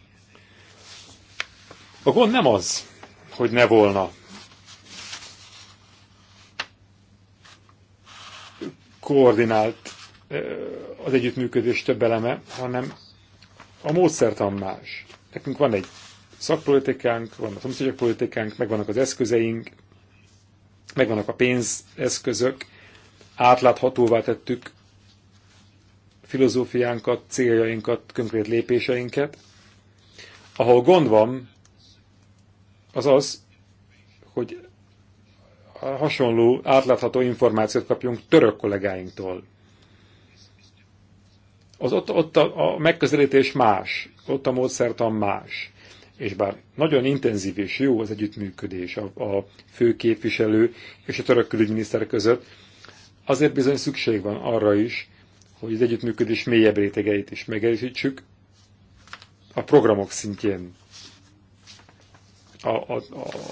A gond nem az, hogy ne volna koordinált az együttműködés több eleme, hanem a módszertan más. Nekünk van egy szakpolitikánk, van a meg megvannak az eszközeink, megvannak a pénzeszközök, átláthatóvá tettük filozófiánkat, céljainkat, konkrét lépéseinket. Ahol gond van, az az, hogy hasonló átlátható információt kapjunk török kollégáinktól az ott, ott a, a megközelítés más, ott a módszertan más. És bár nagyon intenzív és jó az együttműködés a, a fő képviselő és a török külügyminiszter között, azért bizony szükség van arra is, hogy az együttműködés mélyebb rétegeit is megerősítsük a programok szintjén, a, a,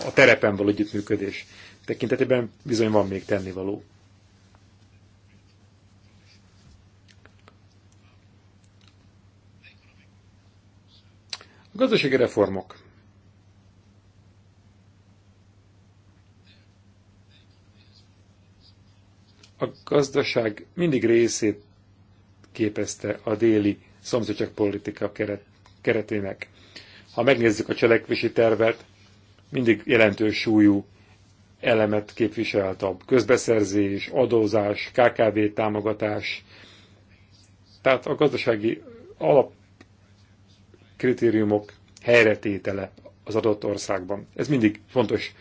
a terepen való együttműködés tekintetében bizony van még tennivaló. A gazdasági reformok. A gazdaság mindig részét képezte a déli szomszédság politika keret, keretének. Ha megnézzük a cselekvési tervet, mindig jelentős súlyú elemet képviselt a közbeszerzés, adózás, KKV támogatás. Tehát a gazdasági alap kritériumok helyretétele az adott országban. Ez mindig fontos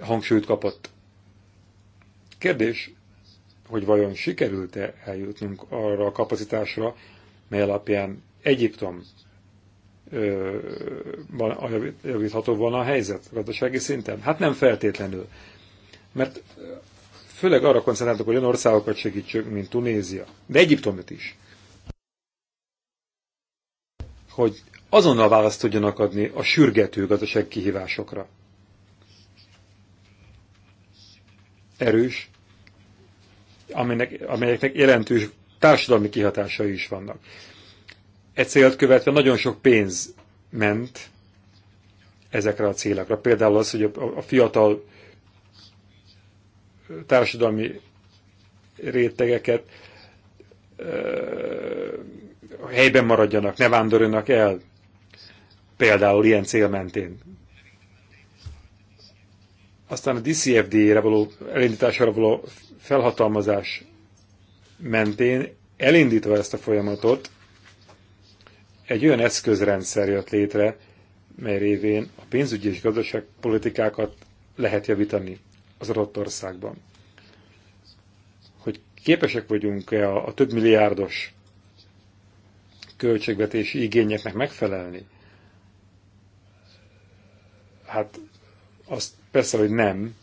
hangsúlyt kapott. Kérdés, hogy vajon sikerült-e eljutnunk arra a kapacitásra, mely alapján Egyiptom javítható volna a helyzet gazdasági szinten? Hát nem feltétlenül. Mert főleg arra koncentráltuk, hogy olyan országokat segítsünk, mint Tunézia, de Egyiptomot is hogy azonnal választ tudjanak adni a sürgető gazdaság kihívásokra. Erős, amelynek, amelyeknek jelentős társadalmi kihatásai is vannak. E célt követve nagyon sok pénz ment ezekre a célokra. Például az, hogy a fiatal társadalmi rétegeket helyben maradjanak, ne vándoroljanak el, például ilyen cél mentén. Aztán a DCFD-re való elindítására való felhatalmazás mentén elindítva ezt a folyamatot, egy olyan eszközrendszer jött létre, mely révén a pénzügyi és gazdaságpolitikákat lehet javítani az adott országban. Hogy képesek vagyunk-e a, a több milliárdos költségvetési igényeknek megfelelni? Hát azt persze, hogy nem.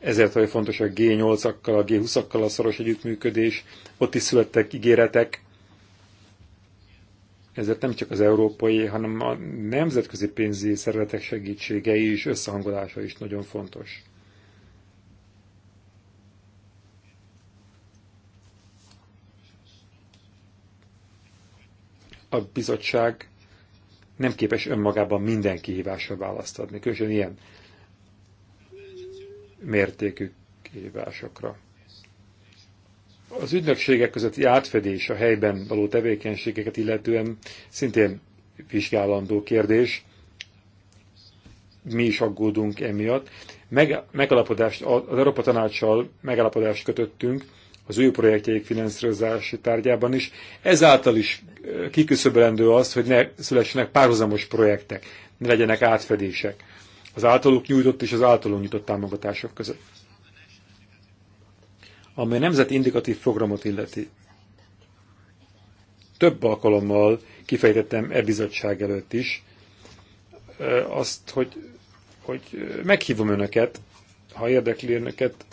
Ezért olyan fontos a G8-akkal, a G20-akkal a szoros együttműködés. Ott is születtek ígéretek. Ezért nem csak az európai, hanem a nemzetközi pénzügyi szervezetek segítsége is, összehangolása is nagyon fontos. a bizottság nem képes önmagában minden kihívásra választ adni, különösen ilyen mértékű kihívásokra. Az ügynökségek közötti átfedés a helyben való tevékenységeket illetően szintén vizsgálandó kérdés. Mi is aggódunk emiatt. Meg, megalapodást, az Európa Tanácssal megalapodást kötöttünk az ő projektjeik finanszírozási tárgyában is. Ezáltal is kiküszöbölendő az, hogy ne szülessenek párhuzamos projektek, ne legyenek átfedések az általuk nyújtott és az általunk nyújtott támogatások között. Ami a Nemzeti Indikatív Programot illeti, több alkalommal kifejtettem e bizottság előtt is azt, hogy, hogy meghívom önöket, ha érdekli önöket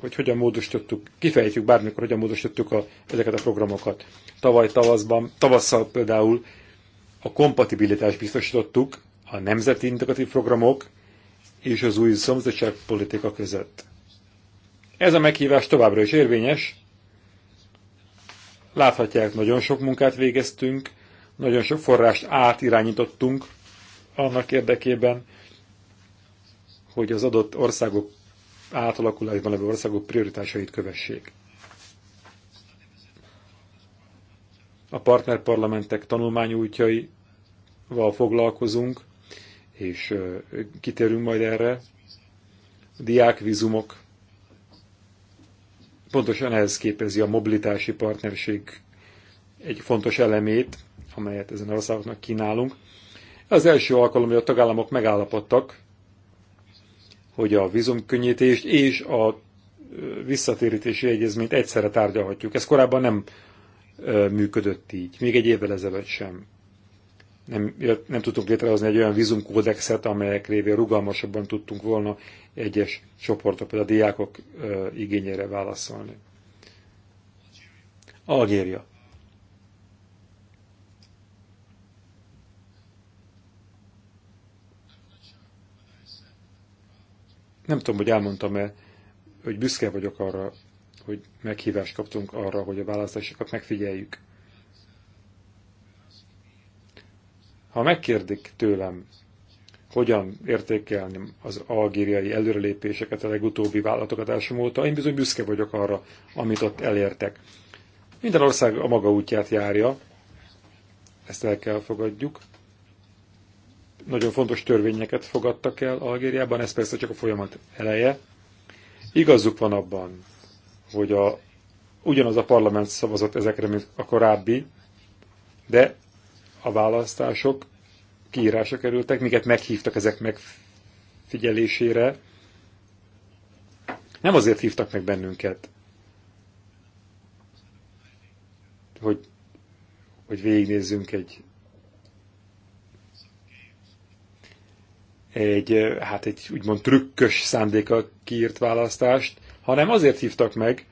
hogy hogyan módosítottuk, kifejtjük bármikor, hogyan módosítottuk a, ezeket a programokat. Tavaly tavaszban, tavasszal például a kompatibilitást biztosítottuk a nemzeti integratív programok és az új szomszédságpolitika között. Ez a meghívás továbbra is érvényes. Láthatják, nagyon sok munkát végeztünk, nagyon sok forrást átirányítottunk annak érdekében, hogy az adott országok átalakulásban levő országok prioritásait kövessék. A partnerparlamentek tanulmányújtjaival foglalkozunk, és kitérünk majd erre. diákvizumok. Pontosan ehhez képezi a mobilitási partnerség egy fontos elemét, amelyet ezen országoknak kínálunk. Az első alkalom, hogy a tagállamok megállapodtak hogy a vízumkönnyítést és a visszatérítési egyezményt egyszerre tárgyalhatjuk. Ez korábban nem működött így, még egy évvel ezelőtt sem. Nem, nem tudtunk létrehozni egy olyan vízumkódexet, amelyek révén rugalmasabban tudtunk volna egyes csoportok, például a diákok igényére válaszolni. Algéria. Nem tudom, hogy elmondtam-e, hogy büszke vagyok arra, hogy meghívást kaptunk arra, hogy a választásokat megfigyeljük. Ha megkérdik tőlem, hogyan értékelni az algériai előrelépéseket, a legutóbbi vállalatokadásom óta, én bizony büszke vagyok arra, amit ott elértek. Minden ország a maga útját járja, ezt el kell fogadjuk, nagyon fontos törvényeket fogadtak el Algériában, ez persze csak a folyamat eleje. Igazuk van abban, hogy a, ugyanaz a parlament szavazott ezekre, mint a korábbi, de a választások kiírásra kerültek, miket meghívtak ezek megfigyelésére. Nem azért hívtak meg bennünket, hogy, hogy végignézzünk egy egy, hát egy úgymond trükkös szándéka kiírt választást, hanem azért hívtak meg,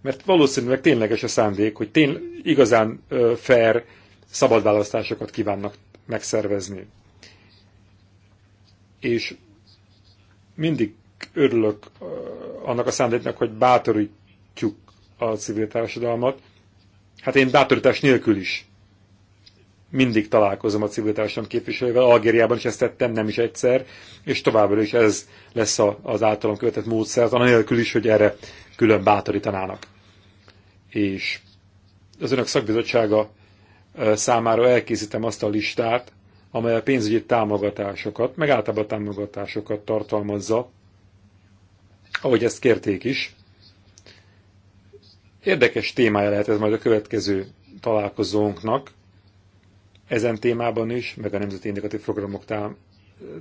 mert valószínűleg tényleges a szándék, hogy tény, igazán fair, szabad választásokat kívánnak megszervezni. És mindig örülök annak a szándéknak, hogy bátorítjuk a civil társadalmat. Hát én bátorítás nélkül is mindig találkozom a civil társadalom képviselővel, Algériában is ezt tettem, nem is egyszer, és továbbra is ez lesz az általam követett módszer. anélkül is, hogy erre külön bátorítanának. És az önök szakbizottsága számára elkészítem azt a listát, amely a pénzügyi támogatásokat, meg általában támogatásokat tartalmazza, ahogy ezt kérték is. Érdekes témája lehet ez majd a következő találkozónknak, ezen témában is, meg a nemzeti indikatív programok tám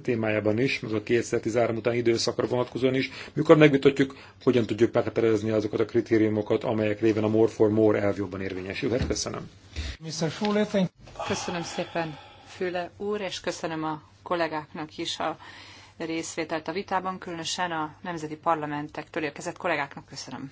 témájában is, meg a 2013 utáni időszakra vonatkozóan is, mikor megvitatjuk, hogyan tudjuk meghatározni azokat a kritériumokat, amelyek révén a more for more elv jobban érvényesülhet. Köszönöm. Köszönöm szépen, Füle úr, és köszönöm a kollégáknak is a részvételt a vitában, különösen a nemzeti parlamentektől érkezett kollégáknak köszönöm.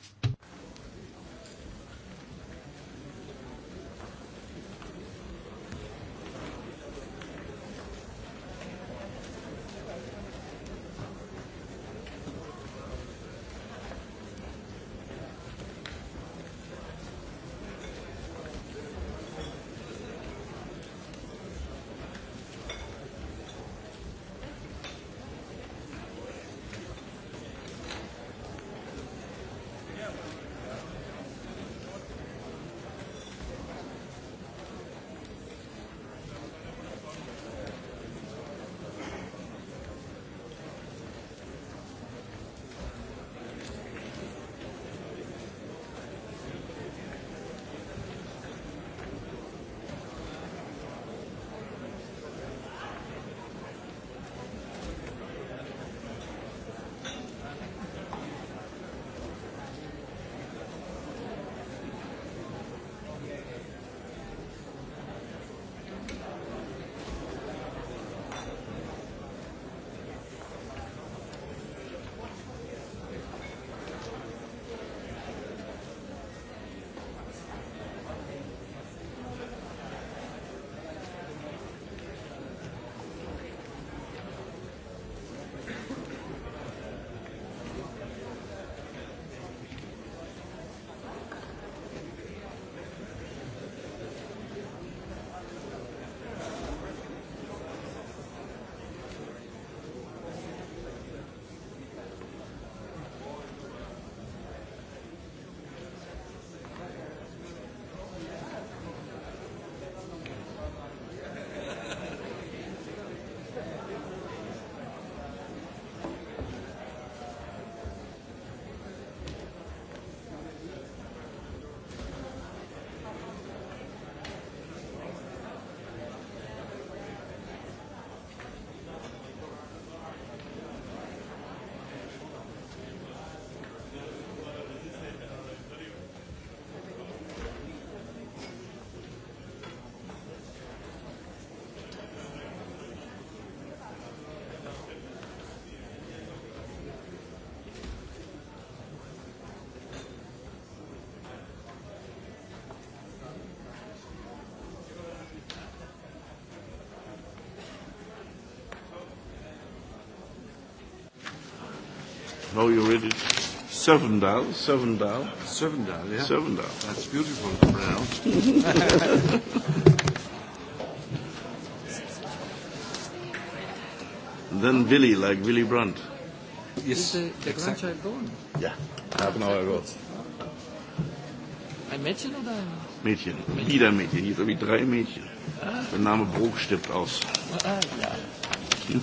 Oh, you read it. Seven Seven Sevendal, Seven Sevendal, yeah. Seven Sevendal. That's beautiful to pronounce. and then Billy, like Billy Brandt. Yes, Is the, the exactly. grandchild born? Yeah, half an hour ago. Ein Mädchen oder ein... Mädchen, wieder Mädchen, hier so wie drei Mädchen. Ah. Der Name Bruch stirbt aus. Ah, ja.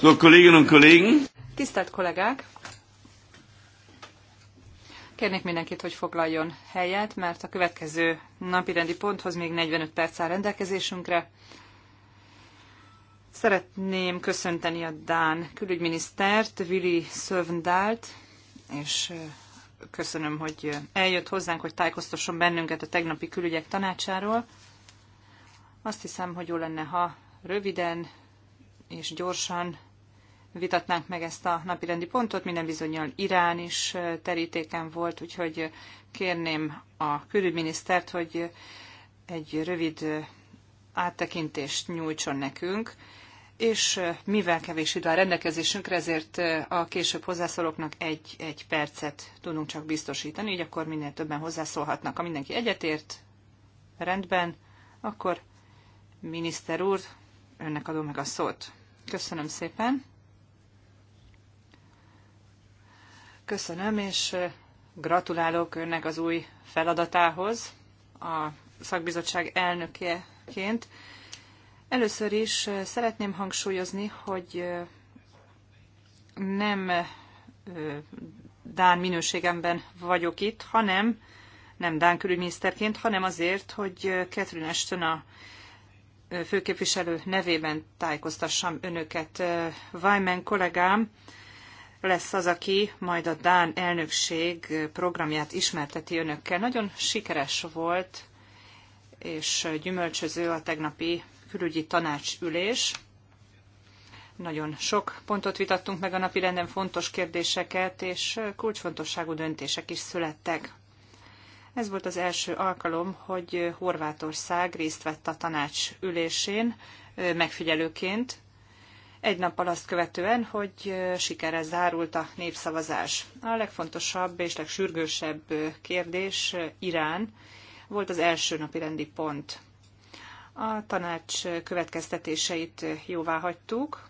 So, Kolleginnen und Kollegen. Tisztelt kollégák! Kérnék mindenkit, hogy foglaljon helyet, mert a következő napirendi ponthoz még 45 perc áll rendelkezésünkre. Szeretném köszönteni a Dán külügyminisztert, Vili Szövndált, és köszönöm, hogy eljött hozzánk, hogy tájékoztasson bennünket a tegnapi külügyek tanácsáról. Azt hiszem, hogy jó lenne, ha röviden és gyorsan vitatnánk meg ezt a napirendi pontot. Minden bizonyal Irán is terítéken volt, úgyhogy kérném a külügyminisztert, hogy egy rövid áttekintést nyújtson nekünk, és mivel kevés idő a rendelkezésünkre, ezért a később hozzászólóknak egy-egy percet tudunk csak biztosítani, így akkor minél többen hozzászólhatnak. Ha mindenki egyetért, rendben, akkor miniszter úr, önnek adom meg a szót. Köszönöm szépen. Köszönöm, és gratulálok önnek az új feladatához a szakbizottság elnökeként. Először is szeretném hangsúlyozni, hogy nem Dán minőségemben vagyok itt, hanem nem Dán külügyminiszterként, hanem azért, hogy Catherine Ashton a főképviselő nevében tájékoztassam önöket. Weimann kollégám lesz az, aki majd a Dán elnökség programját ismerteti önökkel. Nagyon sikeres volt és gyümölcsöző a tegnapi külügyi tanácsülés. Nagyon sok pontot vitattunk meg a napi renden fontos kérdéseket, és kulcsfontosságú döntések is születtek. Ez volt az első alkalom, hogy Horvátország részt vett a tanács ülésén megfigyelőként, egy nappal azt követően, hogy sikerrel zárult a népszavazás. A legfontosabb és legsürgősebb kérdés Irán volt az első napi rendi pont. A tanács következtetéseit jóvá hagytuk,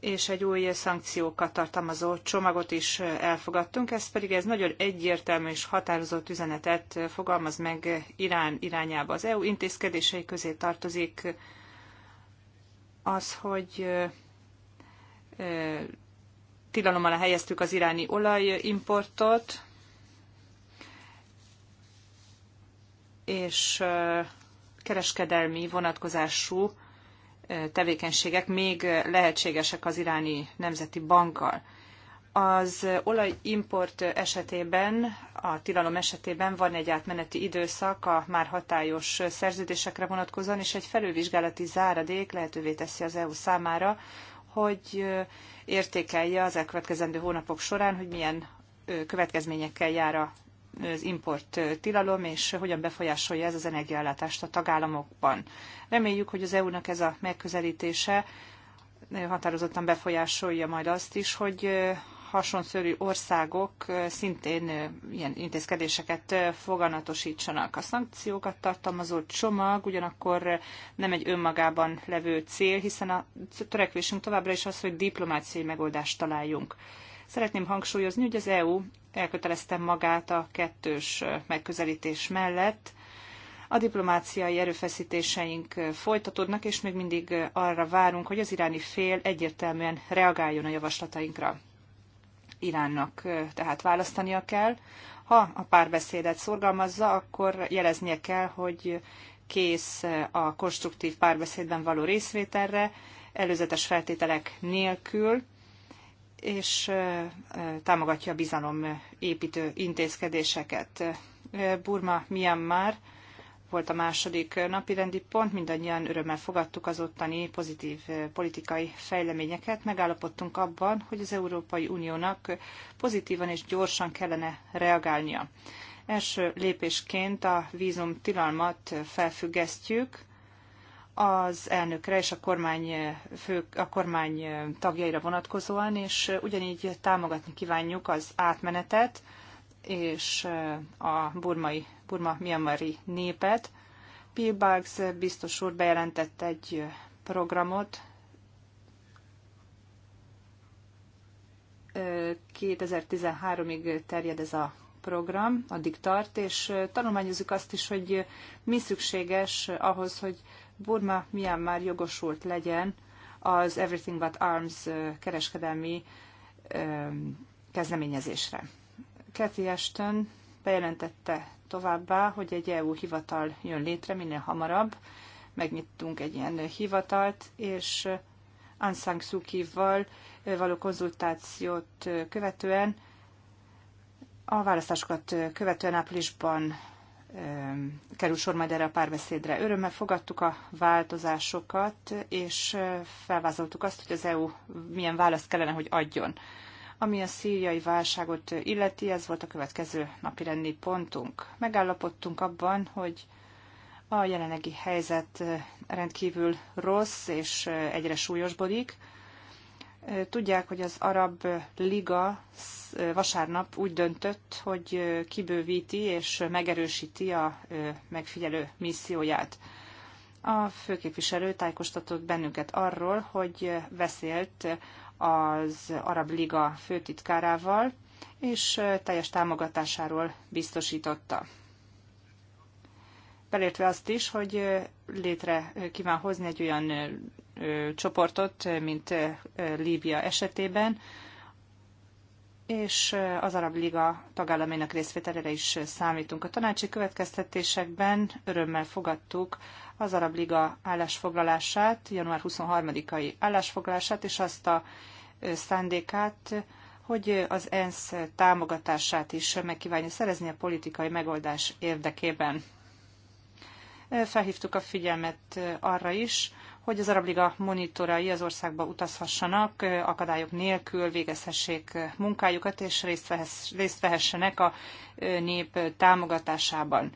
és egy új szankciókat tartalmazó csomagot is elfogadtunk, ez pedig ez nagyon egyértelmű és határozott üzenetet fogalmaz meg Irán irányába. Az EU intézkedései közé tartozik az, hogy tilalom alá helyeztük az iráni olajimportot, és kereskedelmi vonatkozású tevékenységek még lehetségesek az iráni nemzeti bankkal. Az olajimport esetében, a tilalom esetében van egy átmeneti időszak a már hatályos szerződésekre vonatkozóan, és egy felülvizsgálati záradék lehetővé teszi az EU számára, hogy értékelje az elkövetkezendő hónapok során, hogy milyen következményekkel jár az import tilalom, és hogyan befolyásolja ez az energiaellátást a tagállamokban. Reméljük, hogy az EU-nak ez a megközelítése határozottan befolyásolja majd azt is, hogy hasonszörű országok szintén ilyen intézkedéseket foganatosítsanak. A szankciókat tartalmazó csomag ugyanakkor nem egy önmagában levő cél, hiszen a törekvésünk továbbra is az, hogy diplomáciai megoldást találjunk. Szeretném hangsúlyozni, hogy az EU elkötelezte magát a kettős megközelítés mellett, a diplomáciai erőfeszítéseink folytatódnak, és még mindig arra várunk, hogy az iráni fél egyértelműen reagáljon a javaslatainkra. Iránnak tehát választania kell. Ha a párbeszédet szorgalmazza, akkor jeleznie kell, hogy kész a konstruktív párbeszédben való részvételre, előzetes feltételek nélkül, és támogatja a bizalom építő intézkedéseket. Burma, Myanmar volt a második napirendi pont, mindannyian örömmel fogadtuk az ottani pozitív eh, politikai fejleményeket. Megállapodtunk abban, hogy az Európai Uniónak pozitívan és gyorsan kellene reagálnia. Első lépésként a vízum tilalmat felfüggesztjük, az elnökre és a kormány, eh, fő, a kormány eh, tagjaira vonatkozóan, és ugyanígy támogatni kívánjuk az átmenetet, és a burmai, burma miamari népet. Pilbags biztos úr bejelentett egy programot 2013-ig terjed ez a program, addig tart, és tanulmányozzuk azt is, hogy mi szükséges ahhoz, hogy Burma milyen már jogosult legyen az Everything But Arms kereskedelmi kezdeményezésre. Kathy Ashton bejelentette továbbá, hogy egy EU hivatal jön létre minél hamarabb. Megnyitunk egy ilyen hivatalt, és Aung San Suu Kyi-val való konzultációt követően a választásokat követően áprilisban kerül sor majd erre a párbeszédre. Örömmel fogadtuk a változásokat, és eh, felvázoltuk azt, hogy az EU milyen választ kellene, hogy adjon. Ami a szíriai válságot illeti, ez volt a következő napirendi pontunk. Megállapodtunk abban, hogy a jelenlegi helyzet rendkívül rossz és egyre súlyosbodik. Tudják, hogy az Arab Liga vasárnap úgy döntött, hogy kibővíti és megerősíti a megfigyelő misszióját. A főképviselő tájékoztatott bennünket arról, hogy beszélt az Arab Liga főtitkárával, és teljes támogatásáról biztosította. Belértve azt is, hogy létre kíván hozni egy olyan csoportot, mint Líbia esetében, és az Arab Liga tagállamainak részvételére is számítunk. A tanácsi következtetésekben örömmel fogadtuk az Arab Liga állásfoglalását, január 23-ai állásfoglalását, és azt a szándékát, hogy az ENSZ támogatását is megkívánja szerezni a politikai megoldás érdekében. Felhívtuk a figyelmet arra is, hogy az Arab Liga monitorai az országba utazhassanak, akadályok nélkül végezhessék munkájukat, és részt, vehess, részt vehessenek a nép támogatásában.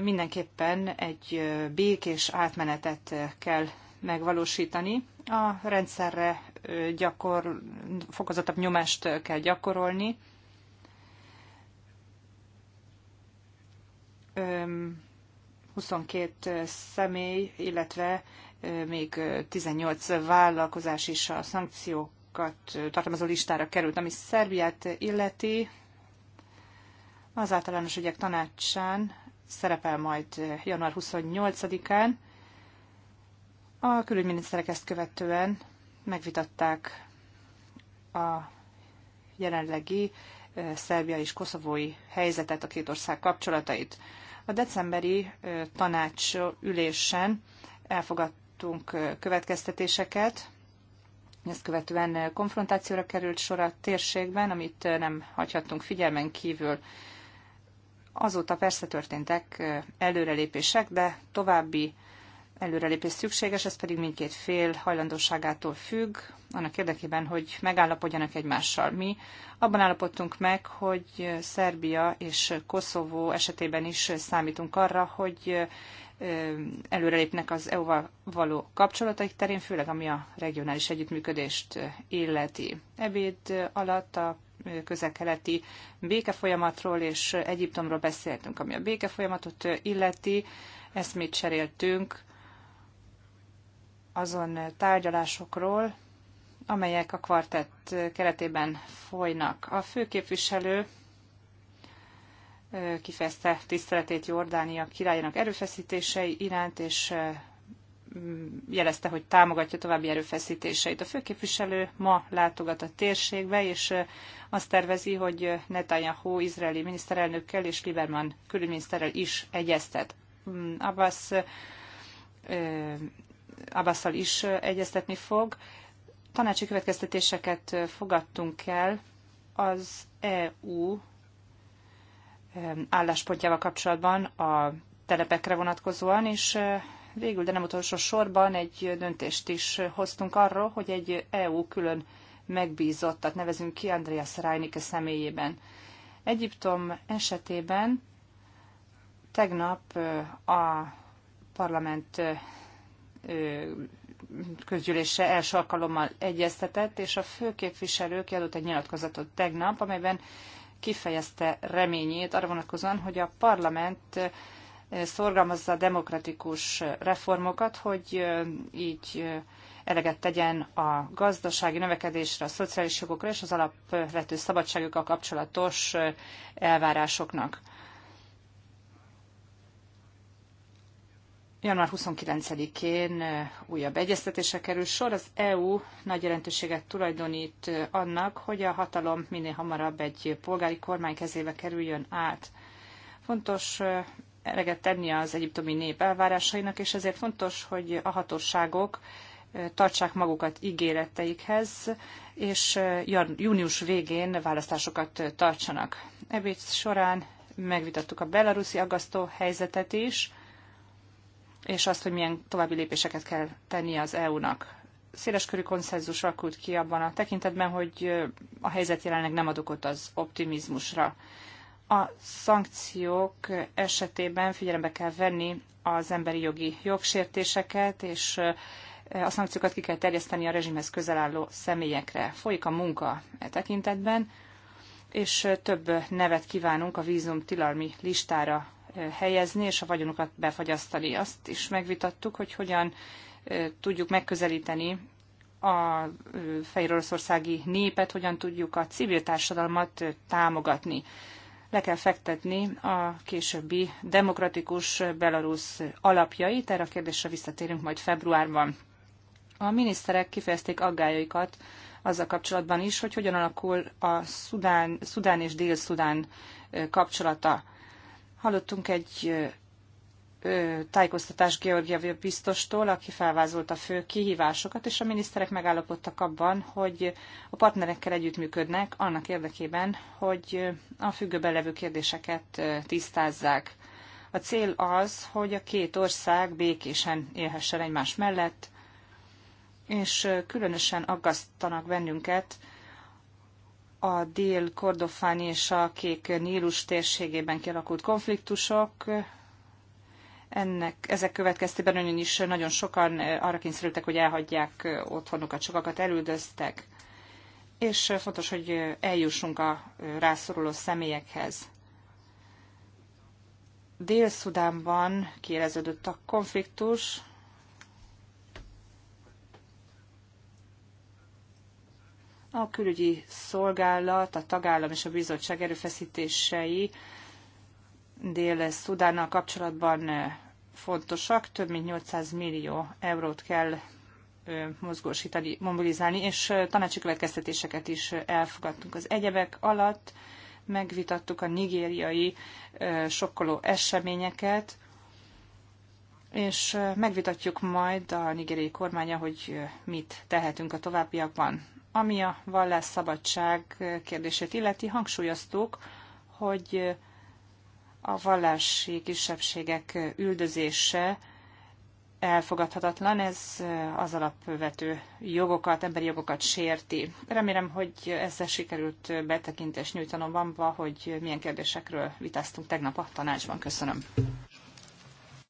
Mindenképpen egy békés átmenetet kell megvalósítani. A rendszerre gyakor, fokozatabb nyomást kell gyakorolni. 22 személy, illetve még 18 vállalkozás is a szankciókat tartalmazó listára került, ami Szerbiát illeti. Az általános ügyek tanácsán szerepel majd január 28-án. A külügyminiszterek ezt követően megvitatták a jelenlegi Szerbia és koszovói helyzetet, a két ország kapcsolatait. A decemberi tanács ülésen elfogadtunk következtetéseket, ezt követően konfrontációra került sor a térségben, amit nem hagyhattunk figyelmen kívül. Azóta persze történtek előrelépések, de további előrelépés szükséges, ez pedig mindkét fél hajlandóságától függ, annak érdekében, hogy megállapodjanak egymással. Mi abban állapodtunk meg, hogy Szerbia és Koszovó esetében is számítunk arra, hogy előrelépnek az EU-val való kapcsolataik terén, főleg ami a regionális együttműködést illeti. Ebéd alatt a közel-keleti békefolyamatról és Egyiptomról beszéltünk, ami a békefolyamatot illeti. Ezt mit cseréltünk azon tárgyalásokról, amelyek a kvartett keretében folynak. A főképviselő kifejezte tiszteletét Jordánia királyának erőfeszítései iránt, és jelezte, hogy támogatja további erőfeszítéseit. A főképviselő ma látogat a térségbe, és azt tervezi, hogy Netanyahu izraeli miniszterelnökkel és Lieberman külügyminiszterrel is egyeztet. Abbas Abbasszal is egyeztetni fog. Tanácsi következtetéseket fogadtunk el az EU álláspontjával kapcsolatban a telepekre vonatkozóan, és végül, de nem utolsó sorban egy döntést is hoztunk arról, hogy egy EU külön megbízottat nevezünk ki Andreas Reinicke személyében. Egyiptom esetében tegnap a parlament közgyűlése első alkalommal egyeztetett, és a főképviselő kiadott egy nyilatkozatot tegnap, amelyben kifejezte reményét arra vonatkozóan, hogy a parlament szorgalmazza a demokratikus reformokat, hogy így eleget tegyen a gazdasági növekedésre, a szociális jogokra és az alapvető szabadságokkal kapcsolatos elvárásoknak. Január 29-én újabb egyeztetése kerül sor. Az EU nagy jelentőséget tulajdonít annak, hogy a hatalom minél hamarabb egy polgári kormány kezébe kerüljön át. Fontos eleget tenni az egyiptomi nép elvárásainak, és ezért fontos, hogy a hatóságok tartsák magukat ígéreteikhez, és június végén választásokat tartsanak. Ebéd során megvitattuk a belaruszi aggasztó helyzetet is, és azt, hogy milyen további lépéseket kell tennie az EU-nak. Széleskörű konszenzus alakult ki abban a tekintetben, hogy a helyzet jelenleg nem ad okot az optimizmusra. A szankciók esetében figyelembe kell venni az emberi jogi jogsértéseket, és a szankciókat ki kell terjeszteni a rezsimhez közel álló személyekre. Folyik a munka e tekintetben, és több nevet kívánunk a vízum tilalmi listára helyezni és a vagyonukat befagyasztani. Azt is megvitattuk, hogy hogyan tudjuk megközelíteni a fehéroroszországi népet, hogyan tudjuk a civil társadalmat támogatni. Le kell fektetni a későbbi demokratikus Belarus alapjait, erre a kérdésre visszatérünk majd februárban. A miniszterek kifejezték aggájaikat azzal kapcsolatban is, hogy hogyan alakul a Szudán, Szudán és Dél-Szudán kapcsolata. Hallottunk egy tájékoztatás Georgia biztostól, aki felvázolta a fő kihívásokat, és a miniszterek megállapodtak abban, hogy a partnerekkel együttműködnek annak érdekében, hogy a függőben levő kérdéseket tisztázzák. A cél az, hogy a két ország békésen élhessen egymás mellett, és különösen aggasztanak bennünket a dél-kordofán és a kék Nílus térségében kialakult konfliktusok, ennek, ezek következtében önön is nagyon sokan arra kényszerültek, hogy elhagyják otthonukat, sokakat elüldöztek, és fontos, hogy eljussunk a rászoruló személyekhez. Dél-Szudánban kéreződött a konfliktus, A külügyi szolgálat, a tagállam és a bizottság erőfeszítései Dél-Szudánnal kapcsolatban fontosak, több mint 800 millió eurót kell mozgósítani, mobilizálni, és tanácsi következtetéseket is elfogadtunk. Az egyebek alatt megvitattuk a nigériai sokkoló eseményeket, és megvitatjuk majd a nigériai kormánya, hogy mit tehetünk a továbbiakban. Ami a vallásszabadság kérdését illeti, hangsúlyoztuk, hogy a vallási kisebbségek üldözése elfogadhatatlan, ez az alapvető jogokat, emberi jogokat sérti. Remélem, hogy ezzel sikerült betekintést nyújtanom abba, hogy milyen kérdésekről vitáztunk tegnap a tanácsban. Köszönöm.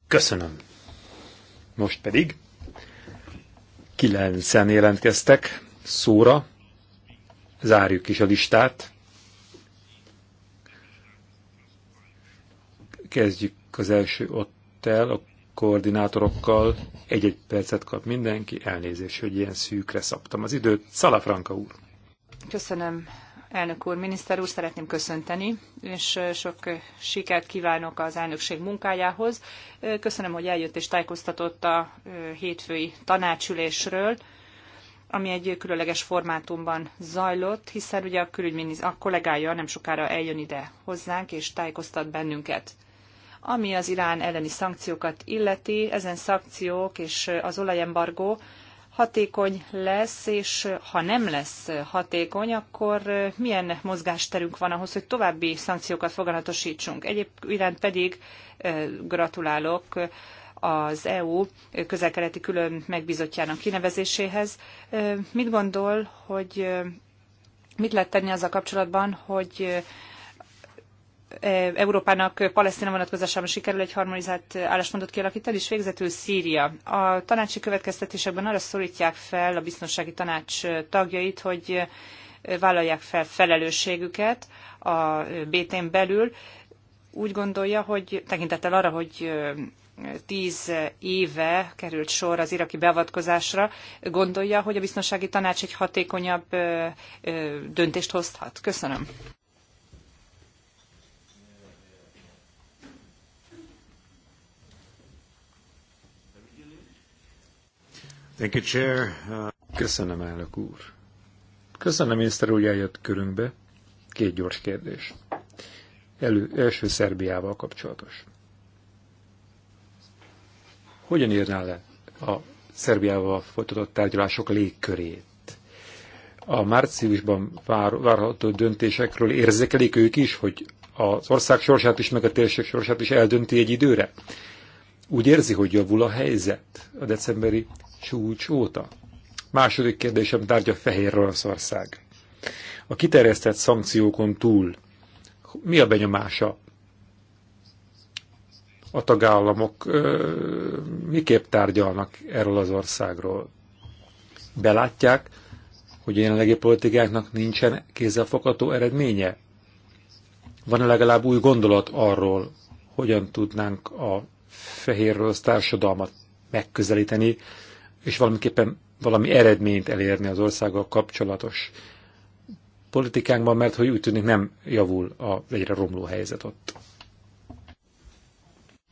Köszönöm. Most pedig kilencen jelentkeztek szóra. Zárjuk is a listát. Kezdjük az első ottel, a koordinátorokkal. Egy-egy percet kap mindenki. Elnézés, hogy ilyen szűkre szabtam az időt. Szala Franka úr. Köszönöm, elnök úr, miniszter úr, szeretném köszönteni, és sok sikert kívánok az elnökség munkájához. Köszönöm, hogy eljött és tájékoztatott a hétfői tanácsülésről ami egy különleges formátumban zajlott, hiszen ugye a külügyminiszter, a kollégája nem sokára eljön ide hozzánk, és tájékoztat bennünket. Ami az Irán elleni szankciókat illeti, ezen szankciók és az olajembargó hatékony lesz, és ha nem lesz hatékony, akkor milyen mozgásterünk van ahhoz, hogy további szankciókat foganatosítsunk. Egyéb iránt pedig eh, gratulálok az EU közelkeleti külön megbizotjának kinevezéséhez. Mit gondol, hogy mit lehet tenni azzal kapcsolatban, hogy e, Európának Palesztina vonatkozásában sikerül egy harmonizált álláspontot kialakítani, és végzetül Szíria. A tanácsi következtetésekben arra szorítják fel a biztonsági tanács tagjait, hogy vállalják fel felelősségüket a BT-n belül. Úgy gondolja, hogy tekintettel arra, hogy tíz éve került sor az iraki beavatkozásra, gondolja, hogy a biztonsági tanács egy hatékonyabb döntést hozhat? Köszönöm. Thank you, Chair. Köszönöm, elnök úr. Köszönöm, miniszter úr, eljött körünkbe. Két gyors kérdés. Elő, első Szerbiával kapcsolatos hogyan írná le a Szerbiával folytatott tárgyalások légkörét? A márciusban vár, várható döntésekről érzékelik ők is, hogy az ország sorsát is, meg a térség sorsát is eldönti egy időre? Úgy érzi, hogy javul a helyzet a decemberi csúcs óta? Második kérdésem tárgya Fehér Oroszország. A kiterjesztett szankciókon túl mi a benyomása a tagállamok miképp tárgyalnak erről az országról. Belátják, hogy a jelenlegi politikáknak nincsen kézzelfogható eredménye? Van-e legalább új gondolat arról, hogyan tudnánk a fehérről társadalmat megközelíteni, és valamiképpen valami eredményt elérni az országgal kapcsolatos politikánkban, mert hogy úgy tűnik nem javul a egyre romló helyzet ott.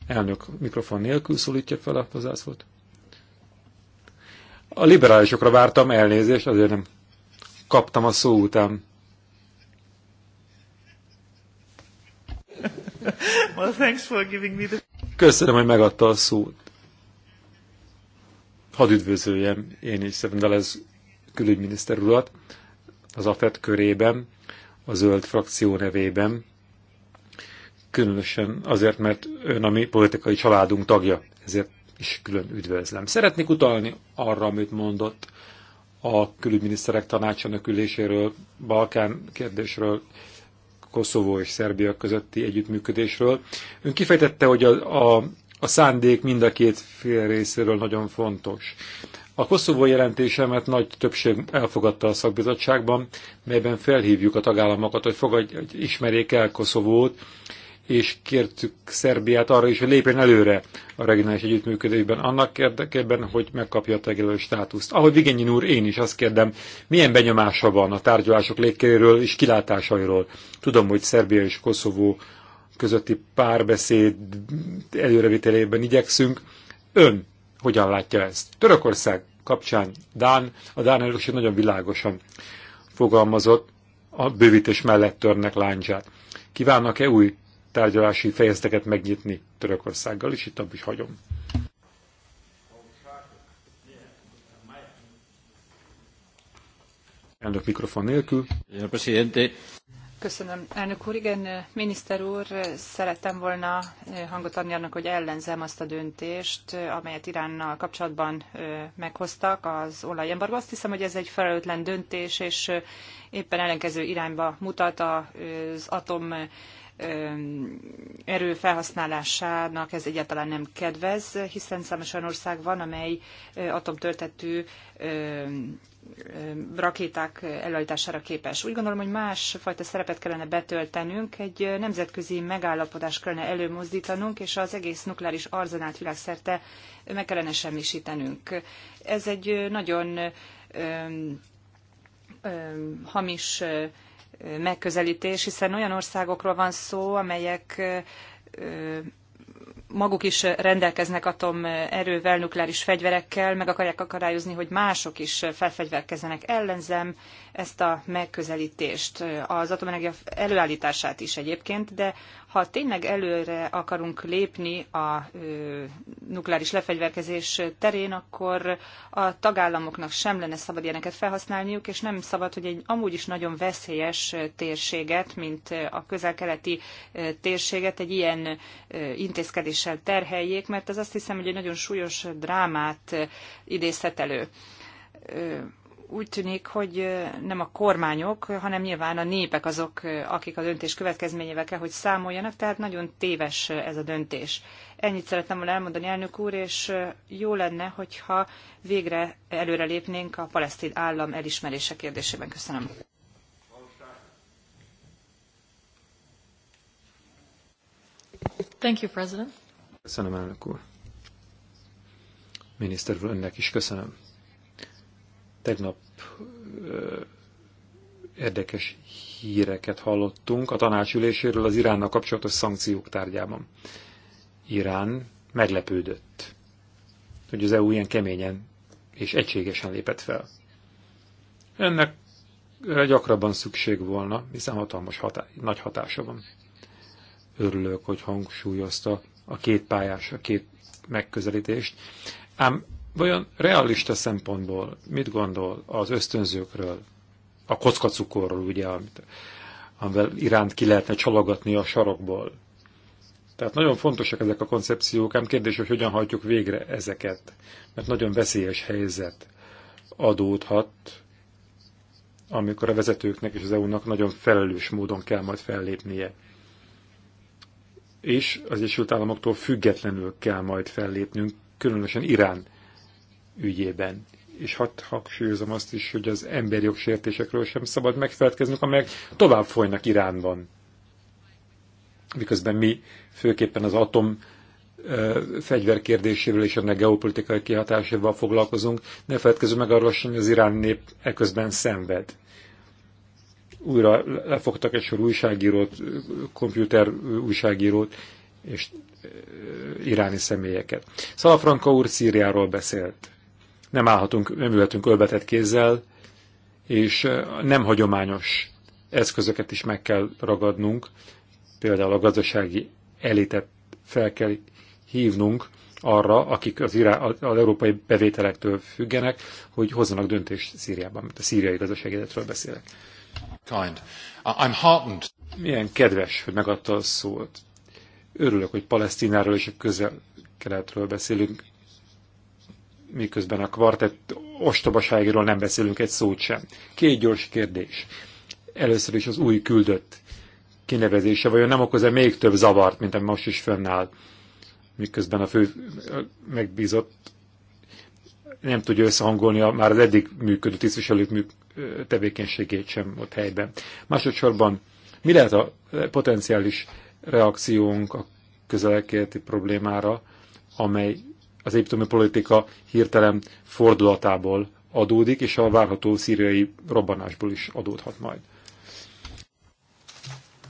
Elnök mikrofon nélkül szólítja fel a hozzászót. A liberálisokra vártam elnézést, azért nem kaptam a szó után. Well, thanks for giving me the... Köszönöm, hogy megadta a szót. Hadd üdvözöljem én is Szevendalez külügyminiszter urat az AFET körében, a zöld frakció nevében különösen azért, mert ön a mi politikai családunk tagja, ezért is külön üdvözlem. Szeretnék utalni arra, amit mondott a külügyminiszterek tanácsának üléséről, Balkán kérdésről, Koszovó és Szerbia közötti együttműködésről. Ön kifejtette, hogy a, a, a szándék mind a két fél részéről nagyon fontos. A Koszovó jelentésemet nagy többség elfogadta a szakbizottságban, melyben felhívjuk a tagállamokat, hogy fogadj, hogy ismerjék el Koszovót, és kértük Szerbiát arra is, hogy lépjen előre a regionális együttműködésben, annak érdekében, hogy megkapja a tagjelölő státuszt. Ahogy Vigényin úr, én is azt kérdem, milyen benyomása van a tárgyalások légkéréről és kilátásairól? Tudom, hogy Szerbia és Koszovó közötti párbeszéd előrevitelében igyekszünk. Ön hogyan látja ezt? Törökország kapcsán Dán, a Dán elnökség nagyon világosan fogalmazott, a bővítés mellett törnek láncsát. Kívánnak-e új tárgyalási fejezeteket megnyitni Törökországgal, és itt is hagyom. Elnök mikrofon nélkül. Köszönöm. Elnök úr, igen, miniszter úr, szerettem volna eh, hangot adni annak, hogy ellenzem azt a döntést, eh, amelyet Iránnal kapcsolatban eh, meghoztak az olajembargó. Azt hiszem, hogy ez egy felelőtlen döntés, és éppen ellenkező irányba mutat az atom erő felhasználásának ez egyáltalán nem kedvez, hiszen számos olyan ország van, amely atomtörtetű rakéták előállítására képes. Úgy gondolom, hogy más fajta szerepet kellene betöltenünk, egy nemzetközi megállapodást kellene előmozdítanunk, és az egész nukleáris arzenát világszerte meg kellene semmisítenünk. Ez egy nagyon hamis megközelítés, hiszen olyan országokról van szó, amelyek maguk is rendelkeznek atomerővel, nukleáris fegyverekkel, meg akarják akadályozni, hogy mások is felfegyverkezzenek ellenzem, ezt a megközelítést, az atomenergia előállítását is egyébként, de ha tényleg előre akarunk lépni a nukleáris lefegyverkezés terén, akkor a tagállamoknak sem lenne szabad ilyeneket felhasználniuk, és nem szabad, hogy egy amúgy is nagyon veszélyes térséget, mint a közel-keleti térséget egy ilyen intézkedéssel terheljék, mert ez azt hiszem, hogy egy nagyon súlyos drámát idézhet elő úgy tűnik, hogy nem a kormányok, hanem nyilván a népek azok, akik a döntés következményével kell, hogy számoljanak, tehát nagyon téves ez a döntés. Ennyit szeretném volna elmondani, elnök úr, és jó lenne, hogyha végre előre lépnénk a palesztin állam elismerése kérdésében. Köszönöm. Thank you, President. Köszönöm, elnök úr. Miniszter önnek is köszönöm Tegnap érdekes híreket hallottunk a tanácsüléséről az Iránnal kapcsolatos szankciók tárgyában. Irán meglepődött, hogy az EU ilyen keményen és egységesen lépett fel. Ennek gyakrabban szükség volna, hiszen hatalmas hatá nagy hatása van. Örülök, hogy hangsúlyozta a két pályás, a két megközelítést. Ám vajon realista szempontból mit gondol az ösztönzőkről, a kockacukorról, ugye, amit, amivel iránt ki lehetne csalogatni a sarokból? Tehát nagyon fontosak ezek a koncepciók, ám kérdés, hogy hogyan hajtjuk végre ezeket, mert nagyon veszélyes helyzet adódhat, amikor a vezetőknek és az EU-nak nagyon felelős módon kell majd fellépnie. És az Egyesült Államoktól függetlenül kell majd fellépnünk, különösen Irán ügyében. És hadd hangsúlyozom azt is, hogy az emberi jogsértésekről sem szabad megfelelkeznünk, amelyek tovább folynak Iránban. Miközben mi főképpen az atom fegyver kérdéséről és ennek geopolitikai kihatásával foglalkozunk, ne feledkezzünk meg arról sem, hogy az irán nép eközben szenved. Újra lefogtak egy sor újságírót, komputer újságírót, és iráni személyeket. Szalafranka úr Szíriáról beszélt nem állhatunk, nem ülhetünk ölbetett kézzel, és nem hagyományos eszközöket is meg kell ragadnunk, például a gazdasági elitet fel kell hívnunk arra, akik az, irá, az európai bevételektől függenek, hogy hozzanak döntést Szíriában, mint a szíriai gazdasági elitről beszélek. Kind. I'm heartened. Milyen kedves, hogy megadta a szót. Örülök, hogy Palesztináról és a közel-keletről beszélünk miközben a kvartett ostobaságról nem beszélünk egy szót sem. Két gyors kérdés. Először is az új küldött kinevezése, vajon nem okoz-e még több zavart, mint ami most is fönnáll, miközben a fő megbízott nem tudja összehangolni a már az eddig működő tisztviselők tevékenységét sem ott helyben. Másodszorban mi lehet a potenciális reakciónk a közelkeleti problémára, amely az egyiptomi politika hirtelen fordulatából adódik, és a várható szíriai robbanásból is adódhat majd.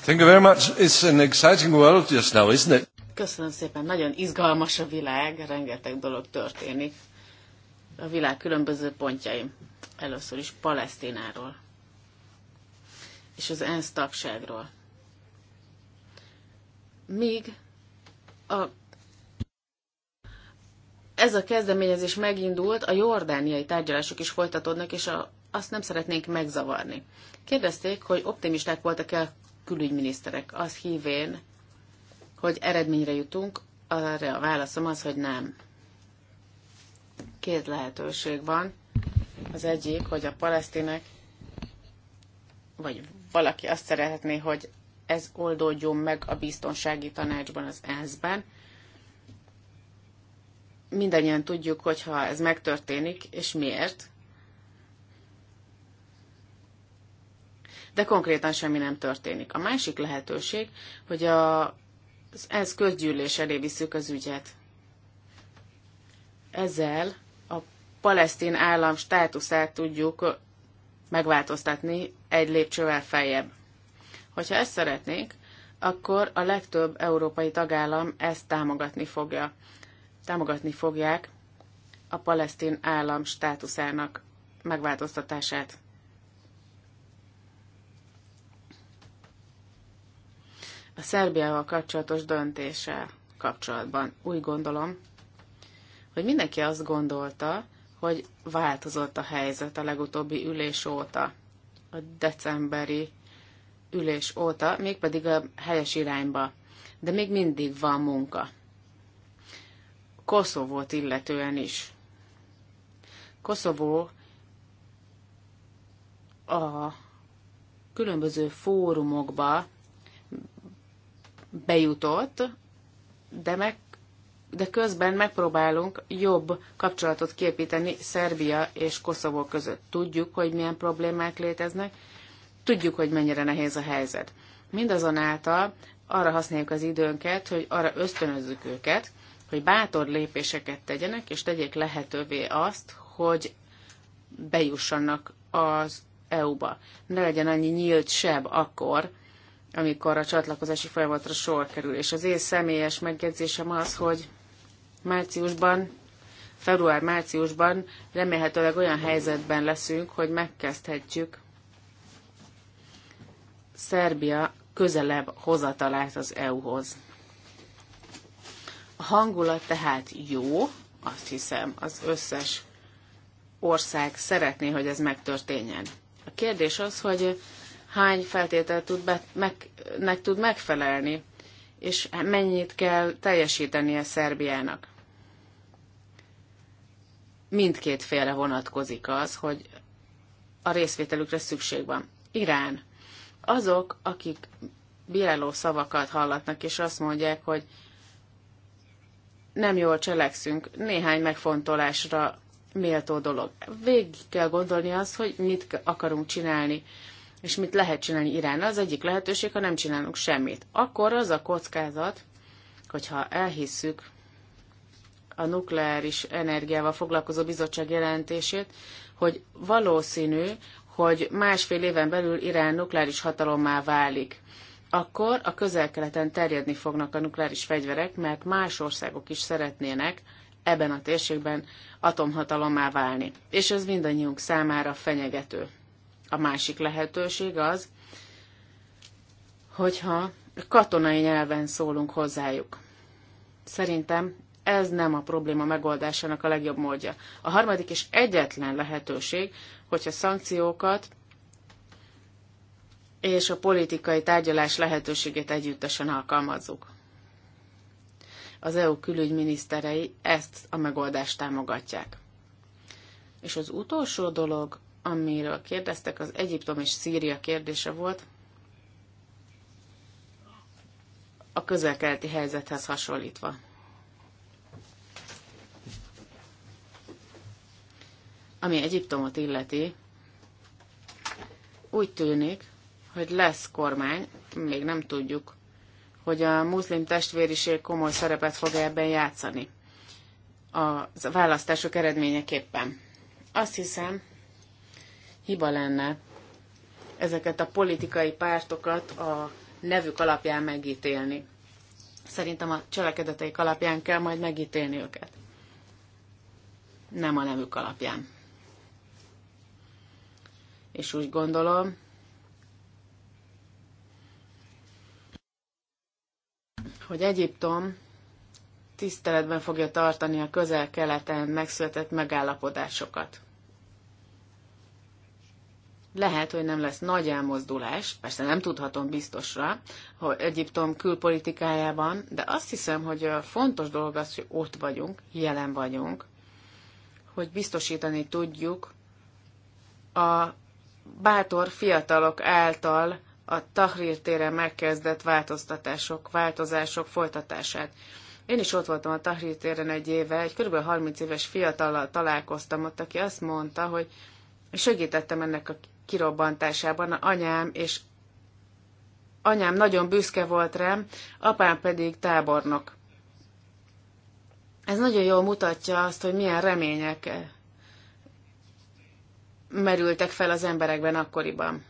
Thank you very much. It's an exciting world just now, isn't it? Köszönöm szépen. Nagyon izgalmas a világ, rengeteg dolog történik a világ különböző pontjaim. Először is Palesztináról és az ENSZ tagságról. Míg a ez a kezdeményezés megindult, a jordániai tárgyalások is folytatódnak, és a, azt nem szeretnénk megzavarni. Kérdezték, hogy optimisták voltak-e külügyminiszterek, az hívén, hogy eredményre jutunk, arra a válaszom az, hogy nem. Két lehetőség van. Az egyik, hogy a palesztinek, vagy valaki azt szeretné, hogy ez oldódjon meg a biztonsági tanácsban, az ENSZ-ben, mindannyian tudjuk, hogyha ez megtörténik, és miért. De konkrétan semmi nem történik. A másik lehetőség, hogy a, az ENSZ közgyűlés elé visszük az ügyet. Ezzel a palesztin állam státuszát tudjuk megváltoztatni egy lépcsővel feljebb. Hogyha ezt szeretnék, akkor a legtöbb európai tagállam ezt támogatni fogja támogatni fogják a palesztin állam státuszának megváltoztatását. A Szerbiával kapcsolatos döntéssel kapcsolatban úgy gondolom, hogy mindenki azt gondolta, hogy változott a helyzet a legutóbbi ülés óta, a decemberi ülés óta, mégpedig a helyes irányba. De még mindig van munka. Koszovót illetően is. Koszovó a különböző fórumokba bejutott, de, meg, de közben megpróbálunk jobb kapcsolatot képíteni Szerbia és Koszovó között. Tudjuk, hogy milyen problémák léteznek, tudjuk, hogy mennyire nehéz a helyzet. Mindazonáltal arra használjuk az időnket, hogy arra ösztönözzük őket, hogy bátor lépéseket tegyenek, és tegyék lehetővé azt, hogy bejussanak az EU-ba. Ne legyen annyi nyílt seb akkor, amikor a csatlakozási folyamatra sor kerül. És az én személyes megjegyzésem az, hogy márciusban, február-márciusban remélhetőleg olyan helyzetben leszünk, hogy megkezdhetjük Szerbia közelebb hozatalát az EU-hoz. A hangulat tehát jó, azt hiszem, az összes ország szeretné, hogy ez megtörténjen. A kérdés az, hogy hány feltétel tud be, meg, meg tud megfelelni, és mennyit kell teljesítenie Szerbiának. Mindkét félre vonatkozik az, hogy a részvételükre szükség van. Irán. Azok, akik bíráló szavakat hallatnak, és azt mondják, hogy nem jól cselekszünk. Néhány megfontolásra méltó dolog. Végig kell gondolni az, hogy mit akarunk csinálni, és mit lehet csinálni irány. Az egyik lehetőség, ha nem csinálunk semmit. Akkor az a kockázat, hogyha elhisszük a nukleáris energiával foglalkozó bizottság jelentését, hogy valószínű, hogy másfél éven belül Irán nukleáris hatalommá válik akkor a közel-keleten terjedni fognak a nukleáris fegyverek, mert más országok is szeretnének ebben a térségben atomhatalommá válni. És ez mindannyiunk számára fenyegető. A másik lehetőség az, hogyha katonai nyelven szólunk hozzájuk. Szerintem ez nem a probléma megoldásának a legjobb módja. A harmadik és egyetlen lehetőség, hogyha szankciókat és a politikai tárgyalás lehetőségét együttesen alkalmazzuk. Az EU külügyminiszterei ezt a megoldást támogatják. És az utolsó dolog, amiről kérdeztek, az Egyiptom és Szíria kérdése volt, a közelkeleti helyzethez hasonlítva. Ami Egyiptomot illeti, úgy tűnik, hogy lesz kormány, még nem tudjuk, hogy a muszlim testvériség komoly szerepet fog ebben játszani a választások eredményeképpen. Azt hiszem, hiba lenne ezeket a politikai pártokat a nevük alapján megítélni. Szerintem a cselekedeteik alapján kell majd megítélni őket. Nem a nevük alapján. És úgy gondolom, hogy Egyiptom tiszteletben fogja tartani a közel-keleten megszületett megállapodásokat. Lehet, hogy nem lesz nagy elmozdulás, persze nem tudhatom biztosra, hogy Egyiptom külpolitikájában, de azt hiszem, hogy a fontos dolog az, hogy ott vagyunk, jelen vagyunk, hogy biztosítani tudjuk a bátor fiatalok által a Tahrir téren megkezdett változtatások, változások folytatását. Én is ott voltam a Tahrir téren egy éve, egy kb. 30 éves fiatallal találkoztam ott, aki azt mondta, hogy segítettem ennek a kirobbantásában, anyám és anyám nagyon büszke volt rám, apám pedig tábornok. Ez nagyon jól mutatja azt, hogy milyen remények merültek fel az emberekben akkoriban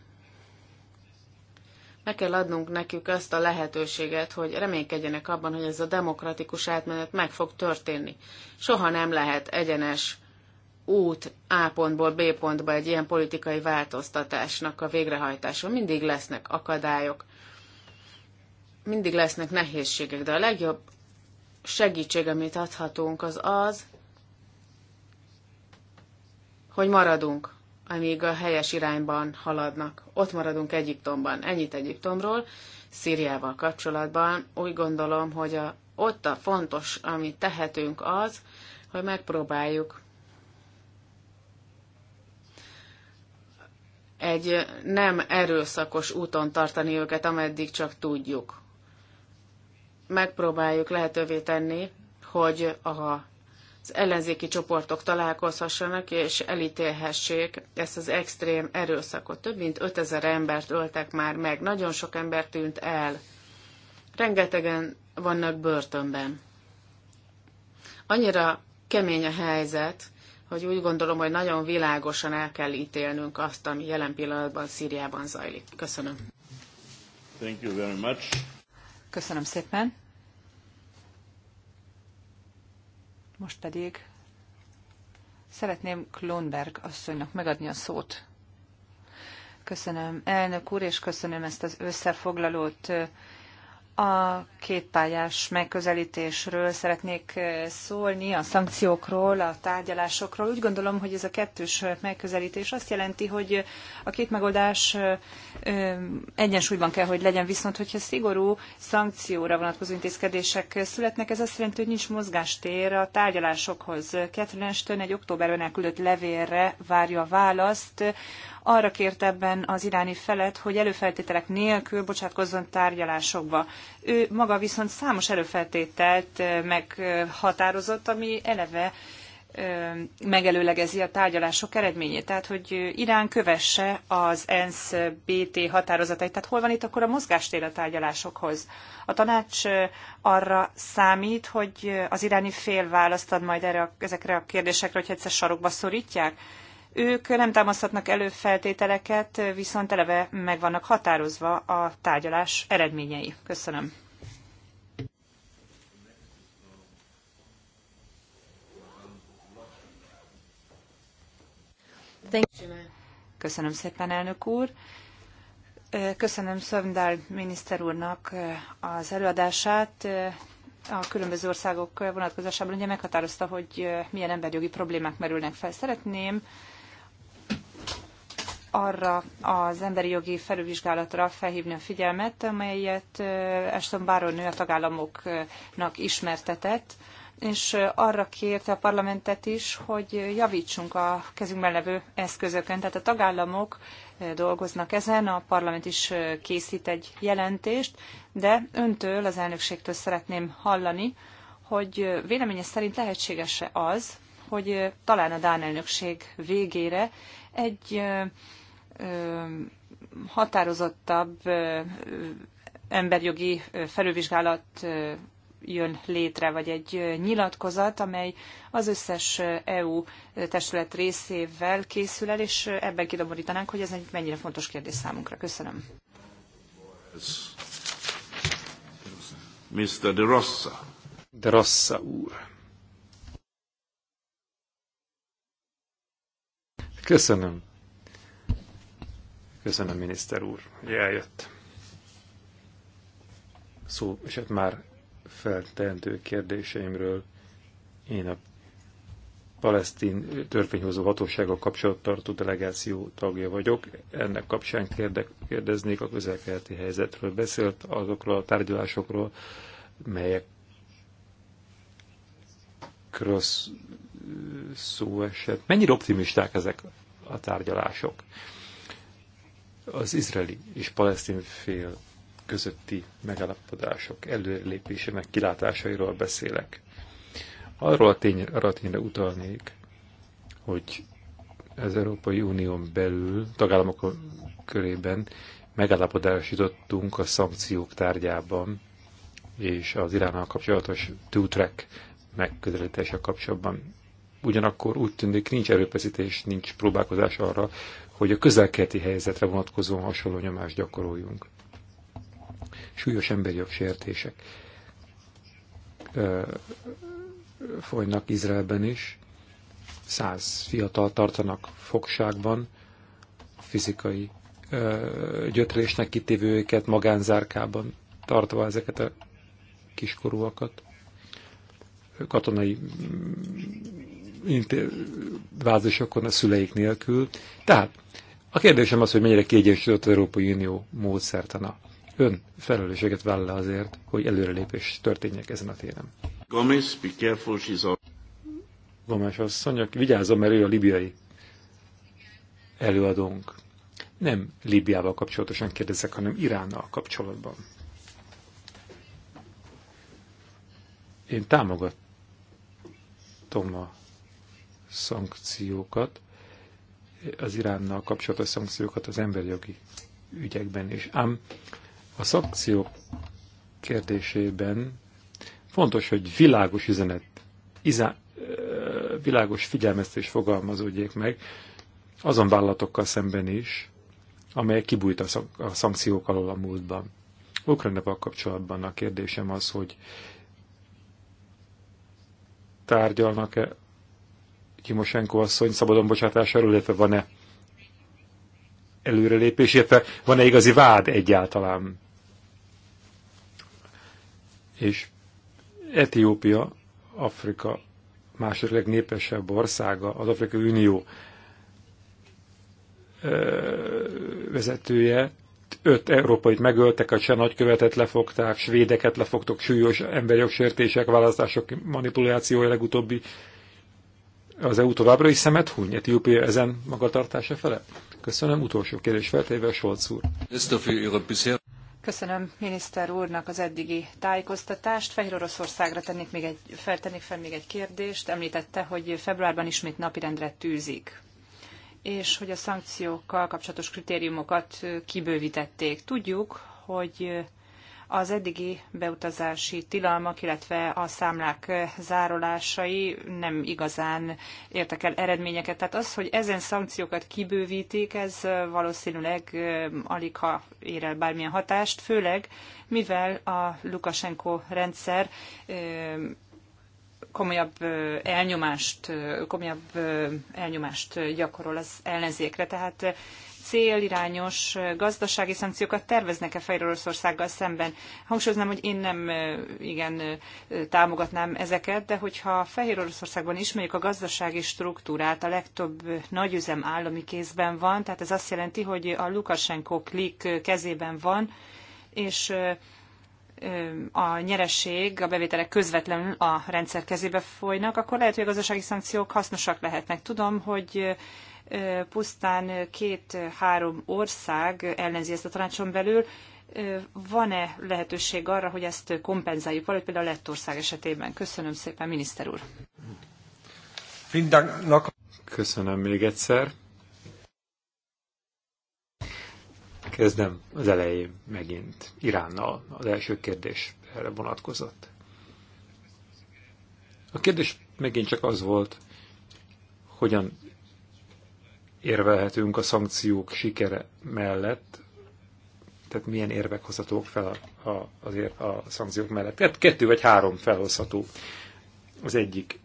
meg kell adnunk nekük azt a lehetőséget, hogy reménykedjenek abban, hogy ez a demokratikus átmenet meg fog történni. Soha nem lehet egyenes út A pontból B pontba egy ilyen politikai változtatásnak a végrehajtása. Mindig lesznek akadályok, mindig lesznek nehézségek, de a legjobb segítség, amit adhatunk, az az, hogy maradunk amíg a helyes irányban haladnak. Ott maradunk Egyiptomban. Ennyit Egyiptomról. Szíriával kapcsolatban úgy gondolom, hogy a, ott a fontos, amit tehetünk az, hogy megpróbáljuk egy nem erőszakos úton tartani őket, ameddig csak tudjuk. Megpróbáljuk lehetővé tenni, hogy a az ellenzéki csoportok találkozhassanak és elítélhessék ezt az extrém erőszakot. Több mint 5000 embert öltek már meg, nagyon sok ember tűnt el. Rengetegen vannak börtönben. Annyira kemény a helyzet, hogy úgy gondolom, hogy nagyon világosan el kell ítélnünk azt, ami jelen pillanatban Szíriában zajlik. Köszönöm. Thank you very much. Köszönöm szépen. Most pedig szeretném Klonberg asszonynak megadni a szót. Köszönöm, elnök úr, és köszönöm ezt az összefoglalót. A kétpályás megközelítésről szeretnék eh, szólni, a szankciókról, a tárgyalásokról. Úgy gondolom, hogy ez a kettős megközelítés azt jelenti, hogy a két megoldás eh, eh, egyensúlyban kell, hogy legyen, viszont hogyha szigorú szankcióra vonatkozó intézkedések születnek, ez azt jelenti, hogy nincs mozgástér a tárgyalásokhoz. Catherine Ashton egy októberben elküldött levélre várja a választ, arra kért ebben az iráni felet, hogy előfeltételek nélkül bocsátkozzon tárgyalásokba. Ő maga viszont számos előfeltételt meghatározott, ami eleve megelőlegezi a tárgyalások eredményét, tehát hogy Irán kövesse az ENSZ BT határozatait. Tehát hol van itt akkor a mozgástér a tárgyalásokhoz? A tanács arra számít, hogy az iráni fél választad majd erre, ezekre a kérdésekre, hogy egyszer sarokba szorítják? Ők nem támaszthatnak elő feltételeket, viszont eleve meg vannak határozva a tárgyalás eredményei. Köszönöm. Köszönöm szépen, elnök úr. Köszönöm Szövendál miniszter úrnak az előadását. A különböző országok vonatkozásában ugye meghatározta, hogy milyen emberjogi problémák merülnek fel. Szeretném arra az emberi jogi felülvizsgálatra felhívni a figyelmet, amelyet Ashton Baron a tagállamoknak ismertetett, és arra kérte a parlamentet is, hogy javítsunk a kezünkben levő eszközökön Tehát a tagállamok dolgoznak ezen, a parlament is készít egy jelentést, de öntől, az elnökségtől szeretném hallani, hogy véleménye szerint lehetséges-e az, hogy talán a Dán elnökség végére egy határozottabb emberjogi felülvizsgálat jön létre, vagy egy nyilatkozat, amely az összes EU testület részével készül el, és ebben kidoborítanánk, hogy ez egy mennyire fontos kérdés számunkra. Köszönöm. Mr. De Rossa. De Rossa úr. Köszönöm. Köszönöm, miniszter úr, hogy eljött. Szó hát már feltehető kérdéseimről. Én a palesztin törvényhozó hatóságok kapcsolattartó delegáció tagja vagyok. Ennek kapcsán kérdek, kérdeznék a közelkeleti helyzetről. Beszélt azokról a tárgyalásokról, melyek rossz szó esett. Mennyire optimisták ezek a tárgyalások? Az izraeli és palesztin fél közötti megállapodások előrelépésének kilátásairól beszélek. Arról a tény, arra a tényre utalnék, hogy az Európai Unión belül, tagállamok körében megállapodást jutottunk a szankciók tárgyában, és az Iránnal kapcsolatos two-track megközelítése kapcsolatban. Ugyanakkor úgy tűnik, nincs erőpeszítés, nincs próbálkozás arra, hogy a közelkelti helyzetre vonatkozóan hasonló nyomást gyakoroljunk. Súlyos emberi jogsértések folynak Izraelben is. Száz fiatal tartanak fogságban, fizikai ö, gyötrésnek kitévő őket magánzárkában tartva ezeket a kiskorúakat katonai vázisokon mm, a szüleik nélkül. Tehát a kérdésem az, hogy mennyire kiegyensúlyozott az Európai Unió módszertana. Ön felelősséget vállal azért, hogy előrelépés történjek ezen a téren. Gomez, be careful, she's on. Gomes asszony, vigyázzon, mert ő a libiai előadónk. Nem Líbiával kapcsolatosan kérdezek, hanem Iránnal kapcsolatban. Én támogat, osztom a szankciókat, az Iránnal kapcsolatos szankciókat az emberi jogi ügyekben is. Ám a szankciók kérdésében fontos, hogy világos üzenet, izá, világos figyelmeztés fogalmazódjék meg azon vállalatokkal szemben is, amelyek kibújt a, a szankciók alól a múltban. Ukrajnával kapcsolatban a kérdésem az, hogy tárgyalnak-e Kimosenko asszony szabadon bocsátásáról, illetve van-e előrelépés, illetve van-e igazi vád egyáltalán? És Etiópia, Afrika második legnépesebb országa, az Afrikai Unió vezetője öt európait megöltek, a cseh nagykövetet lefogták, svédeket lefogtok, súlyos emberi jogsértések, választások manipulációja legutóbbi az EU továbbra is szemet húny Etiópia ezen magatartása fele? Köszönöm, utolsó kérdés feltéve Solc úr. Köszönöm miniszter úrnak az eddigi tájékoztatást. Fehér Oroszországra tennék még egy, feltennék fel még egy kérdést. Említette, hogy februárban ismét napirendre tűzik és hogy a szankciókkal kapcsolatos kritériumokat kibővítették. Tudjuk, hogy az eddigi beutazási tilalmak, illetve a számlák zárolásai nem igazán értek el eredményeket. Tehát az, hogy ezen szankciókat kibővítik, ez valószínűleg alig ha ér el bármilyen hatást, főleg mivel a Lukasenko rendszer komolyabb elnyomást, komolyabb elnyomást gyakorol az ellenzékre. Tehát célirányos gazdasági szankciókat terveznek-e Fehér Oroszországgal szemben? Hangsúlyoznám, hogy én nem igen támogatnám ezeket, de hogyha Fehér Oroszországban ismerjük a gazdasági struktúrát, a legtöbb nagyüzem állami kézben van, tehát ez azt jelenti, hogy a Lukashenko klik kezében van, és a nyereség, a bevételek közvetlenül a rendszer kezébe folynak, akkor lehet, hogy a gazdasági szankciók hasznosak lehetnek. Tudom, hogy pusztán két-három ország ellenzi ezt a tanácson belül. Van-e lehetőség arra, hogy ezt kompenzáljuk valahogy, például Lettország esetében? Köszönöm szépen, miniszter úr. Köszönöm még egyszer. kezdem az elején megint Iránnal. Az első kérdés erre vonatkozott. A kérdés megint csak az volt, hogyan érvelhetünk a szankciók sikere mellett, tehát milyen érvek hozhatók fel a, a, azért a szankciók mellett. Tehát kettő vagy három felhozható. Az egyik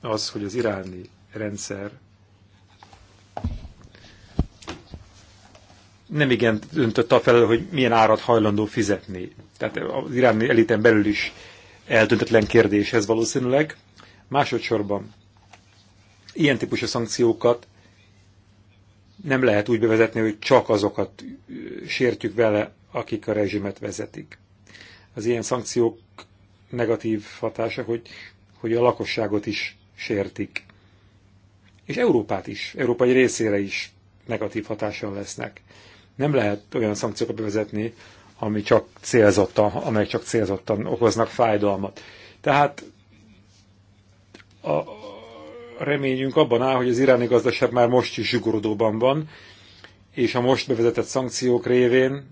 az, hogy az iráni rendszer nem igen döntött a felelő, hogy milyen árat hajlandó fizetni. Tehát az iráni eliten belül is eldöntetlen kérdés ez valószínűleg. Másodszorban ilyen típusú szankciókat nem lehet úgy bevezetni, hogy csak azokat sértjük vele, akik a rezsimet vezetik. Az ilyen szankciók negatív hatása, hogy, hogy a lakosságot is sértik. És Európát is, európai részére is negatív hatással lesznek. Nem lehet olyan szankciókat bevezetni, ami csak célzottan, amely csak célzottan okoznak fájdalmat. Tehát a reményünk abban áll, hogy az iráni gazdaság már most is zsugorodóban van, és a most bevezetett szankciók révén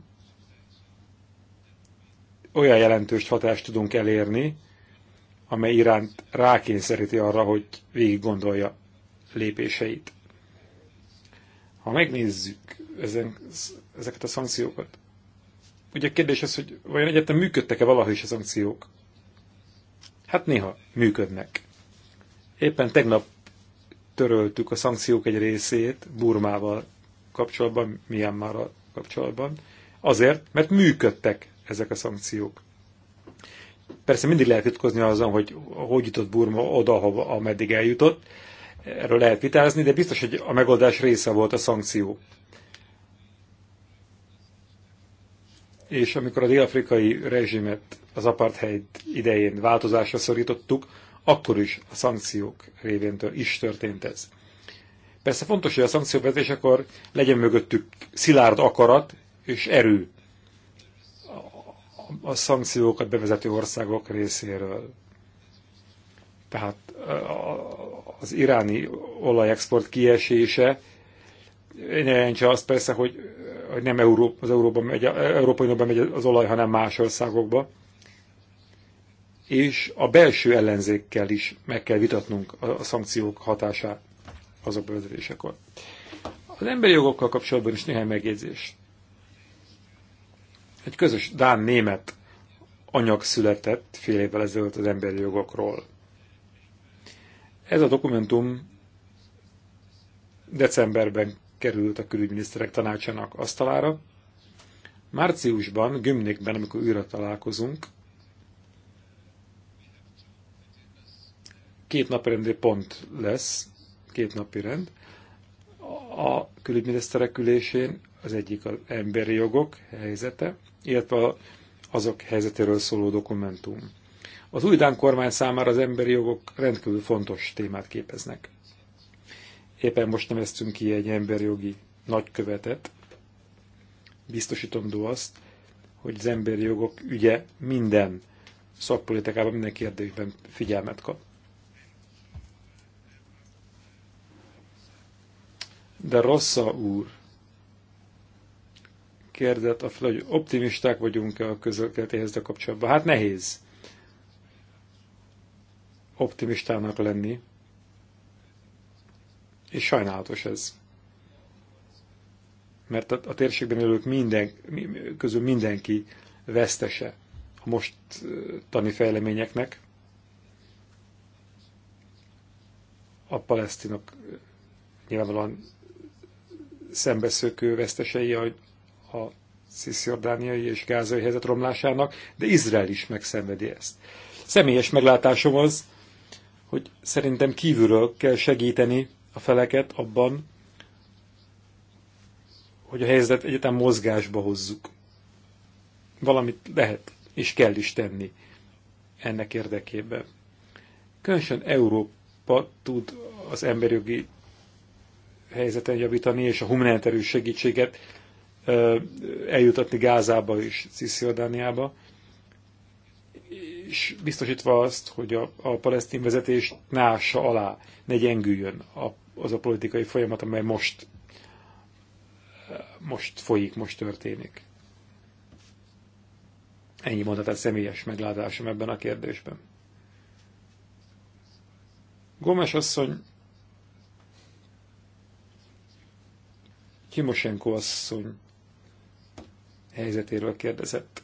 olyan jelentős hatást tudunk elérni, amely iránt rákényszeríti arra, hogy végig gondolja lépéseit. Ha megnézzük ezen, ezeket a szankciókat. Ugye a kérdés az, hogy vajon egyetem működtek-e valaha is a szankciók? Hát néha működnek. Éppen tegnap töröltük a szankciók egy részét Burmával kapcsolatban, Myanmarral kapcsolatban, azért, mert működtek ezek a szankciók. Persze mindig lehet ütkozni azon, hogy hogy jutott Burma oda, hova, ameddig eljutott, erről lehet vitázni, de biztos, hogy a megoldás része volt a szankció. és amikor a dél-afrikai rezsimet az apartheid idején változásra szorítottuk, akkor is a szankciók révéntől is történt ez. Persze fontos, hogy a szankcióvezetésekor legyen mögöttük szilárd akarat és erő a szankciókat bevezető országok részéről. Tehát az iráni olajexport kiesése ne jelentse azt persze, hogy hogy nem Európa, az Európa megy, Európai Unióban megy az olaj, hanem más országokba. És a belső ellenzékkel is meg kell vitatnunk a, a szankciók hatását azok bevezetésekor. Az emberi jogokkal kapcsolatban is néhány megjegyzés. Egy közös Dán-német anyag született fél évvel ezelőtt az emberi jogokról. Ez a dokumentum decemberben került a külügyminiszterek tanácsának asztalára. Márciusban, Gümnékben, amikor újra találkozunk, két rendi pont lesz, két napi rend. A külügyminiszterek ülésén az egyik az emberi jogok helyzete, illetve azok helyzetéről szóló dokumentum. Az Dán kormány számára az emberi jogok rendkívül fontos témát képeznek. Éppen most neveztünk ki egy emberjogi nagykövetet. Biztosítandó azt, hogy az emberi jogok ügye minden szakpolitikában, minden kérdésben figyelmet kap. De Rossza úr kérdett, a fel, hogy optimisták vagyunk-e a közlekedéhez kapcsolatban. Hát nehéz optimistának lenni. És sajnálatos ez. Mert a, a térségben élők minden, közül mindenki vesztese a mostani fejleményeknek. A palesztinok nyilvánvalóan szembeszökő vesztesei a, a sziszjordániai és gázai helyzet romlásának, de Izrael is megszenvedi ezt. Személyes meglátásom az, hogy szerintem kívülről kell segíteni a feleket abban, hogy a helyzet egyetem mozgásba hozzuk. Valamit lehet és kell is tenni ennek érdekében. Különösen Európa tud az emberjogi helyzeten javítani, és a humanitárius segítséget eljutatni Gázába és Cisziordániába és biztosítva azt, hogy a, a palesztin vezetés nása alá ne gyengüljön a, az a politikai folyamat, amely most, most folyik, most történik. Ennyi a személyes meglátásom ebben a kérdésben. Gomes asszony, Timosenko asszony helyzetéről kérdezett.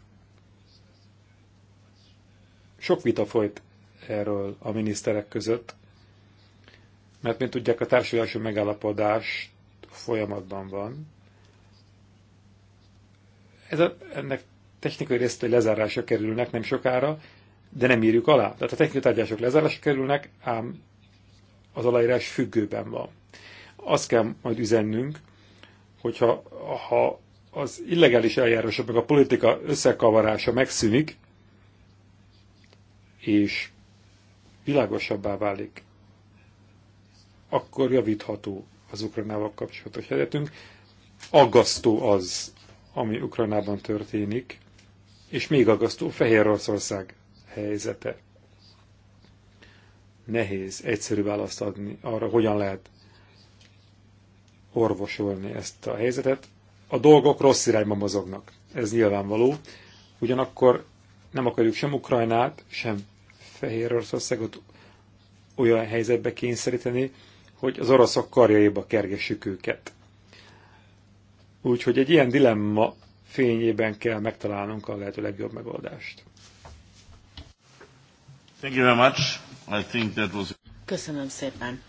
Sok vita folyt erről a miniszterek között, mert mint tudják, a társulási megállapodás folyamatban van. Ez a, ennek technikai résztei lezárásra kerülnek nem sokára, de nem írjuk alá. Tehát a technikai tárgyások lezárásra kerülnek, ám az aláírás függőben van. Azt kell majd üzennünk, hogyha ha az illegális eljárások meg a politika összekavarása megszűnik, és világosabbá válik, akkor javítható az Ukrajnával kapcsolatos helyzetünk. Aggasztó az, ami Ukrajnában történik, és még aggasztó Fehéroroszország helyzete. Nehéz egyszerű választ adni arra, hogyan lehet orvosolni ezt a helyzetet. A dolgok rossz irányba mozognak, ez nyilvánvaló. Ugyanakkor nem akarjuk sem Ukrajnát, sem Fehér Oroszországot olyan helyzetbe kényszeríteni, hogy az oroszok karjaiba kergessük őket. Úgyhogy egy ilyen dilemma fényében kell megtalálnunk a lehető legjobb megoldást. Thank you very much. I think that was... Köszönöm szépen.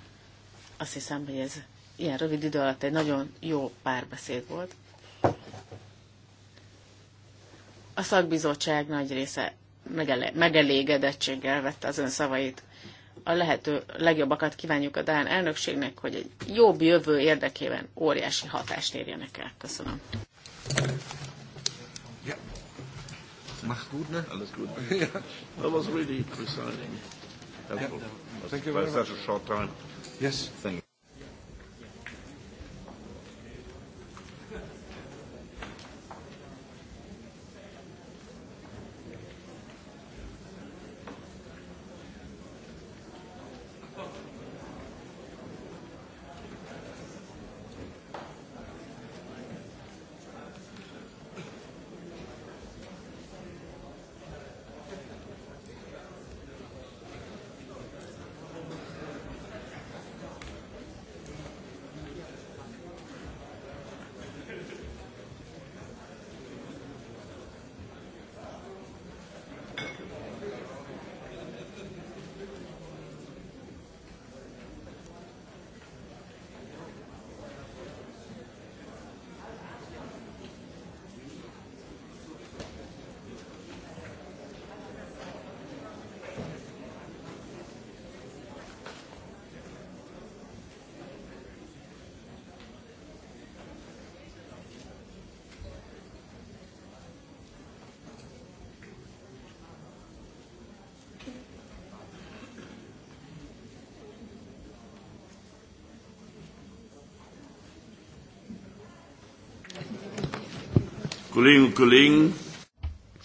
Azt hiszem, hogy ez ilyen rövid idő alatt egy nagyon jó párbeszéd volt. A szakbizottság nagy része megelégedettséggel vette az ön szavait. A lehető legjobbakat kívánjuk a Dán elnökségnek, hogy egy jobb jövő érdekében óriási hatást érjenek el. Köszönöm. Mach gut, ne? Alles gut. yeah. That was really exciting. Yeah. Thank you very much. Such a short time. Yes. Thank you.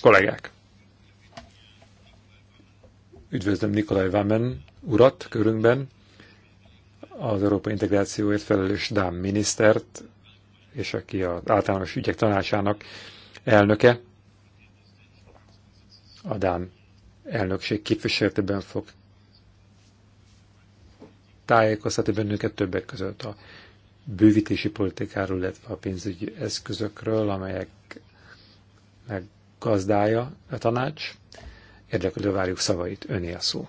Kollégák! Üdvözlöm Nikolaj Vámen urat körünkben, az Európai Integrációért felelős Dán minisztert, és aki az általános ügyek tanácsának elnöke, a Dán elnökség képviseletében fog tájékoztatni bennünket többek között a bővítési politikáról, illetve a pénzügyi eszközökről, amelyek meg gazdája a tanács. Érdeklődő várjuk szavait, öné a szó.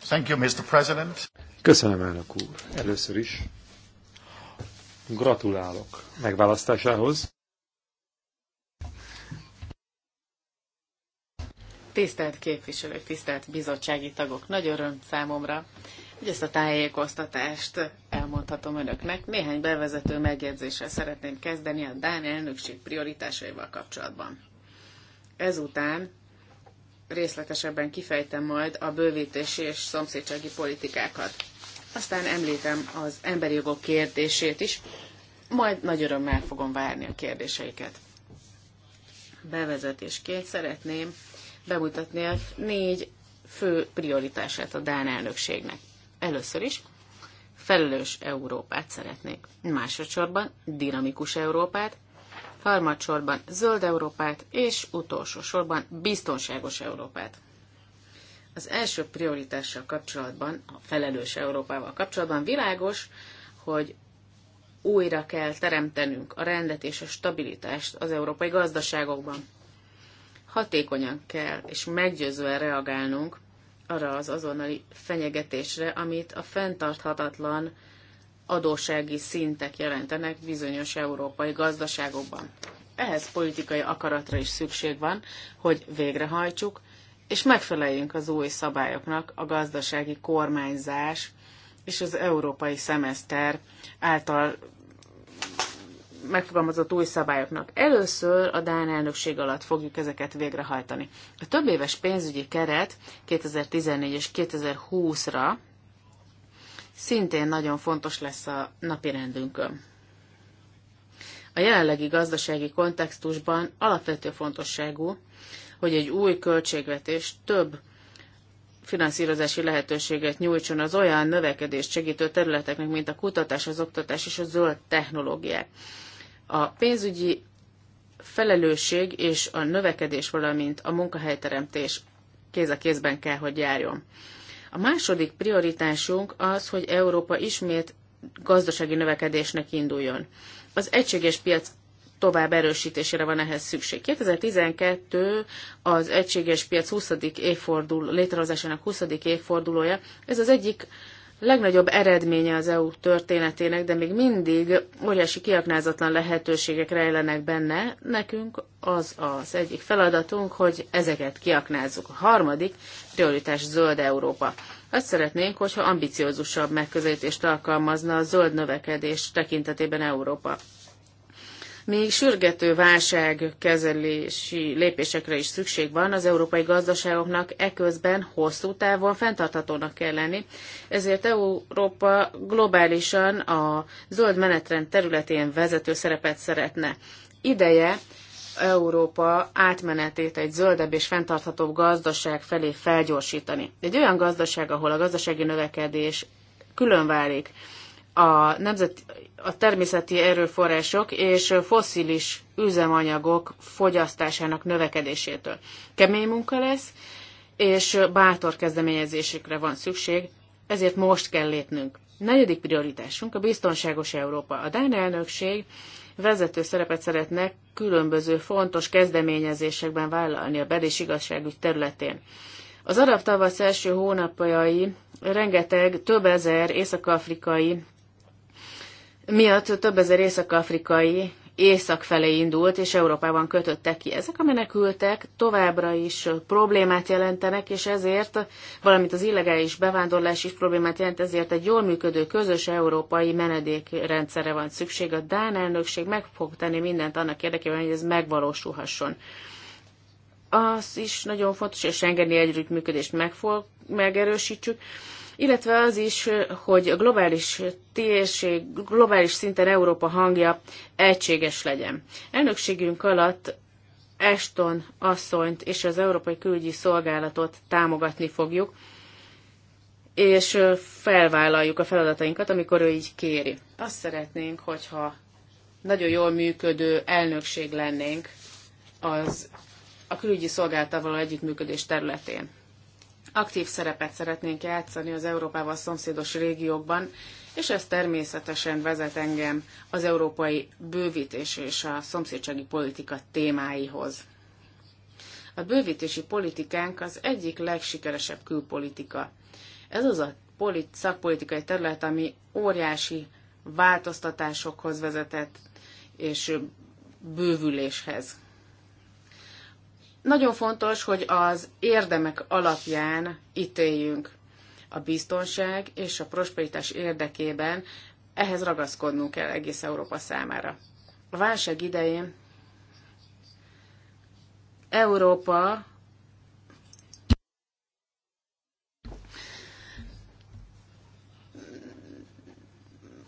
Thank you, Mr. President. Köszönöm, elnök úr. Először is gratulálok megválasztásához. Tisztelt képviselők, tisztelt bizottsági tagok, nagy öröm számomra, hogy ezt a tájékoztatást elmondhatom önöknek. Néhány bevezető megjegyzéssel szeretném kezdeni a Dán elnökség prioritásaival kapcsolatban. Ezután részletesebben kifejtem majd a bővítési és szomszédsági politikákat. Aztán említem az emberi jogok kérdését is, majd nagy örömmel fogom várni a kérdéseiket. Bevezetésként szeretném bemutatni a négy fő prioritását a Dán elnökségnek. Először is felelős Európát szeretnék. Másodszorban dinamikus Európát, harmadsorban zöld Európát, és utolsó sorban biztonságos Európát. Az első prioritással kapcsolatban, a felelős Európával kapcsolatban világos, hogy újra kell teremtenünk a rendet és a stabilitást az európai gazdaságokban. Hatékonyan kell és meggyőzően reagálnunk arra az azonnali fenyegetésre, amit a fenntarthatatlan adósági szintek jelentenek bizonyos európai gazdaságokban. Ehhez politikai akaratra is szükség van, hogy végrehajtsuk, és megfeleljünk az új szabályoknak a gazdasági kormányzás és az európai szemeszter által megfogalmazott új szabályoknak. Először a Dán elnökség alatt fogjuk ezeket végrehajtani. A több éves pénzügyi keret 2014 és 2020-ra szintén nagyon fontos lesz a napi rendünkön. A jelenlegi gazdasági kontextusban alapvető fontosságú, hogy egy új költségvetés több finanszírozási lehetőséget nyújtson az olyan növekedést segítő területeknek, mint a kutatás, az oktatás és a zöld technológiák. A pénzügyi felelősség és a növekedés, valamint a munkahelyteremtés kéz a kézben kell, hogy járjon. A második prioritásunk az, hogy Európa ismét gazdasági növekedésnek induljon. Az egységes piac tovább erősítésére van ehhez szükség. 2012 az egységes piac 20. évforduló létrehozásának 20. évfordulója. Ez az egyik legnagyobb eredménye az EU történetének, de még mindig óriási kiaknázatlan lehetőségek rejlenek benne. Nekünk az az egyik feladatunk, hogy ezeket kiaknázzuk. A harmadik prioritás zöld Európa. Azt szeretnénk, hogyha ambiciózusabb megközelítést alkalmazna a zöld növekedés tekintetében Európa még sürgető válságkezelési lépésekre is szükség van, az európai gazdaságoknak eközben hosszú távon fenntarthatónak kell lenni, ezért Európa globálisan a zöld menetrend területén vezető szerepet szeretne. Ideje Európa átmenetét egy zöldebb és fenntarthatóbb gazdaság felé felgyorsítani. Egy olyan gazdaság, ahol a gazdasági növekedés külön válik a, nemzeti, a természeti erőforrások és foszilis üzemanyagok fogyasztásának növekedésétől. Kemény munka lesz, és bátor kezdeményezésekre van szükség, ezért most kell lépnünk. Negyedik prioritásunk a biztonságos Európa. A Dán elnökség vezető szerepet szeretne különböző fontos kezdeményezésekben vállalni a bel- és igazságügy területén. Az arab tavasz első hónapjai rengeteg több ezer észak-afrikai miatt több ezer észak-afrikai észak felé indult, és Európában kötöttek ki. Ezek a menekültek továbbra is problémát jelentenek, és ezért, valamint az illegális bevándorlás is problémát jelent, ezért egy jól működő közös európai menedékrendszerre van szükség. A Dán elnökség meg fog tenni mindent annak érdekében, hogy ez megvalósulhasson. Az is nagyon fontos, hogy a Schengeni együttműködést megfog, megerősítsük illetve az is, hogy a globális térség, globális szinten Európa hangja egységes legyen. Elnökségünk alatt Eston asszonyt és az Európai Külügyi Szolgálatot támogatni fogjuk, és felvállaljuk a feladatainkat, amikor ő így kéri. Azt szeretnénk, hogyha nagyon jól működő elnökség lennénk az a külügyi szolgáltával együttműködés területén. Aktív szerepet szeretnénk játszani az Európával szomszédos régiókban, és ez természetesen vezet engem az európai bővítés és a szomszédsági politika témáihoz. A bővítési politikánk az egyik legsikeresebb külpolitika. Ez az a polit, szakpolitikai terület, ami óriási változtatásokhoz vezetett és bővüléshez. Nagyon fontos, hogy az érdemek alapján ítéljünk a biztonság és a prosperitás érdekében, ehhez ragaszkodnunk kell egész Európa számára. A válság idején Európa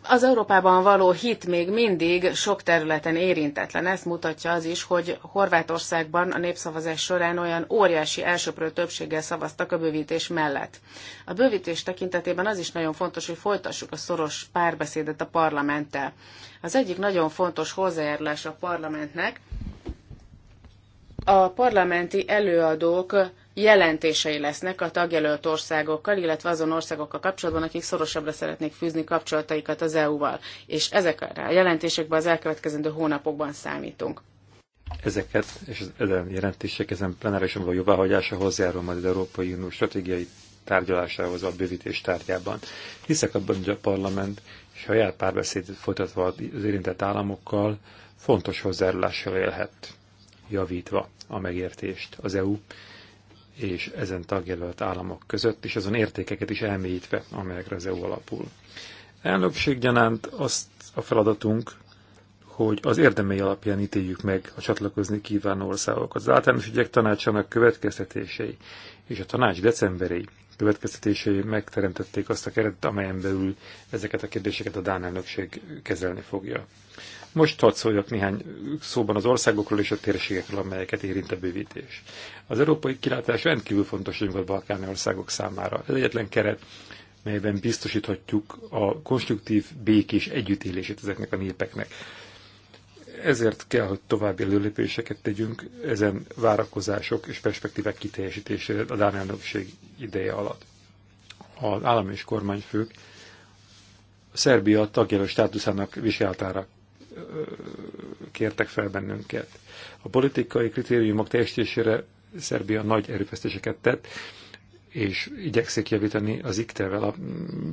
az Európában való hit még mindig sok területen érintetlen. Ezt mutatja az is, hogy Horvátországban a népszavazás során olyan óriási elsőprő többséggel szavaztak a bővítés mellett. A bővítés tekintetében az is nagyon fontos, hogy folytassuk a szoros párbeszédet a parlamenttel. Az egyik nagyon fontos hozzájárulás a parlamentnek, a parlamenti előadók jelentései lesznek a tagjelölt országokkal, illetve azon országokkal kapcsolatban, akik szorosabbra szeretnék fűzni kapcsolataikat az EU-val. És ezekre a jelentésekben az elkövetkezendő hónapokban számítunk. Ezeket és ezen jelentések, ezen plenárisan való jóváhagyása hozzájárul majd az Európai Unió stratégiai tárgyalásához a bővítés tárgyában. Hiszek abban, hogy a parlament saját párbeszédet folytatva az érintett államokkal fontos hozzájárulással élhet, javítva a megértést az EU és ezen tagjelölt államok között, és azon értékeket is elmélyítve, amelyekre az EU alapul. Elnökség gyanánt azt a feladatunk, hogy az érdemei alapján ítéljük meg a csatlakozni kívánó országokat. Az általános ügyek tanácsának következtetései és a tanács decemberi következtetései megteremtették azt a keretet, amelyen belül ezeket a kérdéseket a Dán elnökség kezelni fogja. Most hadd szóljak néhány szóban az országokról és a térségekről, amelyeket érint a bővítés. Az európai kilátás rendkívül fontos a balkáni országok számára. Ez egyetlen keret, melyben biztosíthatjuk a konstruktív békés együttélését ezeknek a népeknek. Ezért kell, hogy további előlépéseket tegyünk ezen várakozások és perspektívek kiteljesítésére a Dán elnökség ideje alatt. Az állam és kormányfők Szerbia tagjelölt státuszának vizsgálatára kértek fel bennünket. A politikai kritériumok teljesítésére Szerbia nagy erőfeszítéseket tett, és igyekszik javítani az IKTE-vel a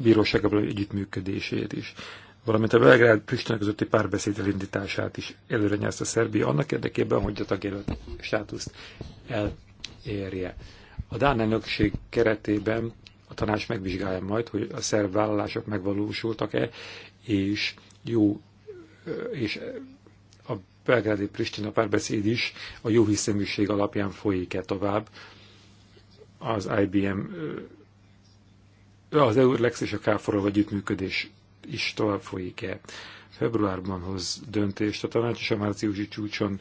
bíróságával együttműködését is valamint a Belgrád Pristina közötti párbeszéd elindítását is előre nyerte Szerbia annak érdekében, hogy a tagjelölt státuszt elérje. A Dán elnökség keretében a tanács megvizsgálja majd, hogy a szerb vállalások megvalósultak-e, és jó és a belgrádi Pristina párbeszéd is a jó hiszeműség alapján folyik-e tovább az IBM, az Eurlex és a kfor együttműködés is tovább folyik-e. Februárban hoz döntést a tanács és a márciusi csúcson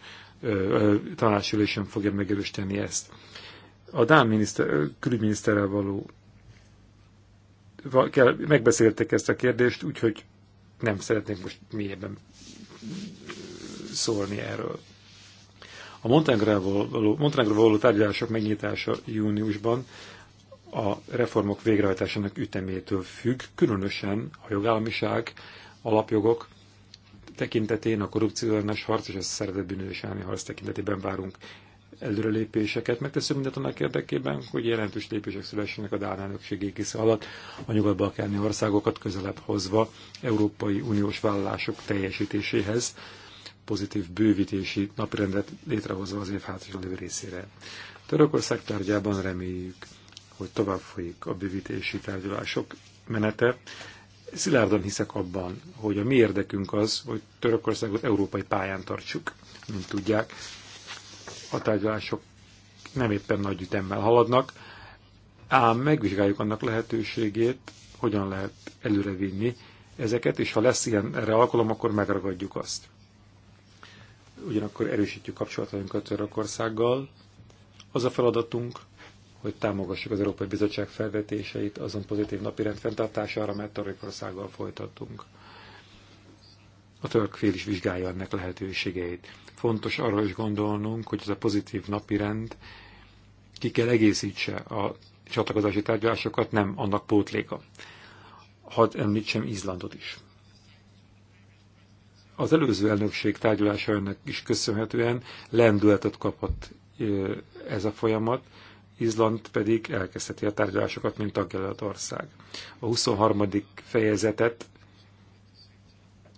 tanácsülésen fogja megerősíteni ezt. A Dán miniszter, külügyminiszterrel való megbeszéltek ezt a kérdést, úgyhogy nem szeretnék most mélyebben szólni erről. A Montenegróval való, tárgyalások megnyitása júniusban a reformok végrehajtásának ütemétől függ, különösen a jogállamiság, alapjogok tekintetén, a korrupció ellenes harc és a szervezett elleni harc tekintetében várunk előrelépéseket. Megteszünk mindent annak érdekében, hogy jelentős lépések szülessenek a Dán elnökség égisze alatt, a nyugat-balkáni országokat közelebb hozva Európai Uniós vállalások teljesítéséhez, pozitív bővítési naprendet létrehozva az év hátra lévő részére. Törökország tárgyában reméljük, hogy tovább folyik a bővítési tárgyalások menete, szilárdan hiszek abban, hogy a mi érdekünk az, hogy Törökországot európai pályán tartsuk. Mint tudják, a tárgyalások nem éppen nagy ütemmel haladnak, ám megvizsgáljuk annak lehetőségét, hogyan lehet előrevinni ezeket, és ha lesz ilyen erre alkalom, akkor megragadjuk azt. Ugyanakkor erősítjük kapcsolatainkat Törökországgal. Az a feladatunk, hogy támogassuk az Európai Bizottság felvetéseit azon pozitív napirend fenntartására, mert Törökországgal folytatunk a török fél is vizsgálja ennek lehetőségeit. Fontos arra is gondolnunk, hogy ez a pozitív rend ki kell egészítse a csatlakozási tárgyalásokat, nem annak pótléka. Hadd említsem Izlandot is. Az előző elnökség tárgyalásainak is köszönhetően lendületet kapott ez a folyamat, Izland pedig elkezdheti a tárgyalásokat, mint tagjelölt ország. A 23. fejezetet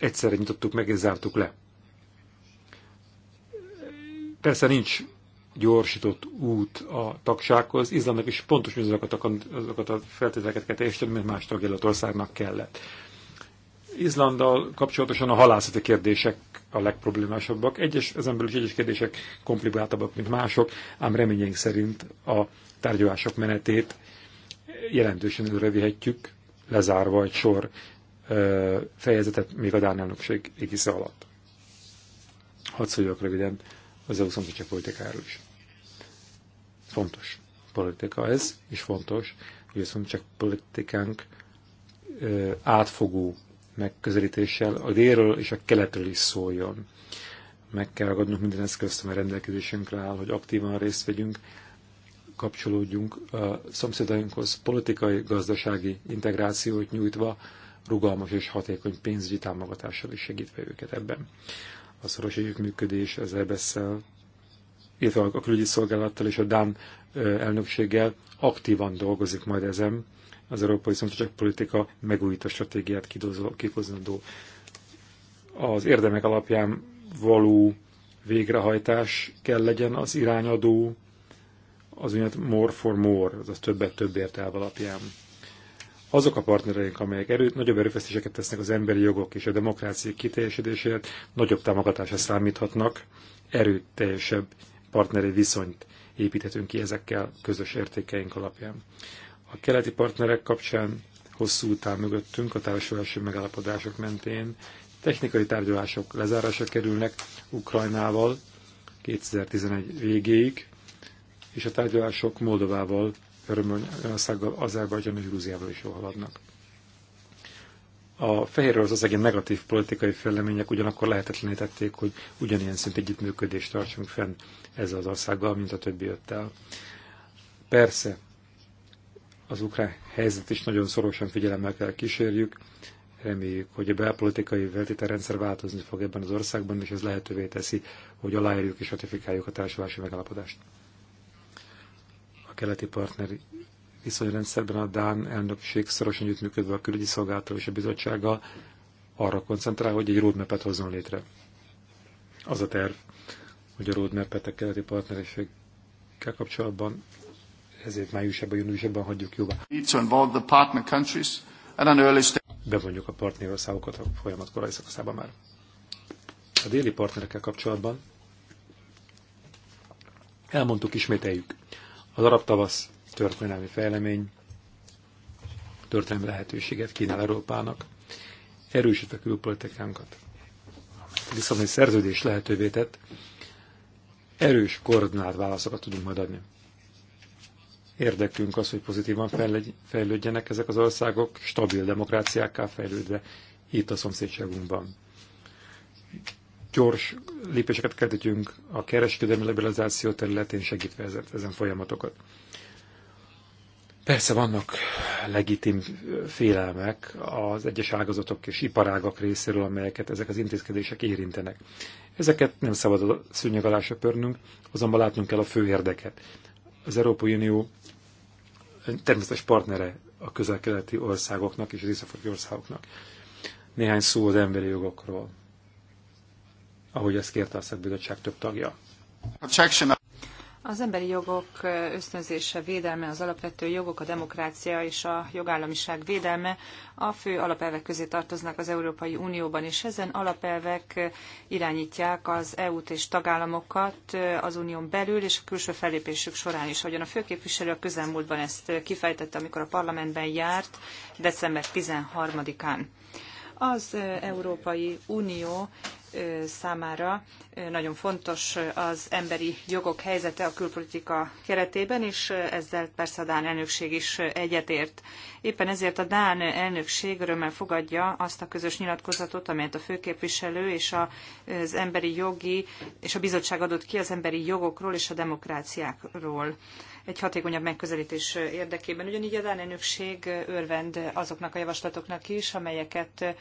egyszerre nyitottuk meg és zártuk le. Persze nincs gyorsított út a tagsághoz, Izlandnak is pontos azokat a, azokat a feltételeket kell teljesíteni, mert más tagjelölt országnak kellett. Izlanddal kapcsolatosan a halászati kérdések a legproblémásabbak. Egyes, ezen belül is egyes kérdések komplikáltabbak, mint mások, ám reményeink szerint a tárgyalások menetét jelentősen előrevihetjük, lezárva egy sor fejezetet még a Dán elnökség égisze alatt. Hadd szóljak röviden az EU szomszédság politikáról is. Fontos politika ez, és fontos, hogy a szomszédság politikánk átfogó megközelítéssel a délről és a keletről is szóljon. Meg kell ragadnunk minden eszközt, amely rendelkezésünkre áll, hogy aktívan részt vegyünk, kapcsolódjunk a szomszédainkhoz politikai, gazdasági integrációt nyújtva, rugalmas és hatékony pénzügyi támogatással is segítve őket ebben. A szoros együttműködés az EBS-szel, illetve a külügyi szolgálattal és a Dán elnökséggel aktívan dolgozik majd ezen az Európai Szomszédság Politika megújító stratégiát kidolgozandó. Az érdemek alapján való végrehajtás kell legyen az irányadó, az úgynevezett more for more, azaz többet többért elv alapján azok a partnereink, amelyek erő, nagyobb erőfeszítéseket tesznek az emberi jogok és a demokrácia kiteljesedéséért, nagyobb támogatásra számíthatnak, erőteljesebb partneri viszonyt építhetünk ki ezekkel közös értékeink alapján. A keleti partnerek kapcsán hosszú után mögöttünk a társulási megállapodások mentén technikai tárgyalások lezárása kerülnek Ukrajnával 2011 végéig, és a tárgyalások Moldovával Örményországgal, Azerbajdzsán és Grúziával is jól haladnak. A fehér az oroszországi negatív politikai fellemények ugyanakkor lehetetlenítették, hogy ugyanilyen szint együttműködést tartsunk fenn ezzel az országgal, mint a többi öttel. Persze, az ukrán helyzet is nagyon szorosan figyelemmel kell kísérjük. Reméljük, hogy a belpolitikai feltételrendszer változni fog ebben az országban, és ez lehetővé teszi, hogy aláírjuk és ratifikáljuk a társulási megállapodást a keleti partneri viszonyrendszerben a Dán elnökség szorosan együttműködve a külügyi szolgálattal és a bizottsággal arra koncentrál, hogy egy roadmap-et hozzon létre. Az a terv, hogy a roadmap-et a keleti partnerségkel kapcsolatban ezért májusában, júniusában hagyjuk jóvá. Bevonjuk a partnerországokat a folyamat korai szakaszában már. A déli partnerekkel kapcsolatban elmondtuk, ismételjük az arab tavasz történelmi fejlemény történelmi lehetőséget kínál Európának, erősít a külpolitikánkat. A Lisszaboni szerződés lehetővé tett, erős koordinált válaszokat tudunk majd adni. Érdekünk az, hogy pozitívan fejlődjenek ezek az országok, stabil demokráciákká fejlődve itt a szomszédságunkban gyors lépéseket kell tegyünk a kereskedelmi liberalizáció területén segítve ezen folyamatokat. Persze vannak legitim félelmek az egyes ágazatok és iparágak részéről, amelyeket ezek az intézkedések érintenek. Ezeket nem szabad a szűnyeg alá söpörnünk, azonban látnunk kell a fő érdeket. Az Európai Unió természetes partnere a közel-keleti országoknak és az észak országoknak. Néhány szó az emberi jogokról ahogy ezt kérte a szakbizottság több tagja. Az emberi jogok ösztönzése, védelme, az alapvető jogok, a demokrácia és a jogállamiság védelme a fő alapelvek közé tartoznak az Európai Unióban, és ezen alapelvek irányítják az EU-t és tagállamokat az unión belül és a külső fellépésük során is. Ahogyan a főképviselő a közelmúltban ezt kifejtette, amikor a parlamentben járt, december 13-án. Az Európai Unió számára nagyon fontos az emberi jogok helyzete a külpolitika keretében, és ezzel persze a Dán elnökség is egyetért. Éppen ezért a Dán elnökség örömmel fogadja azt a közös nyilatkozatot, amelyet a főképviselő és az emberi jogi és a bizottság adott ki az emberi jogokról és a demokráciákról egy hatékonyabb megközelítés érdekében. Ugyanígy a Dán elnökség örvend azoknak a javaslatoknak is, amelyeket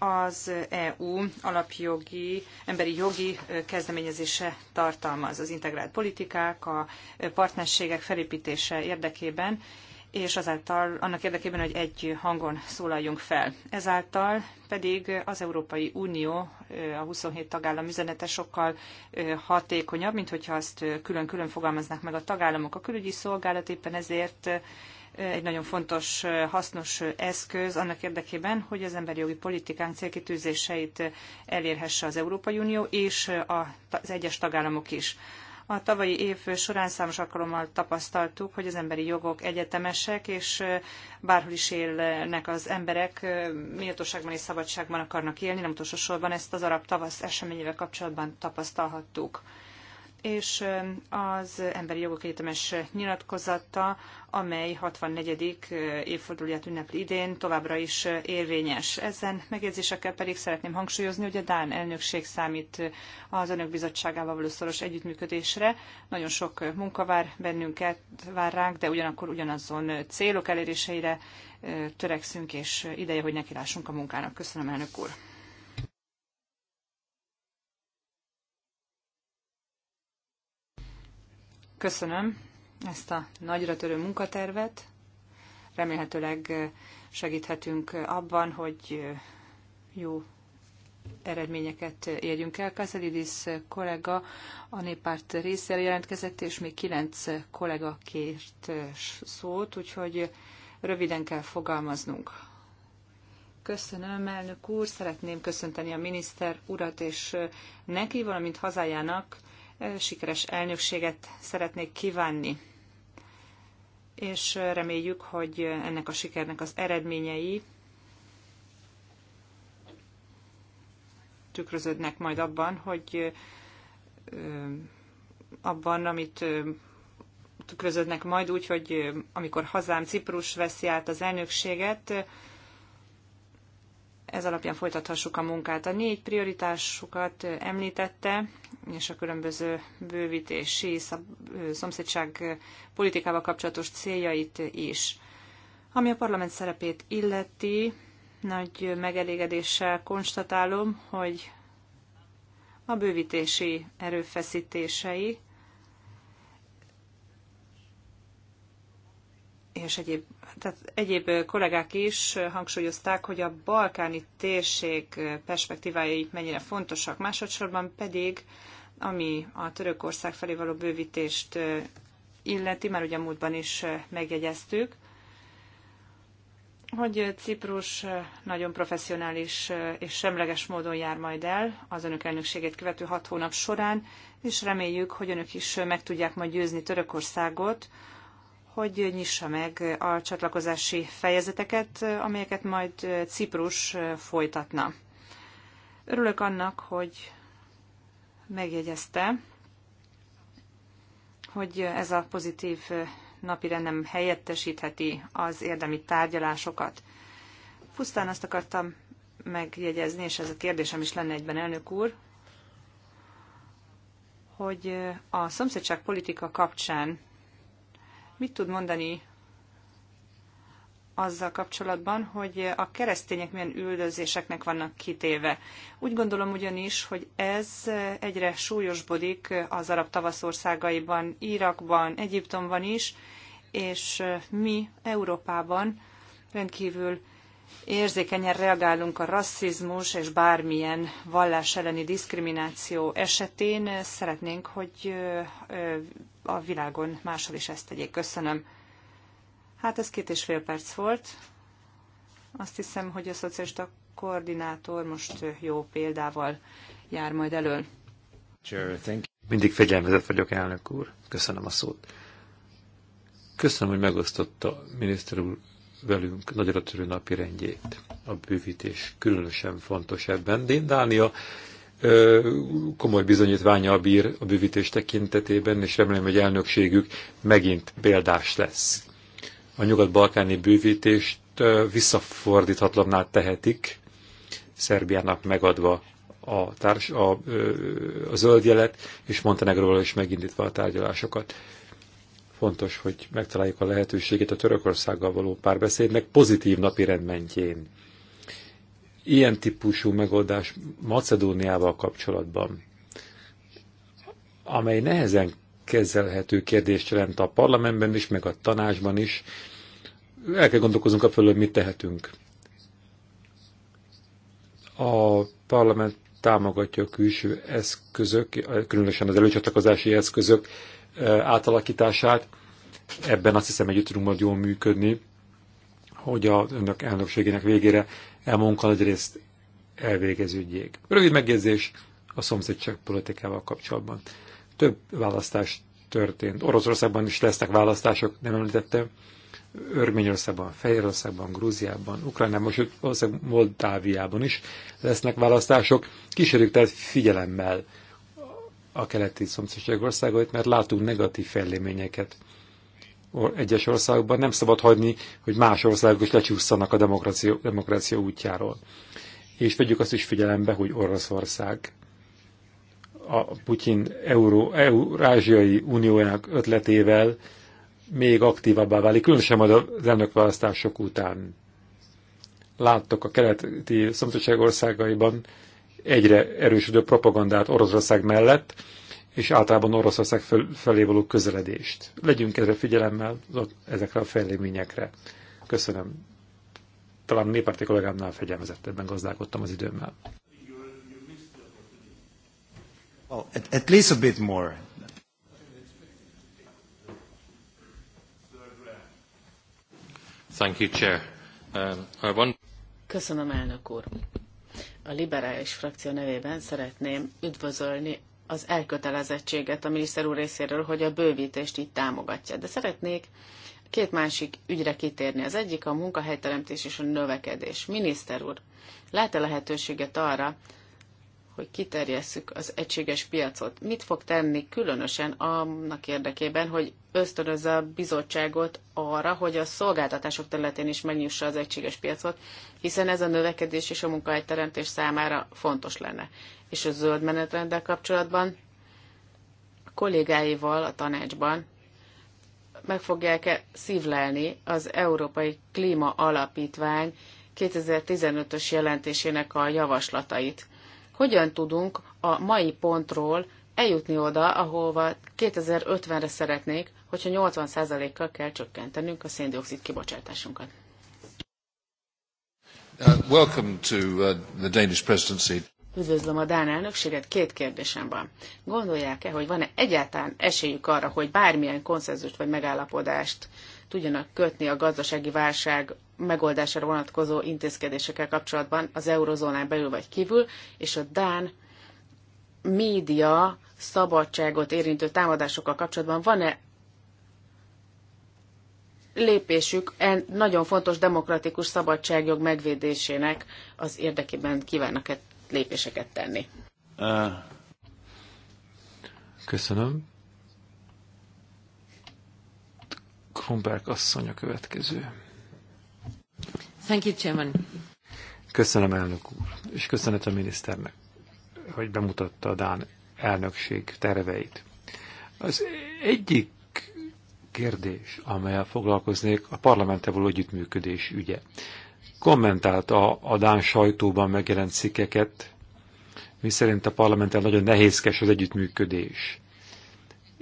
az EU alapjogi, emberi jogi kezdeményezése tartalmaz az integrált politikák, a partnerségek felépítése érdekében, és azáltal annak érdekében, hogy egy hangon szólaljunk fel. Ezáltal pedig az Európai Unió, a 27 tagállam üzenete sokkal hatékonyabb, mint hogyha azt külön-külön fogalmaznák meg a tagállamok. A külügyi szolgálat éppen ezért egy nagyon fontos, hasznos eszköz annak érdekében, hogy az emberi jogi politikánk célkitűzéseit elérhesse az Európai Unió és az egyes tagállamok is. A tavalyi év során számos alkalommal tapasztaltuk, hogy az emberi jogok egyetemesek, és bárhol is élnek az emberek, méltóságban és szabadságban akarnak élni, nem utolsó sorban ezt az arab tavasz eseményével kapcsolatban tapasztalhattuk és az Emberi Jogok Egyetemes nyilatkozata, amely 64. évfordulóját ünnepli idén, továbbra is érvényes. Ezen megjegyzésekkel pedig szeretném hangsúlyozni, hogy a Dán elnökség számít az Önök Bizottságával való szoros együttműködésre. Nagyon sok munka vár bennünket, vár ránk, de ugyanakkor ugyanazon célok eléréseire törekszünk, és ideje, hogy nekilássunk a munkának. Köszönöm, elnök úr! Köszönöm ezt a nagyra törő munkatervet. Remélhetőleg eh, segíthetünk abban, hogy eh, jó eredményeket eh, érjünk el. Kazelidis kollega a néppárt részére jelentkezett, és még kilenc kollega kért szót, úgyhogy röviden kell fogalmaznunk. Köszönöm, elnök úr, szeretném köszönteni a miniszter urat és neki, valamint hazájának sikeres elnökséget szeretnék kívánni. És reméljük, hogy ennek a sikernek az eredményei tükröződnek majd abban, hogy abban, amit tükröződnek majd úgy, hogy amikor hazám Ciprus veszi át az elnökséget, ez alapján folytathassuk a munkát. A négy prioritásukat említette, és a különböző bővítési szomszédság politikával kapcsolatos céljait is. Ami a parlament szerepét illeti, nagy megelégedéssel konstatálom, hogy a bővítési erőfeszítései és egyéb, tehát egyéb kollégák is hangsúlyozták, hogy a balkáni térség perspektívái mennyire fontosak, másodszorban pedig, ami a Törökország felé való bővítést illeti, már ugye múltban is megjegyeztük, hogy Ciprus nagyon professzionális és semleges módon jár majd el az önök elnökségét követő hat hónap során, és reméljük, hogy önök is meg tudják majd győzni Törökországot hogy nyissa meg a csatlakozási fejezeteket, amelyeket majd Ciprus folytatna. Örülök annak, hogy megjegyezte, hogy ez a pozitív napirend nem helyettesítheti az érdemi tárgyalásokat. Pusztán azt akartam megjegyezni, és ez a kérdésem is lenne egyben, elnök úr, hogy a szomszédság politika kapcsán Mit tud mondani azzal kapcsolatban, hogy a keresztények milyen üldözéseknek vannak kitéve. Úgy gondolom ugyanis, hogy ez egyre súlyosbodik az arab tavaszországaiban, Irakban, Egyiptomban is, és mi Európában rendkívül érzékenyen reagálunk a rasszizmus és bármilyen vallás elleni diszkrimináció esetén. Szeretnénk, hogy a világon máshol is ezt tegyék. Köszönöm. Hát ez két és fél perc volt. Azt hiszem, hogy a szocialista koordinátor most jó példával jár majd elől. Sure, thank Mindig fegyelmezett vagyok, elnök úr. Köszönöm a szót. Köszönöm, hogy megosztotta miniszter úr velünk nagyra törő napi rendjét. A bővítés különösen fontos ebben. Dánia komoly bizonyítványa bír a bűvítés tekintetében, és remélem, hogy elnökségük megint példás lesz. A nyugat-balkáni bűvítést visszafordíthatlaná tehetik, Szerbiának megadva a, társ, a, a zöld jelet, és Montenegróval is megindítva a tárgyalásokat. Fontos, hogy megtaláljuk a lehetőséget a Törökországgal való párbeszédnek pozitív napi rendmentjén ilyen típusú megoldás Macedóniával kapcsolatban, amely nehezen kezelhető kérdést jelent a parlamentben is, meg a tanácsban is, el kell gondolkozunk a fölül, mit tehetünk. A parlament támogatja a külső eszközök, különösen az előcsatlakozási eszközök eh, átalakítását. Ebben azt hiszem együtt tudunk majd jól működni, hogy a önök elnökségének végére e munka nagyrészt elvégeződjék. Rövid megjegyzés a szomszédság politikával kapcsolatban. Több választás történt. Oroszországban is lesznek választások, nem említettem. Örményországban, Fehérországban, Grúziában, Ukrajnában, sőt valószínűleg Moldáviában is lesznek választások. Kísérjük tehát figyelemmel a keleti szomszédság országait, mert látunk negatív fejleményeket egyes országokban nem szabad hagyni, hogy más országok is lecsúszanak a demokrácia, demokrácia útjáról. És vegyük azt is figyelembe, hogy Oroszország a Putyin Euró, Eurázsiai Uniójának ötletével még aktívabbá válik, különösen majd az elnökválasztások után. Láttok a keleti szomszédság országaiban egyre erősödő propagandát Oroszország mellett, és általában Oroszország fel, felé való közeledést. Legyünk ezre figyelemmel ezekre a fejleményekre. Köszönöm. Talán a néppárti kollégámnál fegyelmezettebben gazdálkodtam az időmmel. Well, at, at least a bit more. Thank you, Chair. Um, I want... Köszönöm, elnök úr. A liberális frakció nevében szeretném üdvözölni az elkötelezettséget a miniszter úr részéről, hogy a bővítést így támogatja. De szeretnék két másik ügyre kitérni. Az egyik a munkahelyteremtés és a növekedés. Miniszter úr, lát-e lehetőséget arra, hogy kiterjesszük az egységes piacot? Mit fog tenni különösen annak érdekében, hogy ösztönözze a bizottságot arra, hogy a szolgáltatások területén is megnyissa az egységes piacot, hiszen ez a növekedés és a munkahelyteremtés számára fontos lenne és a zöld menetrenddel kapcsolatban a kollégáival a tanácsban meg fogják-e szívlelni az Európai Klíma Alapítvány 2015-ös jelentésének a javaslatait. Hogyan tudunk a mai pontról eljutni oda, ahova 2050-re szeretnék, hogyha 80%-kal kell csökkentenünk a széndiokszid kibocsátásunkat. Uh, welcome to uh, the Danish presidency. Üdvözlöm a Dán elnökséget, két kérdésem van. Gondolják-e, hogy van-e egyáltalán esélyük arra, hogy bármilyen konszenzust vagy megállapodást tudjanak kötni a gazdasági válság megoldására vonatkozó intézkedésekkel kapcsolatban az eurozónán belül vagy kívül, és a Dán média szabadságot érintő támadásokkal kapcsolatban van-e lépésük en nagyon fontos demokratikus szabadságjog megvédésének az érdekében kívánnak-e lépéseket tenni. Eh, köszönöm. Kronberg asszony a következő. Thank you, Chairman. Köszönöm, elnök úr, és köszönet a miniszternek, hogy bemutatta a Dán elnökség terveit. Az egyik kérdés, amelyel foglalkoznék, a parlamenttel való együttműködés ügye kommentálta a Dán sajtóban megjelent cikkeket, mi szerint a parlamenten nagyon nehézkes az együttműködés,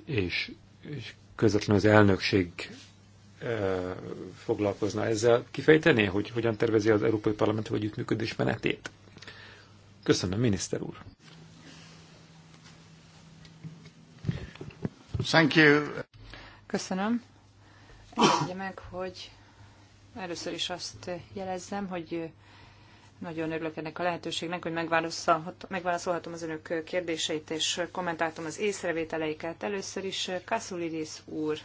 és, és közvetlenül az elnökség e, foglalkozna ezzel. Kifejtené, hogy hogyan tervezi az Európai Parlament együttműködés menetét? Köszönöm, miniszter úr! Thank you. Köszönöm. Engedje meg, hogy Először is azt jelezzem, hogy nagyon örülök ennek a lehetőségnek, hogy megválaszolhatom az önök kérdéseit, és kommentáltam az észrevételeiket. Először is Kasszulidis úr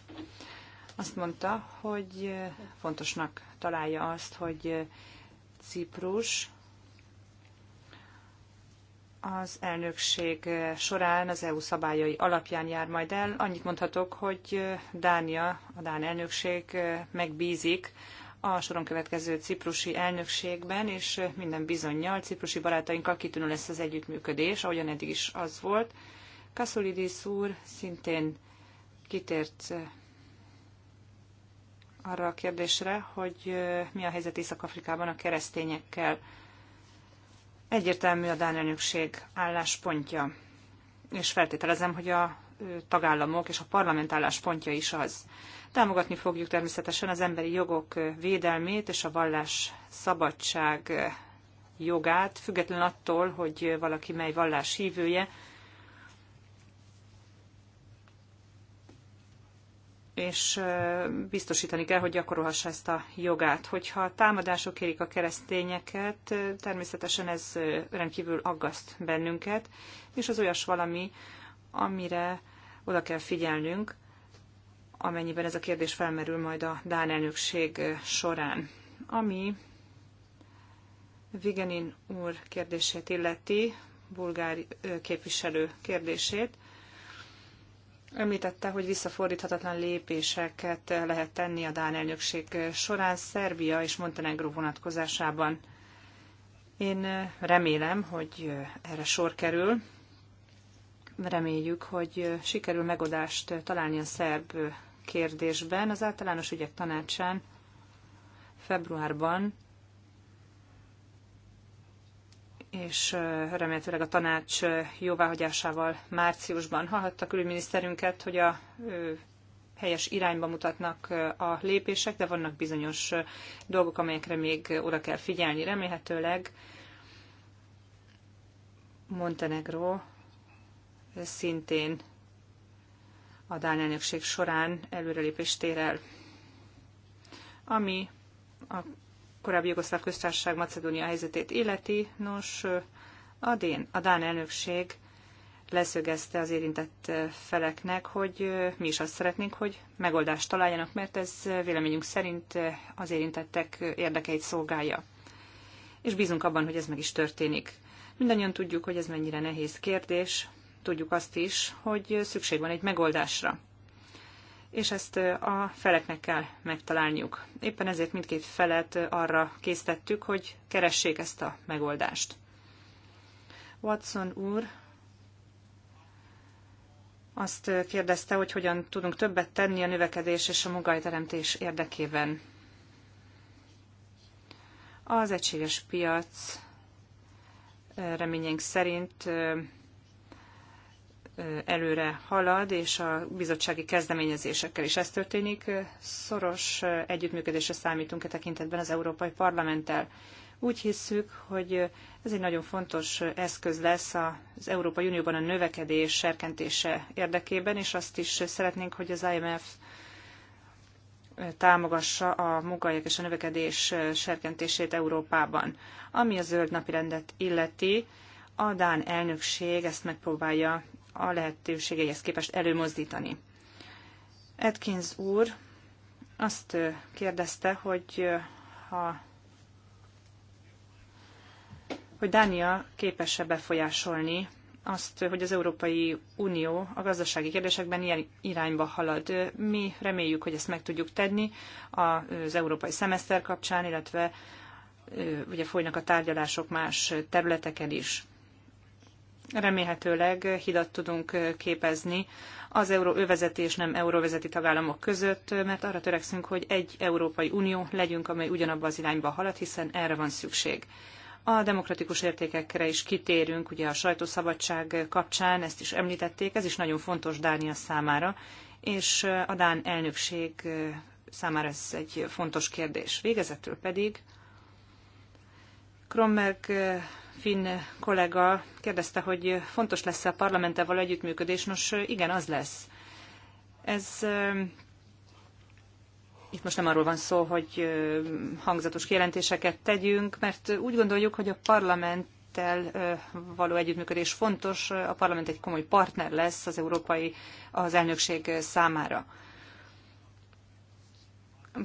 azt mondta, hogy fontosnak találja azt, hogy Ciprus az elnökség során az EU szabályai alapján jár majd el. Annyit mondhatok, hogy Dánia, a Dán elnökség megbízik a soron következő ciprusi elnökségben, és minden bizonyal ciprusi barátainkkal kitűnő lesz az együttműködés, ahogyan eddig is az volt. Kasszolidis úr szintén kitért arra a kérdésre, hogy mi a helyzet Észak-Afrikában a keresztényekkel. Egyértelmű a Dán elnökség álláspontja, és feltételezem, hogy a tagállamok és a parlament álláspontja is az. Támogatni fogjuk természetesen az emberi jogok védelmét és a vallás szabadság jogát, független attól, hogy valaki mely vallás hívője, és biztosítani kell, hogy gyakorolhassa ezt a jogát. Hogyha támadások érik a keresztényeket, természetesen ez rendkívül aggaszt bennünket, és az olyas valami, amire oda kell figyelnünk, amennyiben ez a kérdés felmerül majd a Dán elnökség eh, során. Ami Vigenin úr kérdését illeti, bulgár eh, képviselő kérdését, Említette, hogy visszafordíthatatlan lépéseket eh, lehet tenni a Dán elnökség során Szerbia és Montenegro vonatkozásában. Én remélem, hogy erre sor kerül. Reméljük, hogy sikerül megoldást találni a szerb kérdésben. Az általános ügyek tanácsán februárban és remélhetőleg a tanács jóváhagyásával márciusban hallhatta külügyminiszterünket, hogy a helyes irányba mutatnak a lépések, de vannak bizonyos dolgok, amelyekre még oda kell figyelni. Remélhetőleg Montenegro szintén a Dán elnökség során előrelépést ér el. Ami a korábbi Jugoszláv köztársaság Macedónia helyzetét illeti, nos, a, Dén, a Dán elnökség leszögezte az érintett feleknek, hogy mi is azt szeretnénk, hogy megoldást találjanak, mert ez véleményünk szerint az érintettek érdekeit szolgálja. És bízunk abban, hogy ez meg is történik. Mindannyian tudjuk, hogy ez mennyire nehéz kérdés, tudjuk azt is, hogy szükség van egy megoldásra. És ezt a feleknek kell megtalálniuk. Éppen ezért mindkét felet arra késztettük, hogy keressék ezt a megoldást. Watson úr azt kérdezte, hogy hogyan tudunk többet tenni a növekedés és a munkahelyteremtés érdekében. Az egységes piac reményénk szerint előre halad, és a bizottsági kezdeményezésekkel is ez történik. Szoros együttműködésre számítunk e tekintetben az Európai Parlamenttel. Úgy hiszük, hogy ez egy nagyon fontos eszköz lesz az Európai Unióban a növekedés serkentése érdekében, és azt is szeretnénk, hogy az IMF támogassa a munkahelyek és a növekedés serkentését Európában. Ami a zöld napirendet illeti, a Dán elnökség ezt megpróbálja a lehetőségeihez képest előmozdítani. Edkins úr azt kérdezte, hogy ha hogy Dánia képes-e befolyásolni azt, hogy az Európai Unió a gazdasági kérdésekben ilyen irányba halad. Mi reméljük, hogy ezt meg tudjuk tenni az európai szemeszter kapcsán, illetve ugye folynak a tárgyalások más területeken is remélhetőleg hidat tudunk képezni az euróövezeti és nem euróvezeti tagállamok között, mert arra törekszünk, hogy egy Európai Unió legyünk, amely ugyanabba az irányba halad, hiszen erre van szükség. A demokratikus értékekre is kitérünk, ugye a sajtószabadság kapcsán, ezt is említették, ez is nagyon fontos Dánia számára, és a Dán elnökség számára ez egy fontos kérdés. Végezetül pedig Kromberg eh, finn kollega kérdezte, hogy fontos lesz-e a parlamenttel való együttműködés. Nos, eh, igen, az lesz. Ez eh, itt most nem arról van szó, hogy hangzatos kijelentéseket tegyünk, mert úgy gondoljuk, hogy a parlamenttel való együttműködés fontos, a parlament egy komoly partner lesz az európai, az elnökség számára.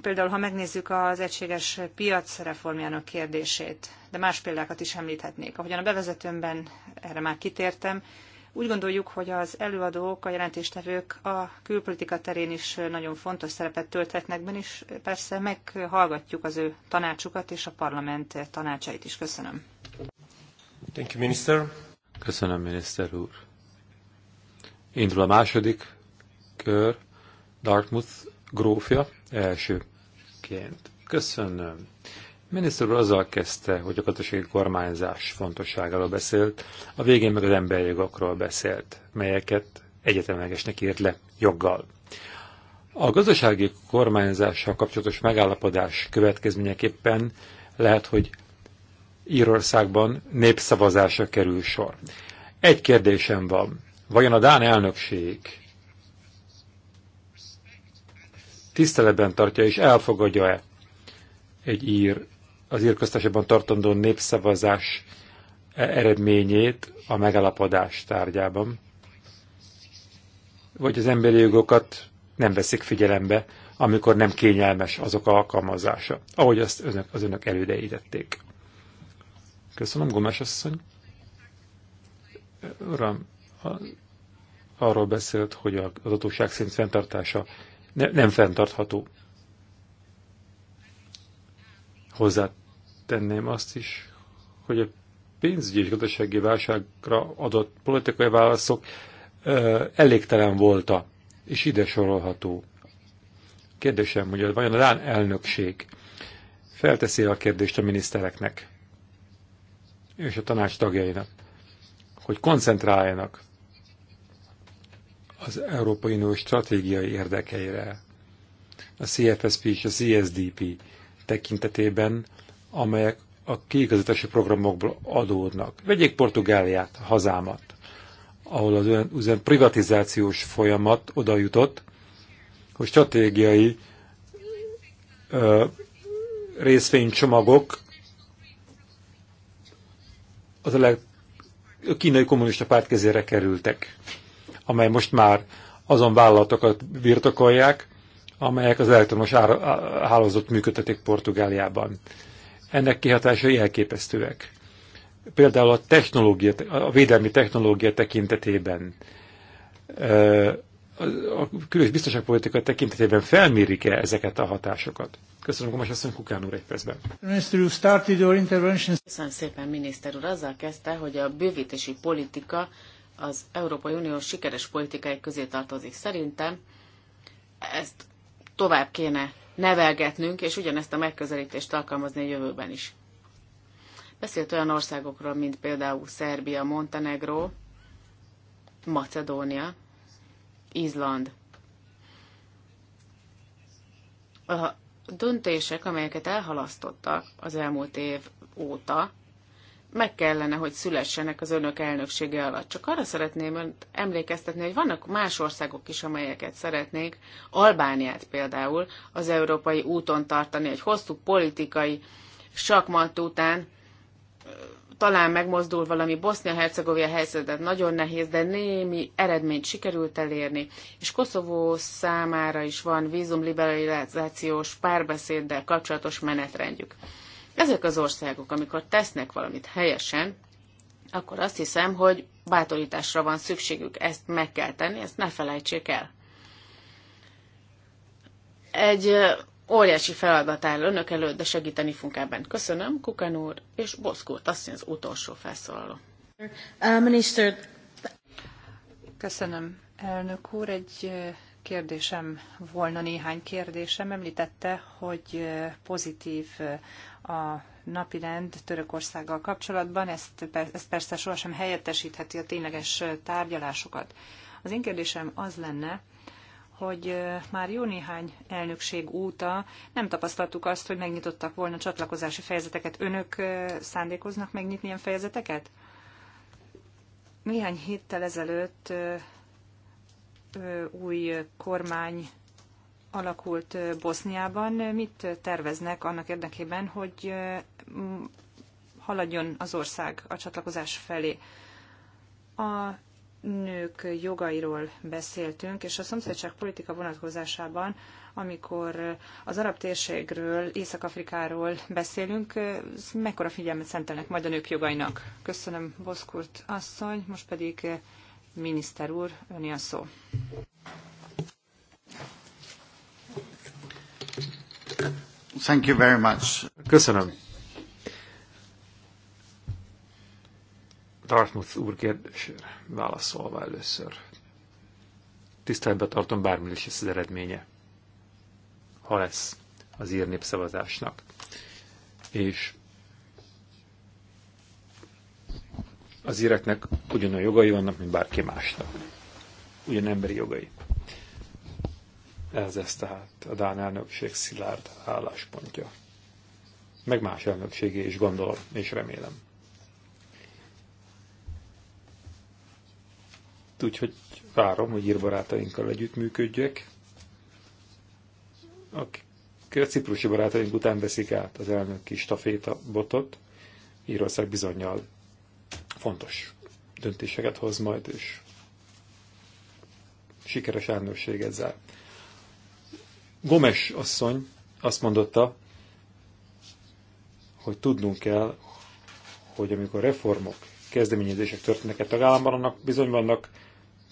Például, ha megnézzük az egységes piac reformjának kérdését, de más példákat is említhetnék. Ahogyan a bevezetőmben erre már kitértem, úgy gondoljuk, hogy az előadók, a jelentéstevők a külpolitika terén is nagyon fontos szerepet tölthetnek benne, és persze meghallgatjuk az ő tanácsukat és a parlament tanácsait is. Köszönöm. Thank you, minister. Köszönöm, miniszter úr. Indul a második kör. Dartmouth grófja elsőként. Köszönöm. Miniszter úr azzal kezdte, hogy a katasági kormányzás fontosságáról beszélt, a végén meg az jogokról beszélt, melyeket egyetemlegesnek írt le joggal. A gazdasági kormányzással kapcsolatos megállapodás következményeképpen lehet, hogy Írországban népszavazásra kerül sor. Egy kérdésem van. Vajon a Dán elnökség tiszteletben tartja és elfogadja-e egy ír, az írköztesebben tartandó népszavazás eredményét a megalapodás tárgyában, vagy az emberi jogokat nem veszik figyelembe, amikor nem kényelmes azok alkalmazása, ahogy azt önök, az önök elődei Köszönöm, Gomes asszony. Uram, arról beszélt, hogy az adósság szint fenntartása ne, nem fenntartható. Hozzá tenném azt is, hogy a pénzügyi és gazdasági válságra adott politikai válaszok ö, elégtelen voltak, és ide sorolható. Kérdésem, hogy vajon a Dán elnökség felteszi a kérdést a minisztereknek és a tanács tagjainak, hogy koncentráljanak az Európai Unió stratégiai érdekeire. A CFSP és a CSDP tekintetében, amelyek a kiigazítási programokból adódnak. Vegyék Portugáliát, hazámat, ahol az olyan, olyan privatizációs folyamat oda jutott, hogy stratégiai ö, részvénycsomagok az a, leg, a kínai kommunista párt kezére kerültek amely most már azon vállalatokat birtokolják, amelyek az elektromos ára, hálózat működtetik Portugáliában. Ennek kihatásai elképesztőek. Például a, technológia, a védelmi technológia tekintetében, a különös biztonságpolitika tekintetében felmérik-e ezeket a hatásokat? Köszönöm, Gomas asszony, Kukán úr egy percben. Köszönöm szépen, miniszter úr. Azzal kezdte, hogy a bővítési politika az Európai Unió sikeres politikái közé tartozik. Szerintem ezt tovább kéne nevelgetnünk, és ugyanezt a megközelítést alkalmazni a jövőben is. Beszélt olyan országokról, mint például Szerbia, Montenegro, Macedónia, Izland. A döntések, amelyeket elhalasztottak az elmúlt év óta, meg kellene, hogy szülessenek az önök elnöksége alatt. Csak arra szeretném önt emlékeztetni, hogy vannak más országok is, amelyeket szeretnék, Albániát például, az európai úton tartani, egy hosszú politikai sakmat után, talán megmozdul valami Bosznia-Hercegovia helyzetet, nagyon nehéz, de némi eredményt sikerült elérni, és Koszovó számára is van vízumliberalizációs párbeszéddel kapcsolatos menetrendjük. Ezek az országok, amikor tesznek valamit helyesen, akkor azt hiszem, hogy bátorításra van szükségük, ezt meg kell tenni, ezt ne felejtsék el. Egy óriási feladat áll önök előtt, de segíteni fogunk ebben. Köszönöm, Kukan úr, és Boszkót, azt az utolsó felszólaló. Uh, Köszönöm, elnök úr. Egy kérdésem volna, néhány kérdésem. Említette, hogy pozitív a rend Törökországgal kapcsolatban, ezt, ezt persze sohasem helyettesítheti a tényleges tárgyalásokat. Az én kérdésem az lenne, hogy már jó néhány elnökség óta nem tapasztaltuk azt, hogy megnyitottak volna csatlakozási fejezeteket. Önök szándékoznak megnyitni ilyen fejezeteket? Néhány héttel ezelőtt új kormány alakult Boszniában. Mit terveznek annak érdekében, hogy haladjon az ország a csatlakozás felé? A nők jogairól beszéltünk, és a szomszédság politika vonatkozásában, amikor az arab térségről, Észak-Afrikáról beszélünk, mekkora figyelmet szentelnek majd a nők jogainak. Köszönöm, Boszkurt asszony, most pedig Miniszter úr, öné a szó. Thank you very much. Köszönöm. Dartmouth úr kérdésére válaszolva először. Tiszteletbe tartom bármi is ez az eredménye, ha lesz az ír népszavazásnak. És az íreknek ugyanolyan jogai vannak, mint bárki másnak. Ugyan emberi jogai. Ez ez tehát a Dán elnökség szilárd álláspontja. Meg más elnökségé is gondolom, és remélem. Úgyhogy várom, hogy írbarátainkkal együttműködjek, akik a ciprusi barátaink után veszik át az elnöki kis botot, Írország bizonyal fontos döntéseket hoz majd, és sikeres elnökség ezzel. Gomes asszony azt mondotta, hogy tudnunk kell, hogy amikor reformok, kezdeményezések történnek a e tagállamban, annak bizony vannak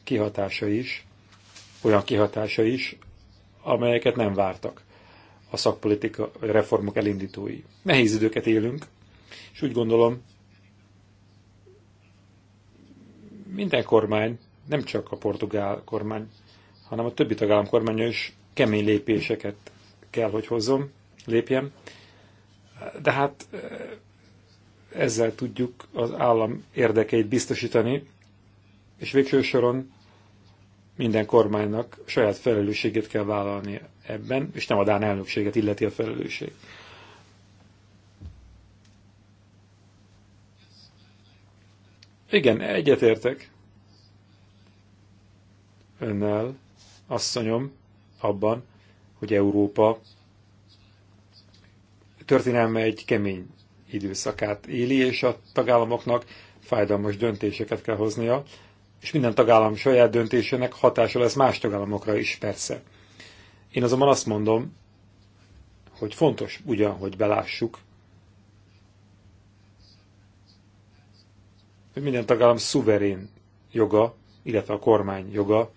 kihatása is, olyan kihatása is, amelyeket nem vártak a szakpolitika reformok elindítói. Nehéz időket élünk, és úgy gondolom, minden kormány, nem csak a portugál kormány, hanem a többi tagállam kormánya is kemény lépéseket kell, hogy hozzon, lépjem. De hát ezzel tudjuk az állam érdekeit biztosítani, és végső soron minden kormánynak saját felelősségét kell vállalni ebben, és nem a Dán elnökséget illeti a felelősség. Igen, egyetértek önnel, asszonyom, abban, hogy Európa történelme egy kemény időszakát éli, és a tagállamoknak fájdalmas döntéseket kell hoznia, és minden tagállam saját döntésének hatása lesz más tagállamokra is, persze. Én azonban azt mondom, hogy fontos ugyan, hogy belássuk, hogy minden tagállam szuverén joga, illetve a kormány joga,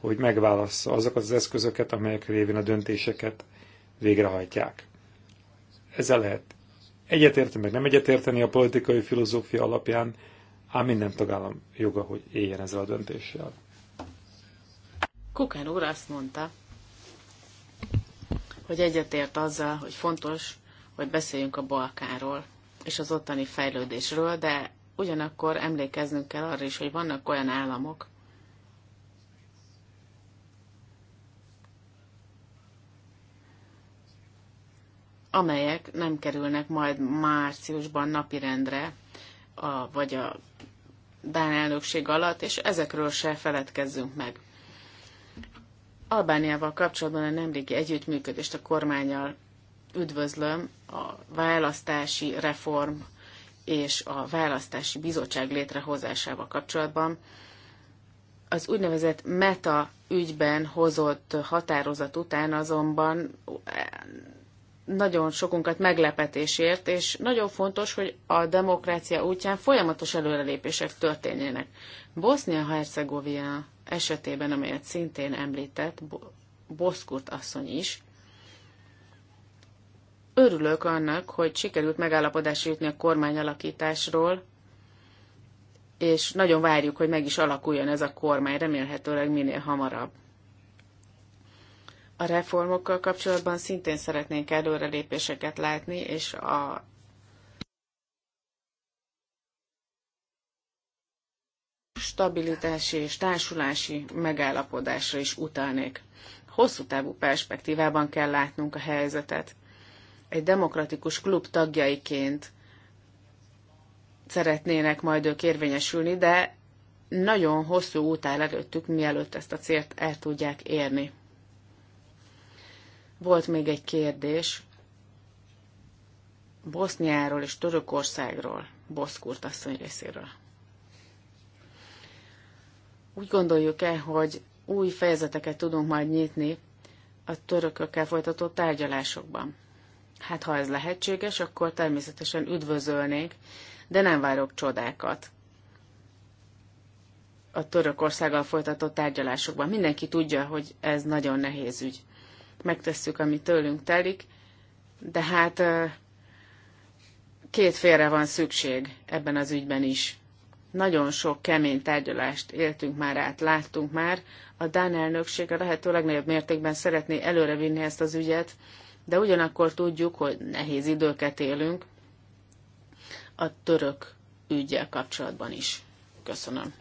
hogy megválassza azokat az eszközöket, amelyek révén a döntéseket végrehajtják. Ezzel lehet egyetérteni, meg nem egyetérteni a politikai filozófia alapján, ám minden tagállam joga, hogy éljen ezzel a döntéssel. Kukán úr azt mondta, hogy egyetért azzal, hogy fontos, hogy beszéljünk a Balkánról és az ottani fejlődésről, de Ugyanakkor emlékeznünk kell arra is, hogy vannak olyan államok, amelyek nem kerülnek majd márciusban napirendre, a, vagy a Dán elnökség alatt, és ezekről se feledkezzünk meg. Albániával kapcsolatban a nemrégi együttműködést a kormányal üdvözlöm, a választási reform és a választási bizottság létrehozásával kapcsolatban az úgynevezett meta ügyben hozott határozat után azonban eh, nagyon sokunkat meglepetésért, és nagyon fontos, hogy a demokrácia útján folyamatos előrelépések történjenek. Bosznia-Hercegovina esetében, amelyet szintén említett Boszkurt asszony is, Örülök annak, hogy sikerült megállapodásra jutni a kormányalakításról, és nagyon várjuk, hogy meg is alakuljon ez a kormány, remélhetőleg minél hamarabb. A reformokkal kapcsolatban szintén szeretnénk előrelépéseket látni, és a stabilitási és társulási megállapodásra is utalnék. Hosszú távú perspektívában kell látnunk a helyzetet egy demokratikus klub tagjaiként szeretnének majd ők érvényesülni, de nagyon hosszú út áll előttük, mielőtt ezt a célt el tudják érni. Volt még egy kérdés Boszniáról és Törökországról, Boszkurt asszony részéről. Úgy gondoljuk-e, hogy új fejezeteket tudunk majd nyitni a törökökkel folytatott tárgyalásokban? Hát ha ez lehetséges, akkor természetesen üdvözölnék, de nem várok csodákat. A Törökországgal folytatott tárgyalásokban mindenki tudja, hogy ez nagyon nehéz ügy. Megtesszük, ami tőlünk telik, de hát két félre van szükség ebben az ügyben is. Nagyon sok kemény tárgyalást éltünk már át, láttunk már. A Dán elnökség a lehető legnagyobb mértékben szeretné előrevinni ezt az ügyet, de ugyanakkor tudjuk, hogy nehéz időket élünk a török ügyel kapcsolatban is. Köszönöm.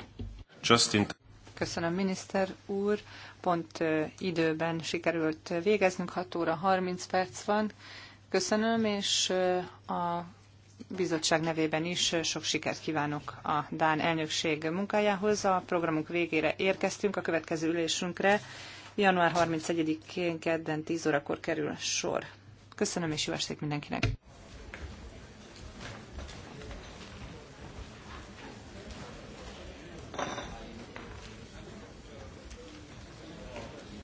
Justin. Köszönöm, miniszter úr. Pont időben sikerült végeznünk, 6 óra 30 perc van. Köszönöm, és a bizottság nevében is sok sikert kívánok a Dán elnökség munkájához. A programunk végére érkeztünk a következő ülésünkre. Január 31-én kedden 10 órakor kerül sor. Köszönöm és jó estét mindenkinek!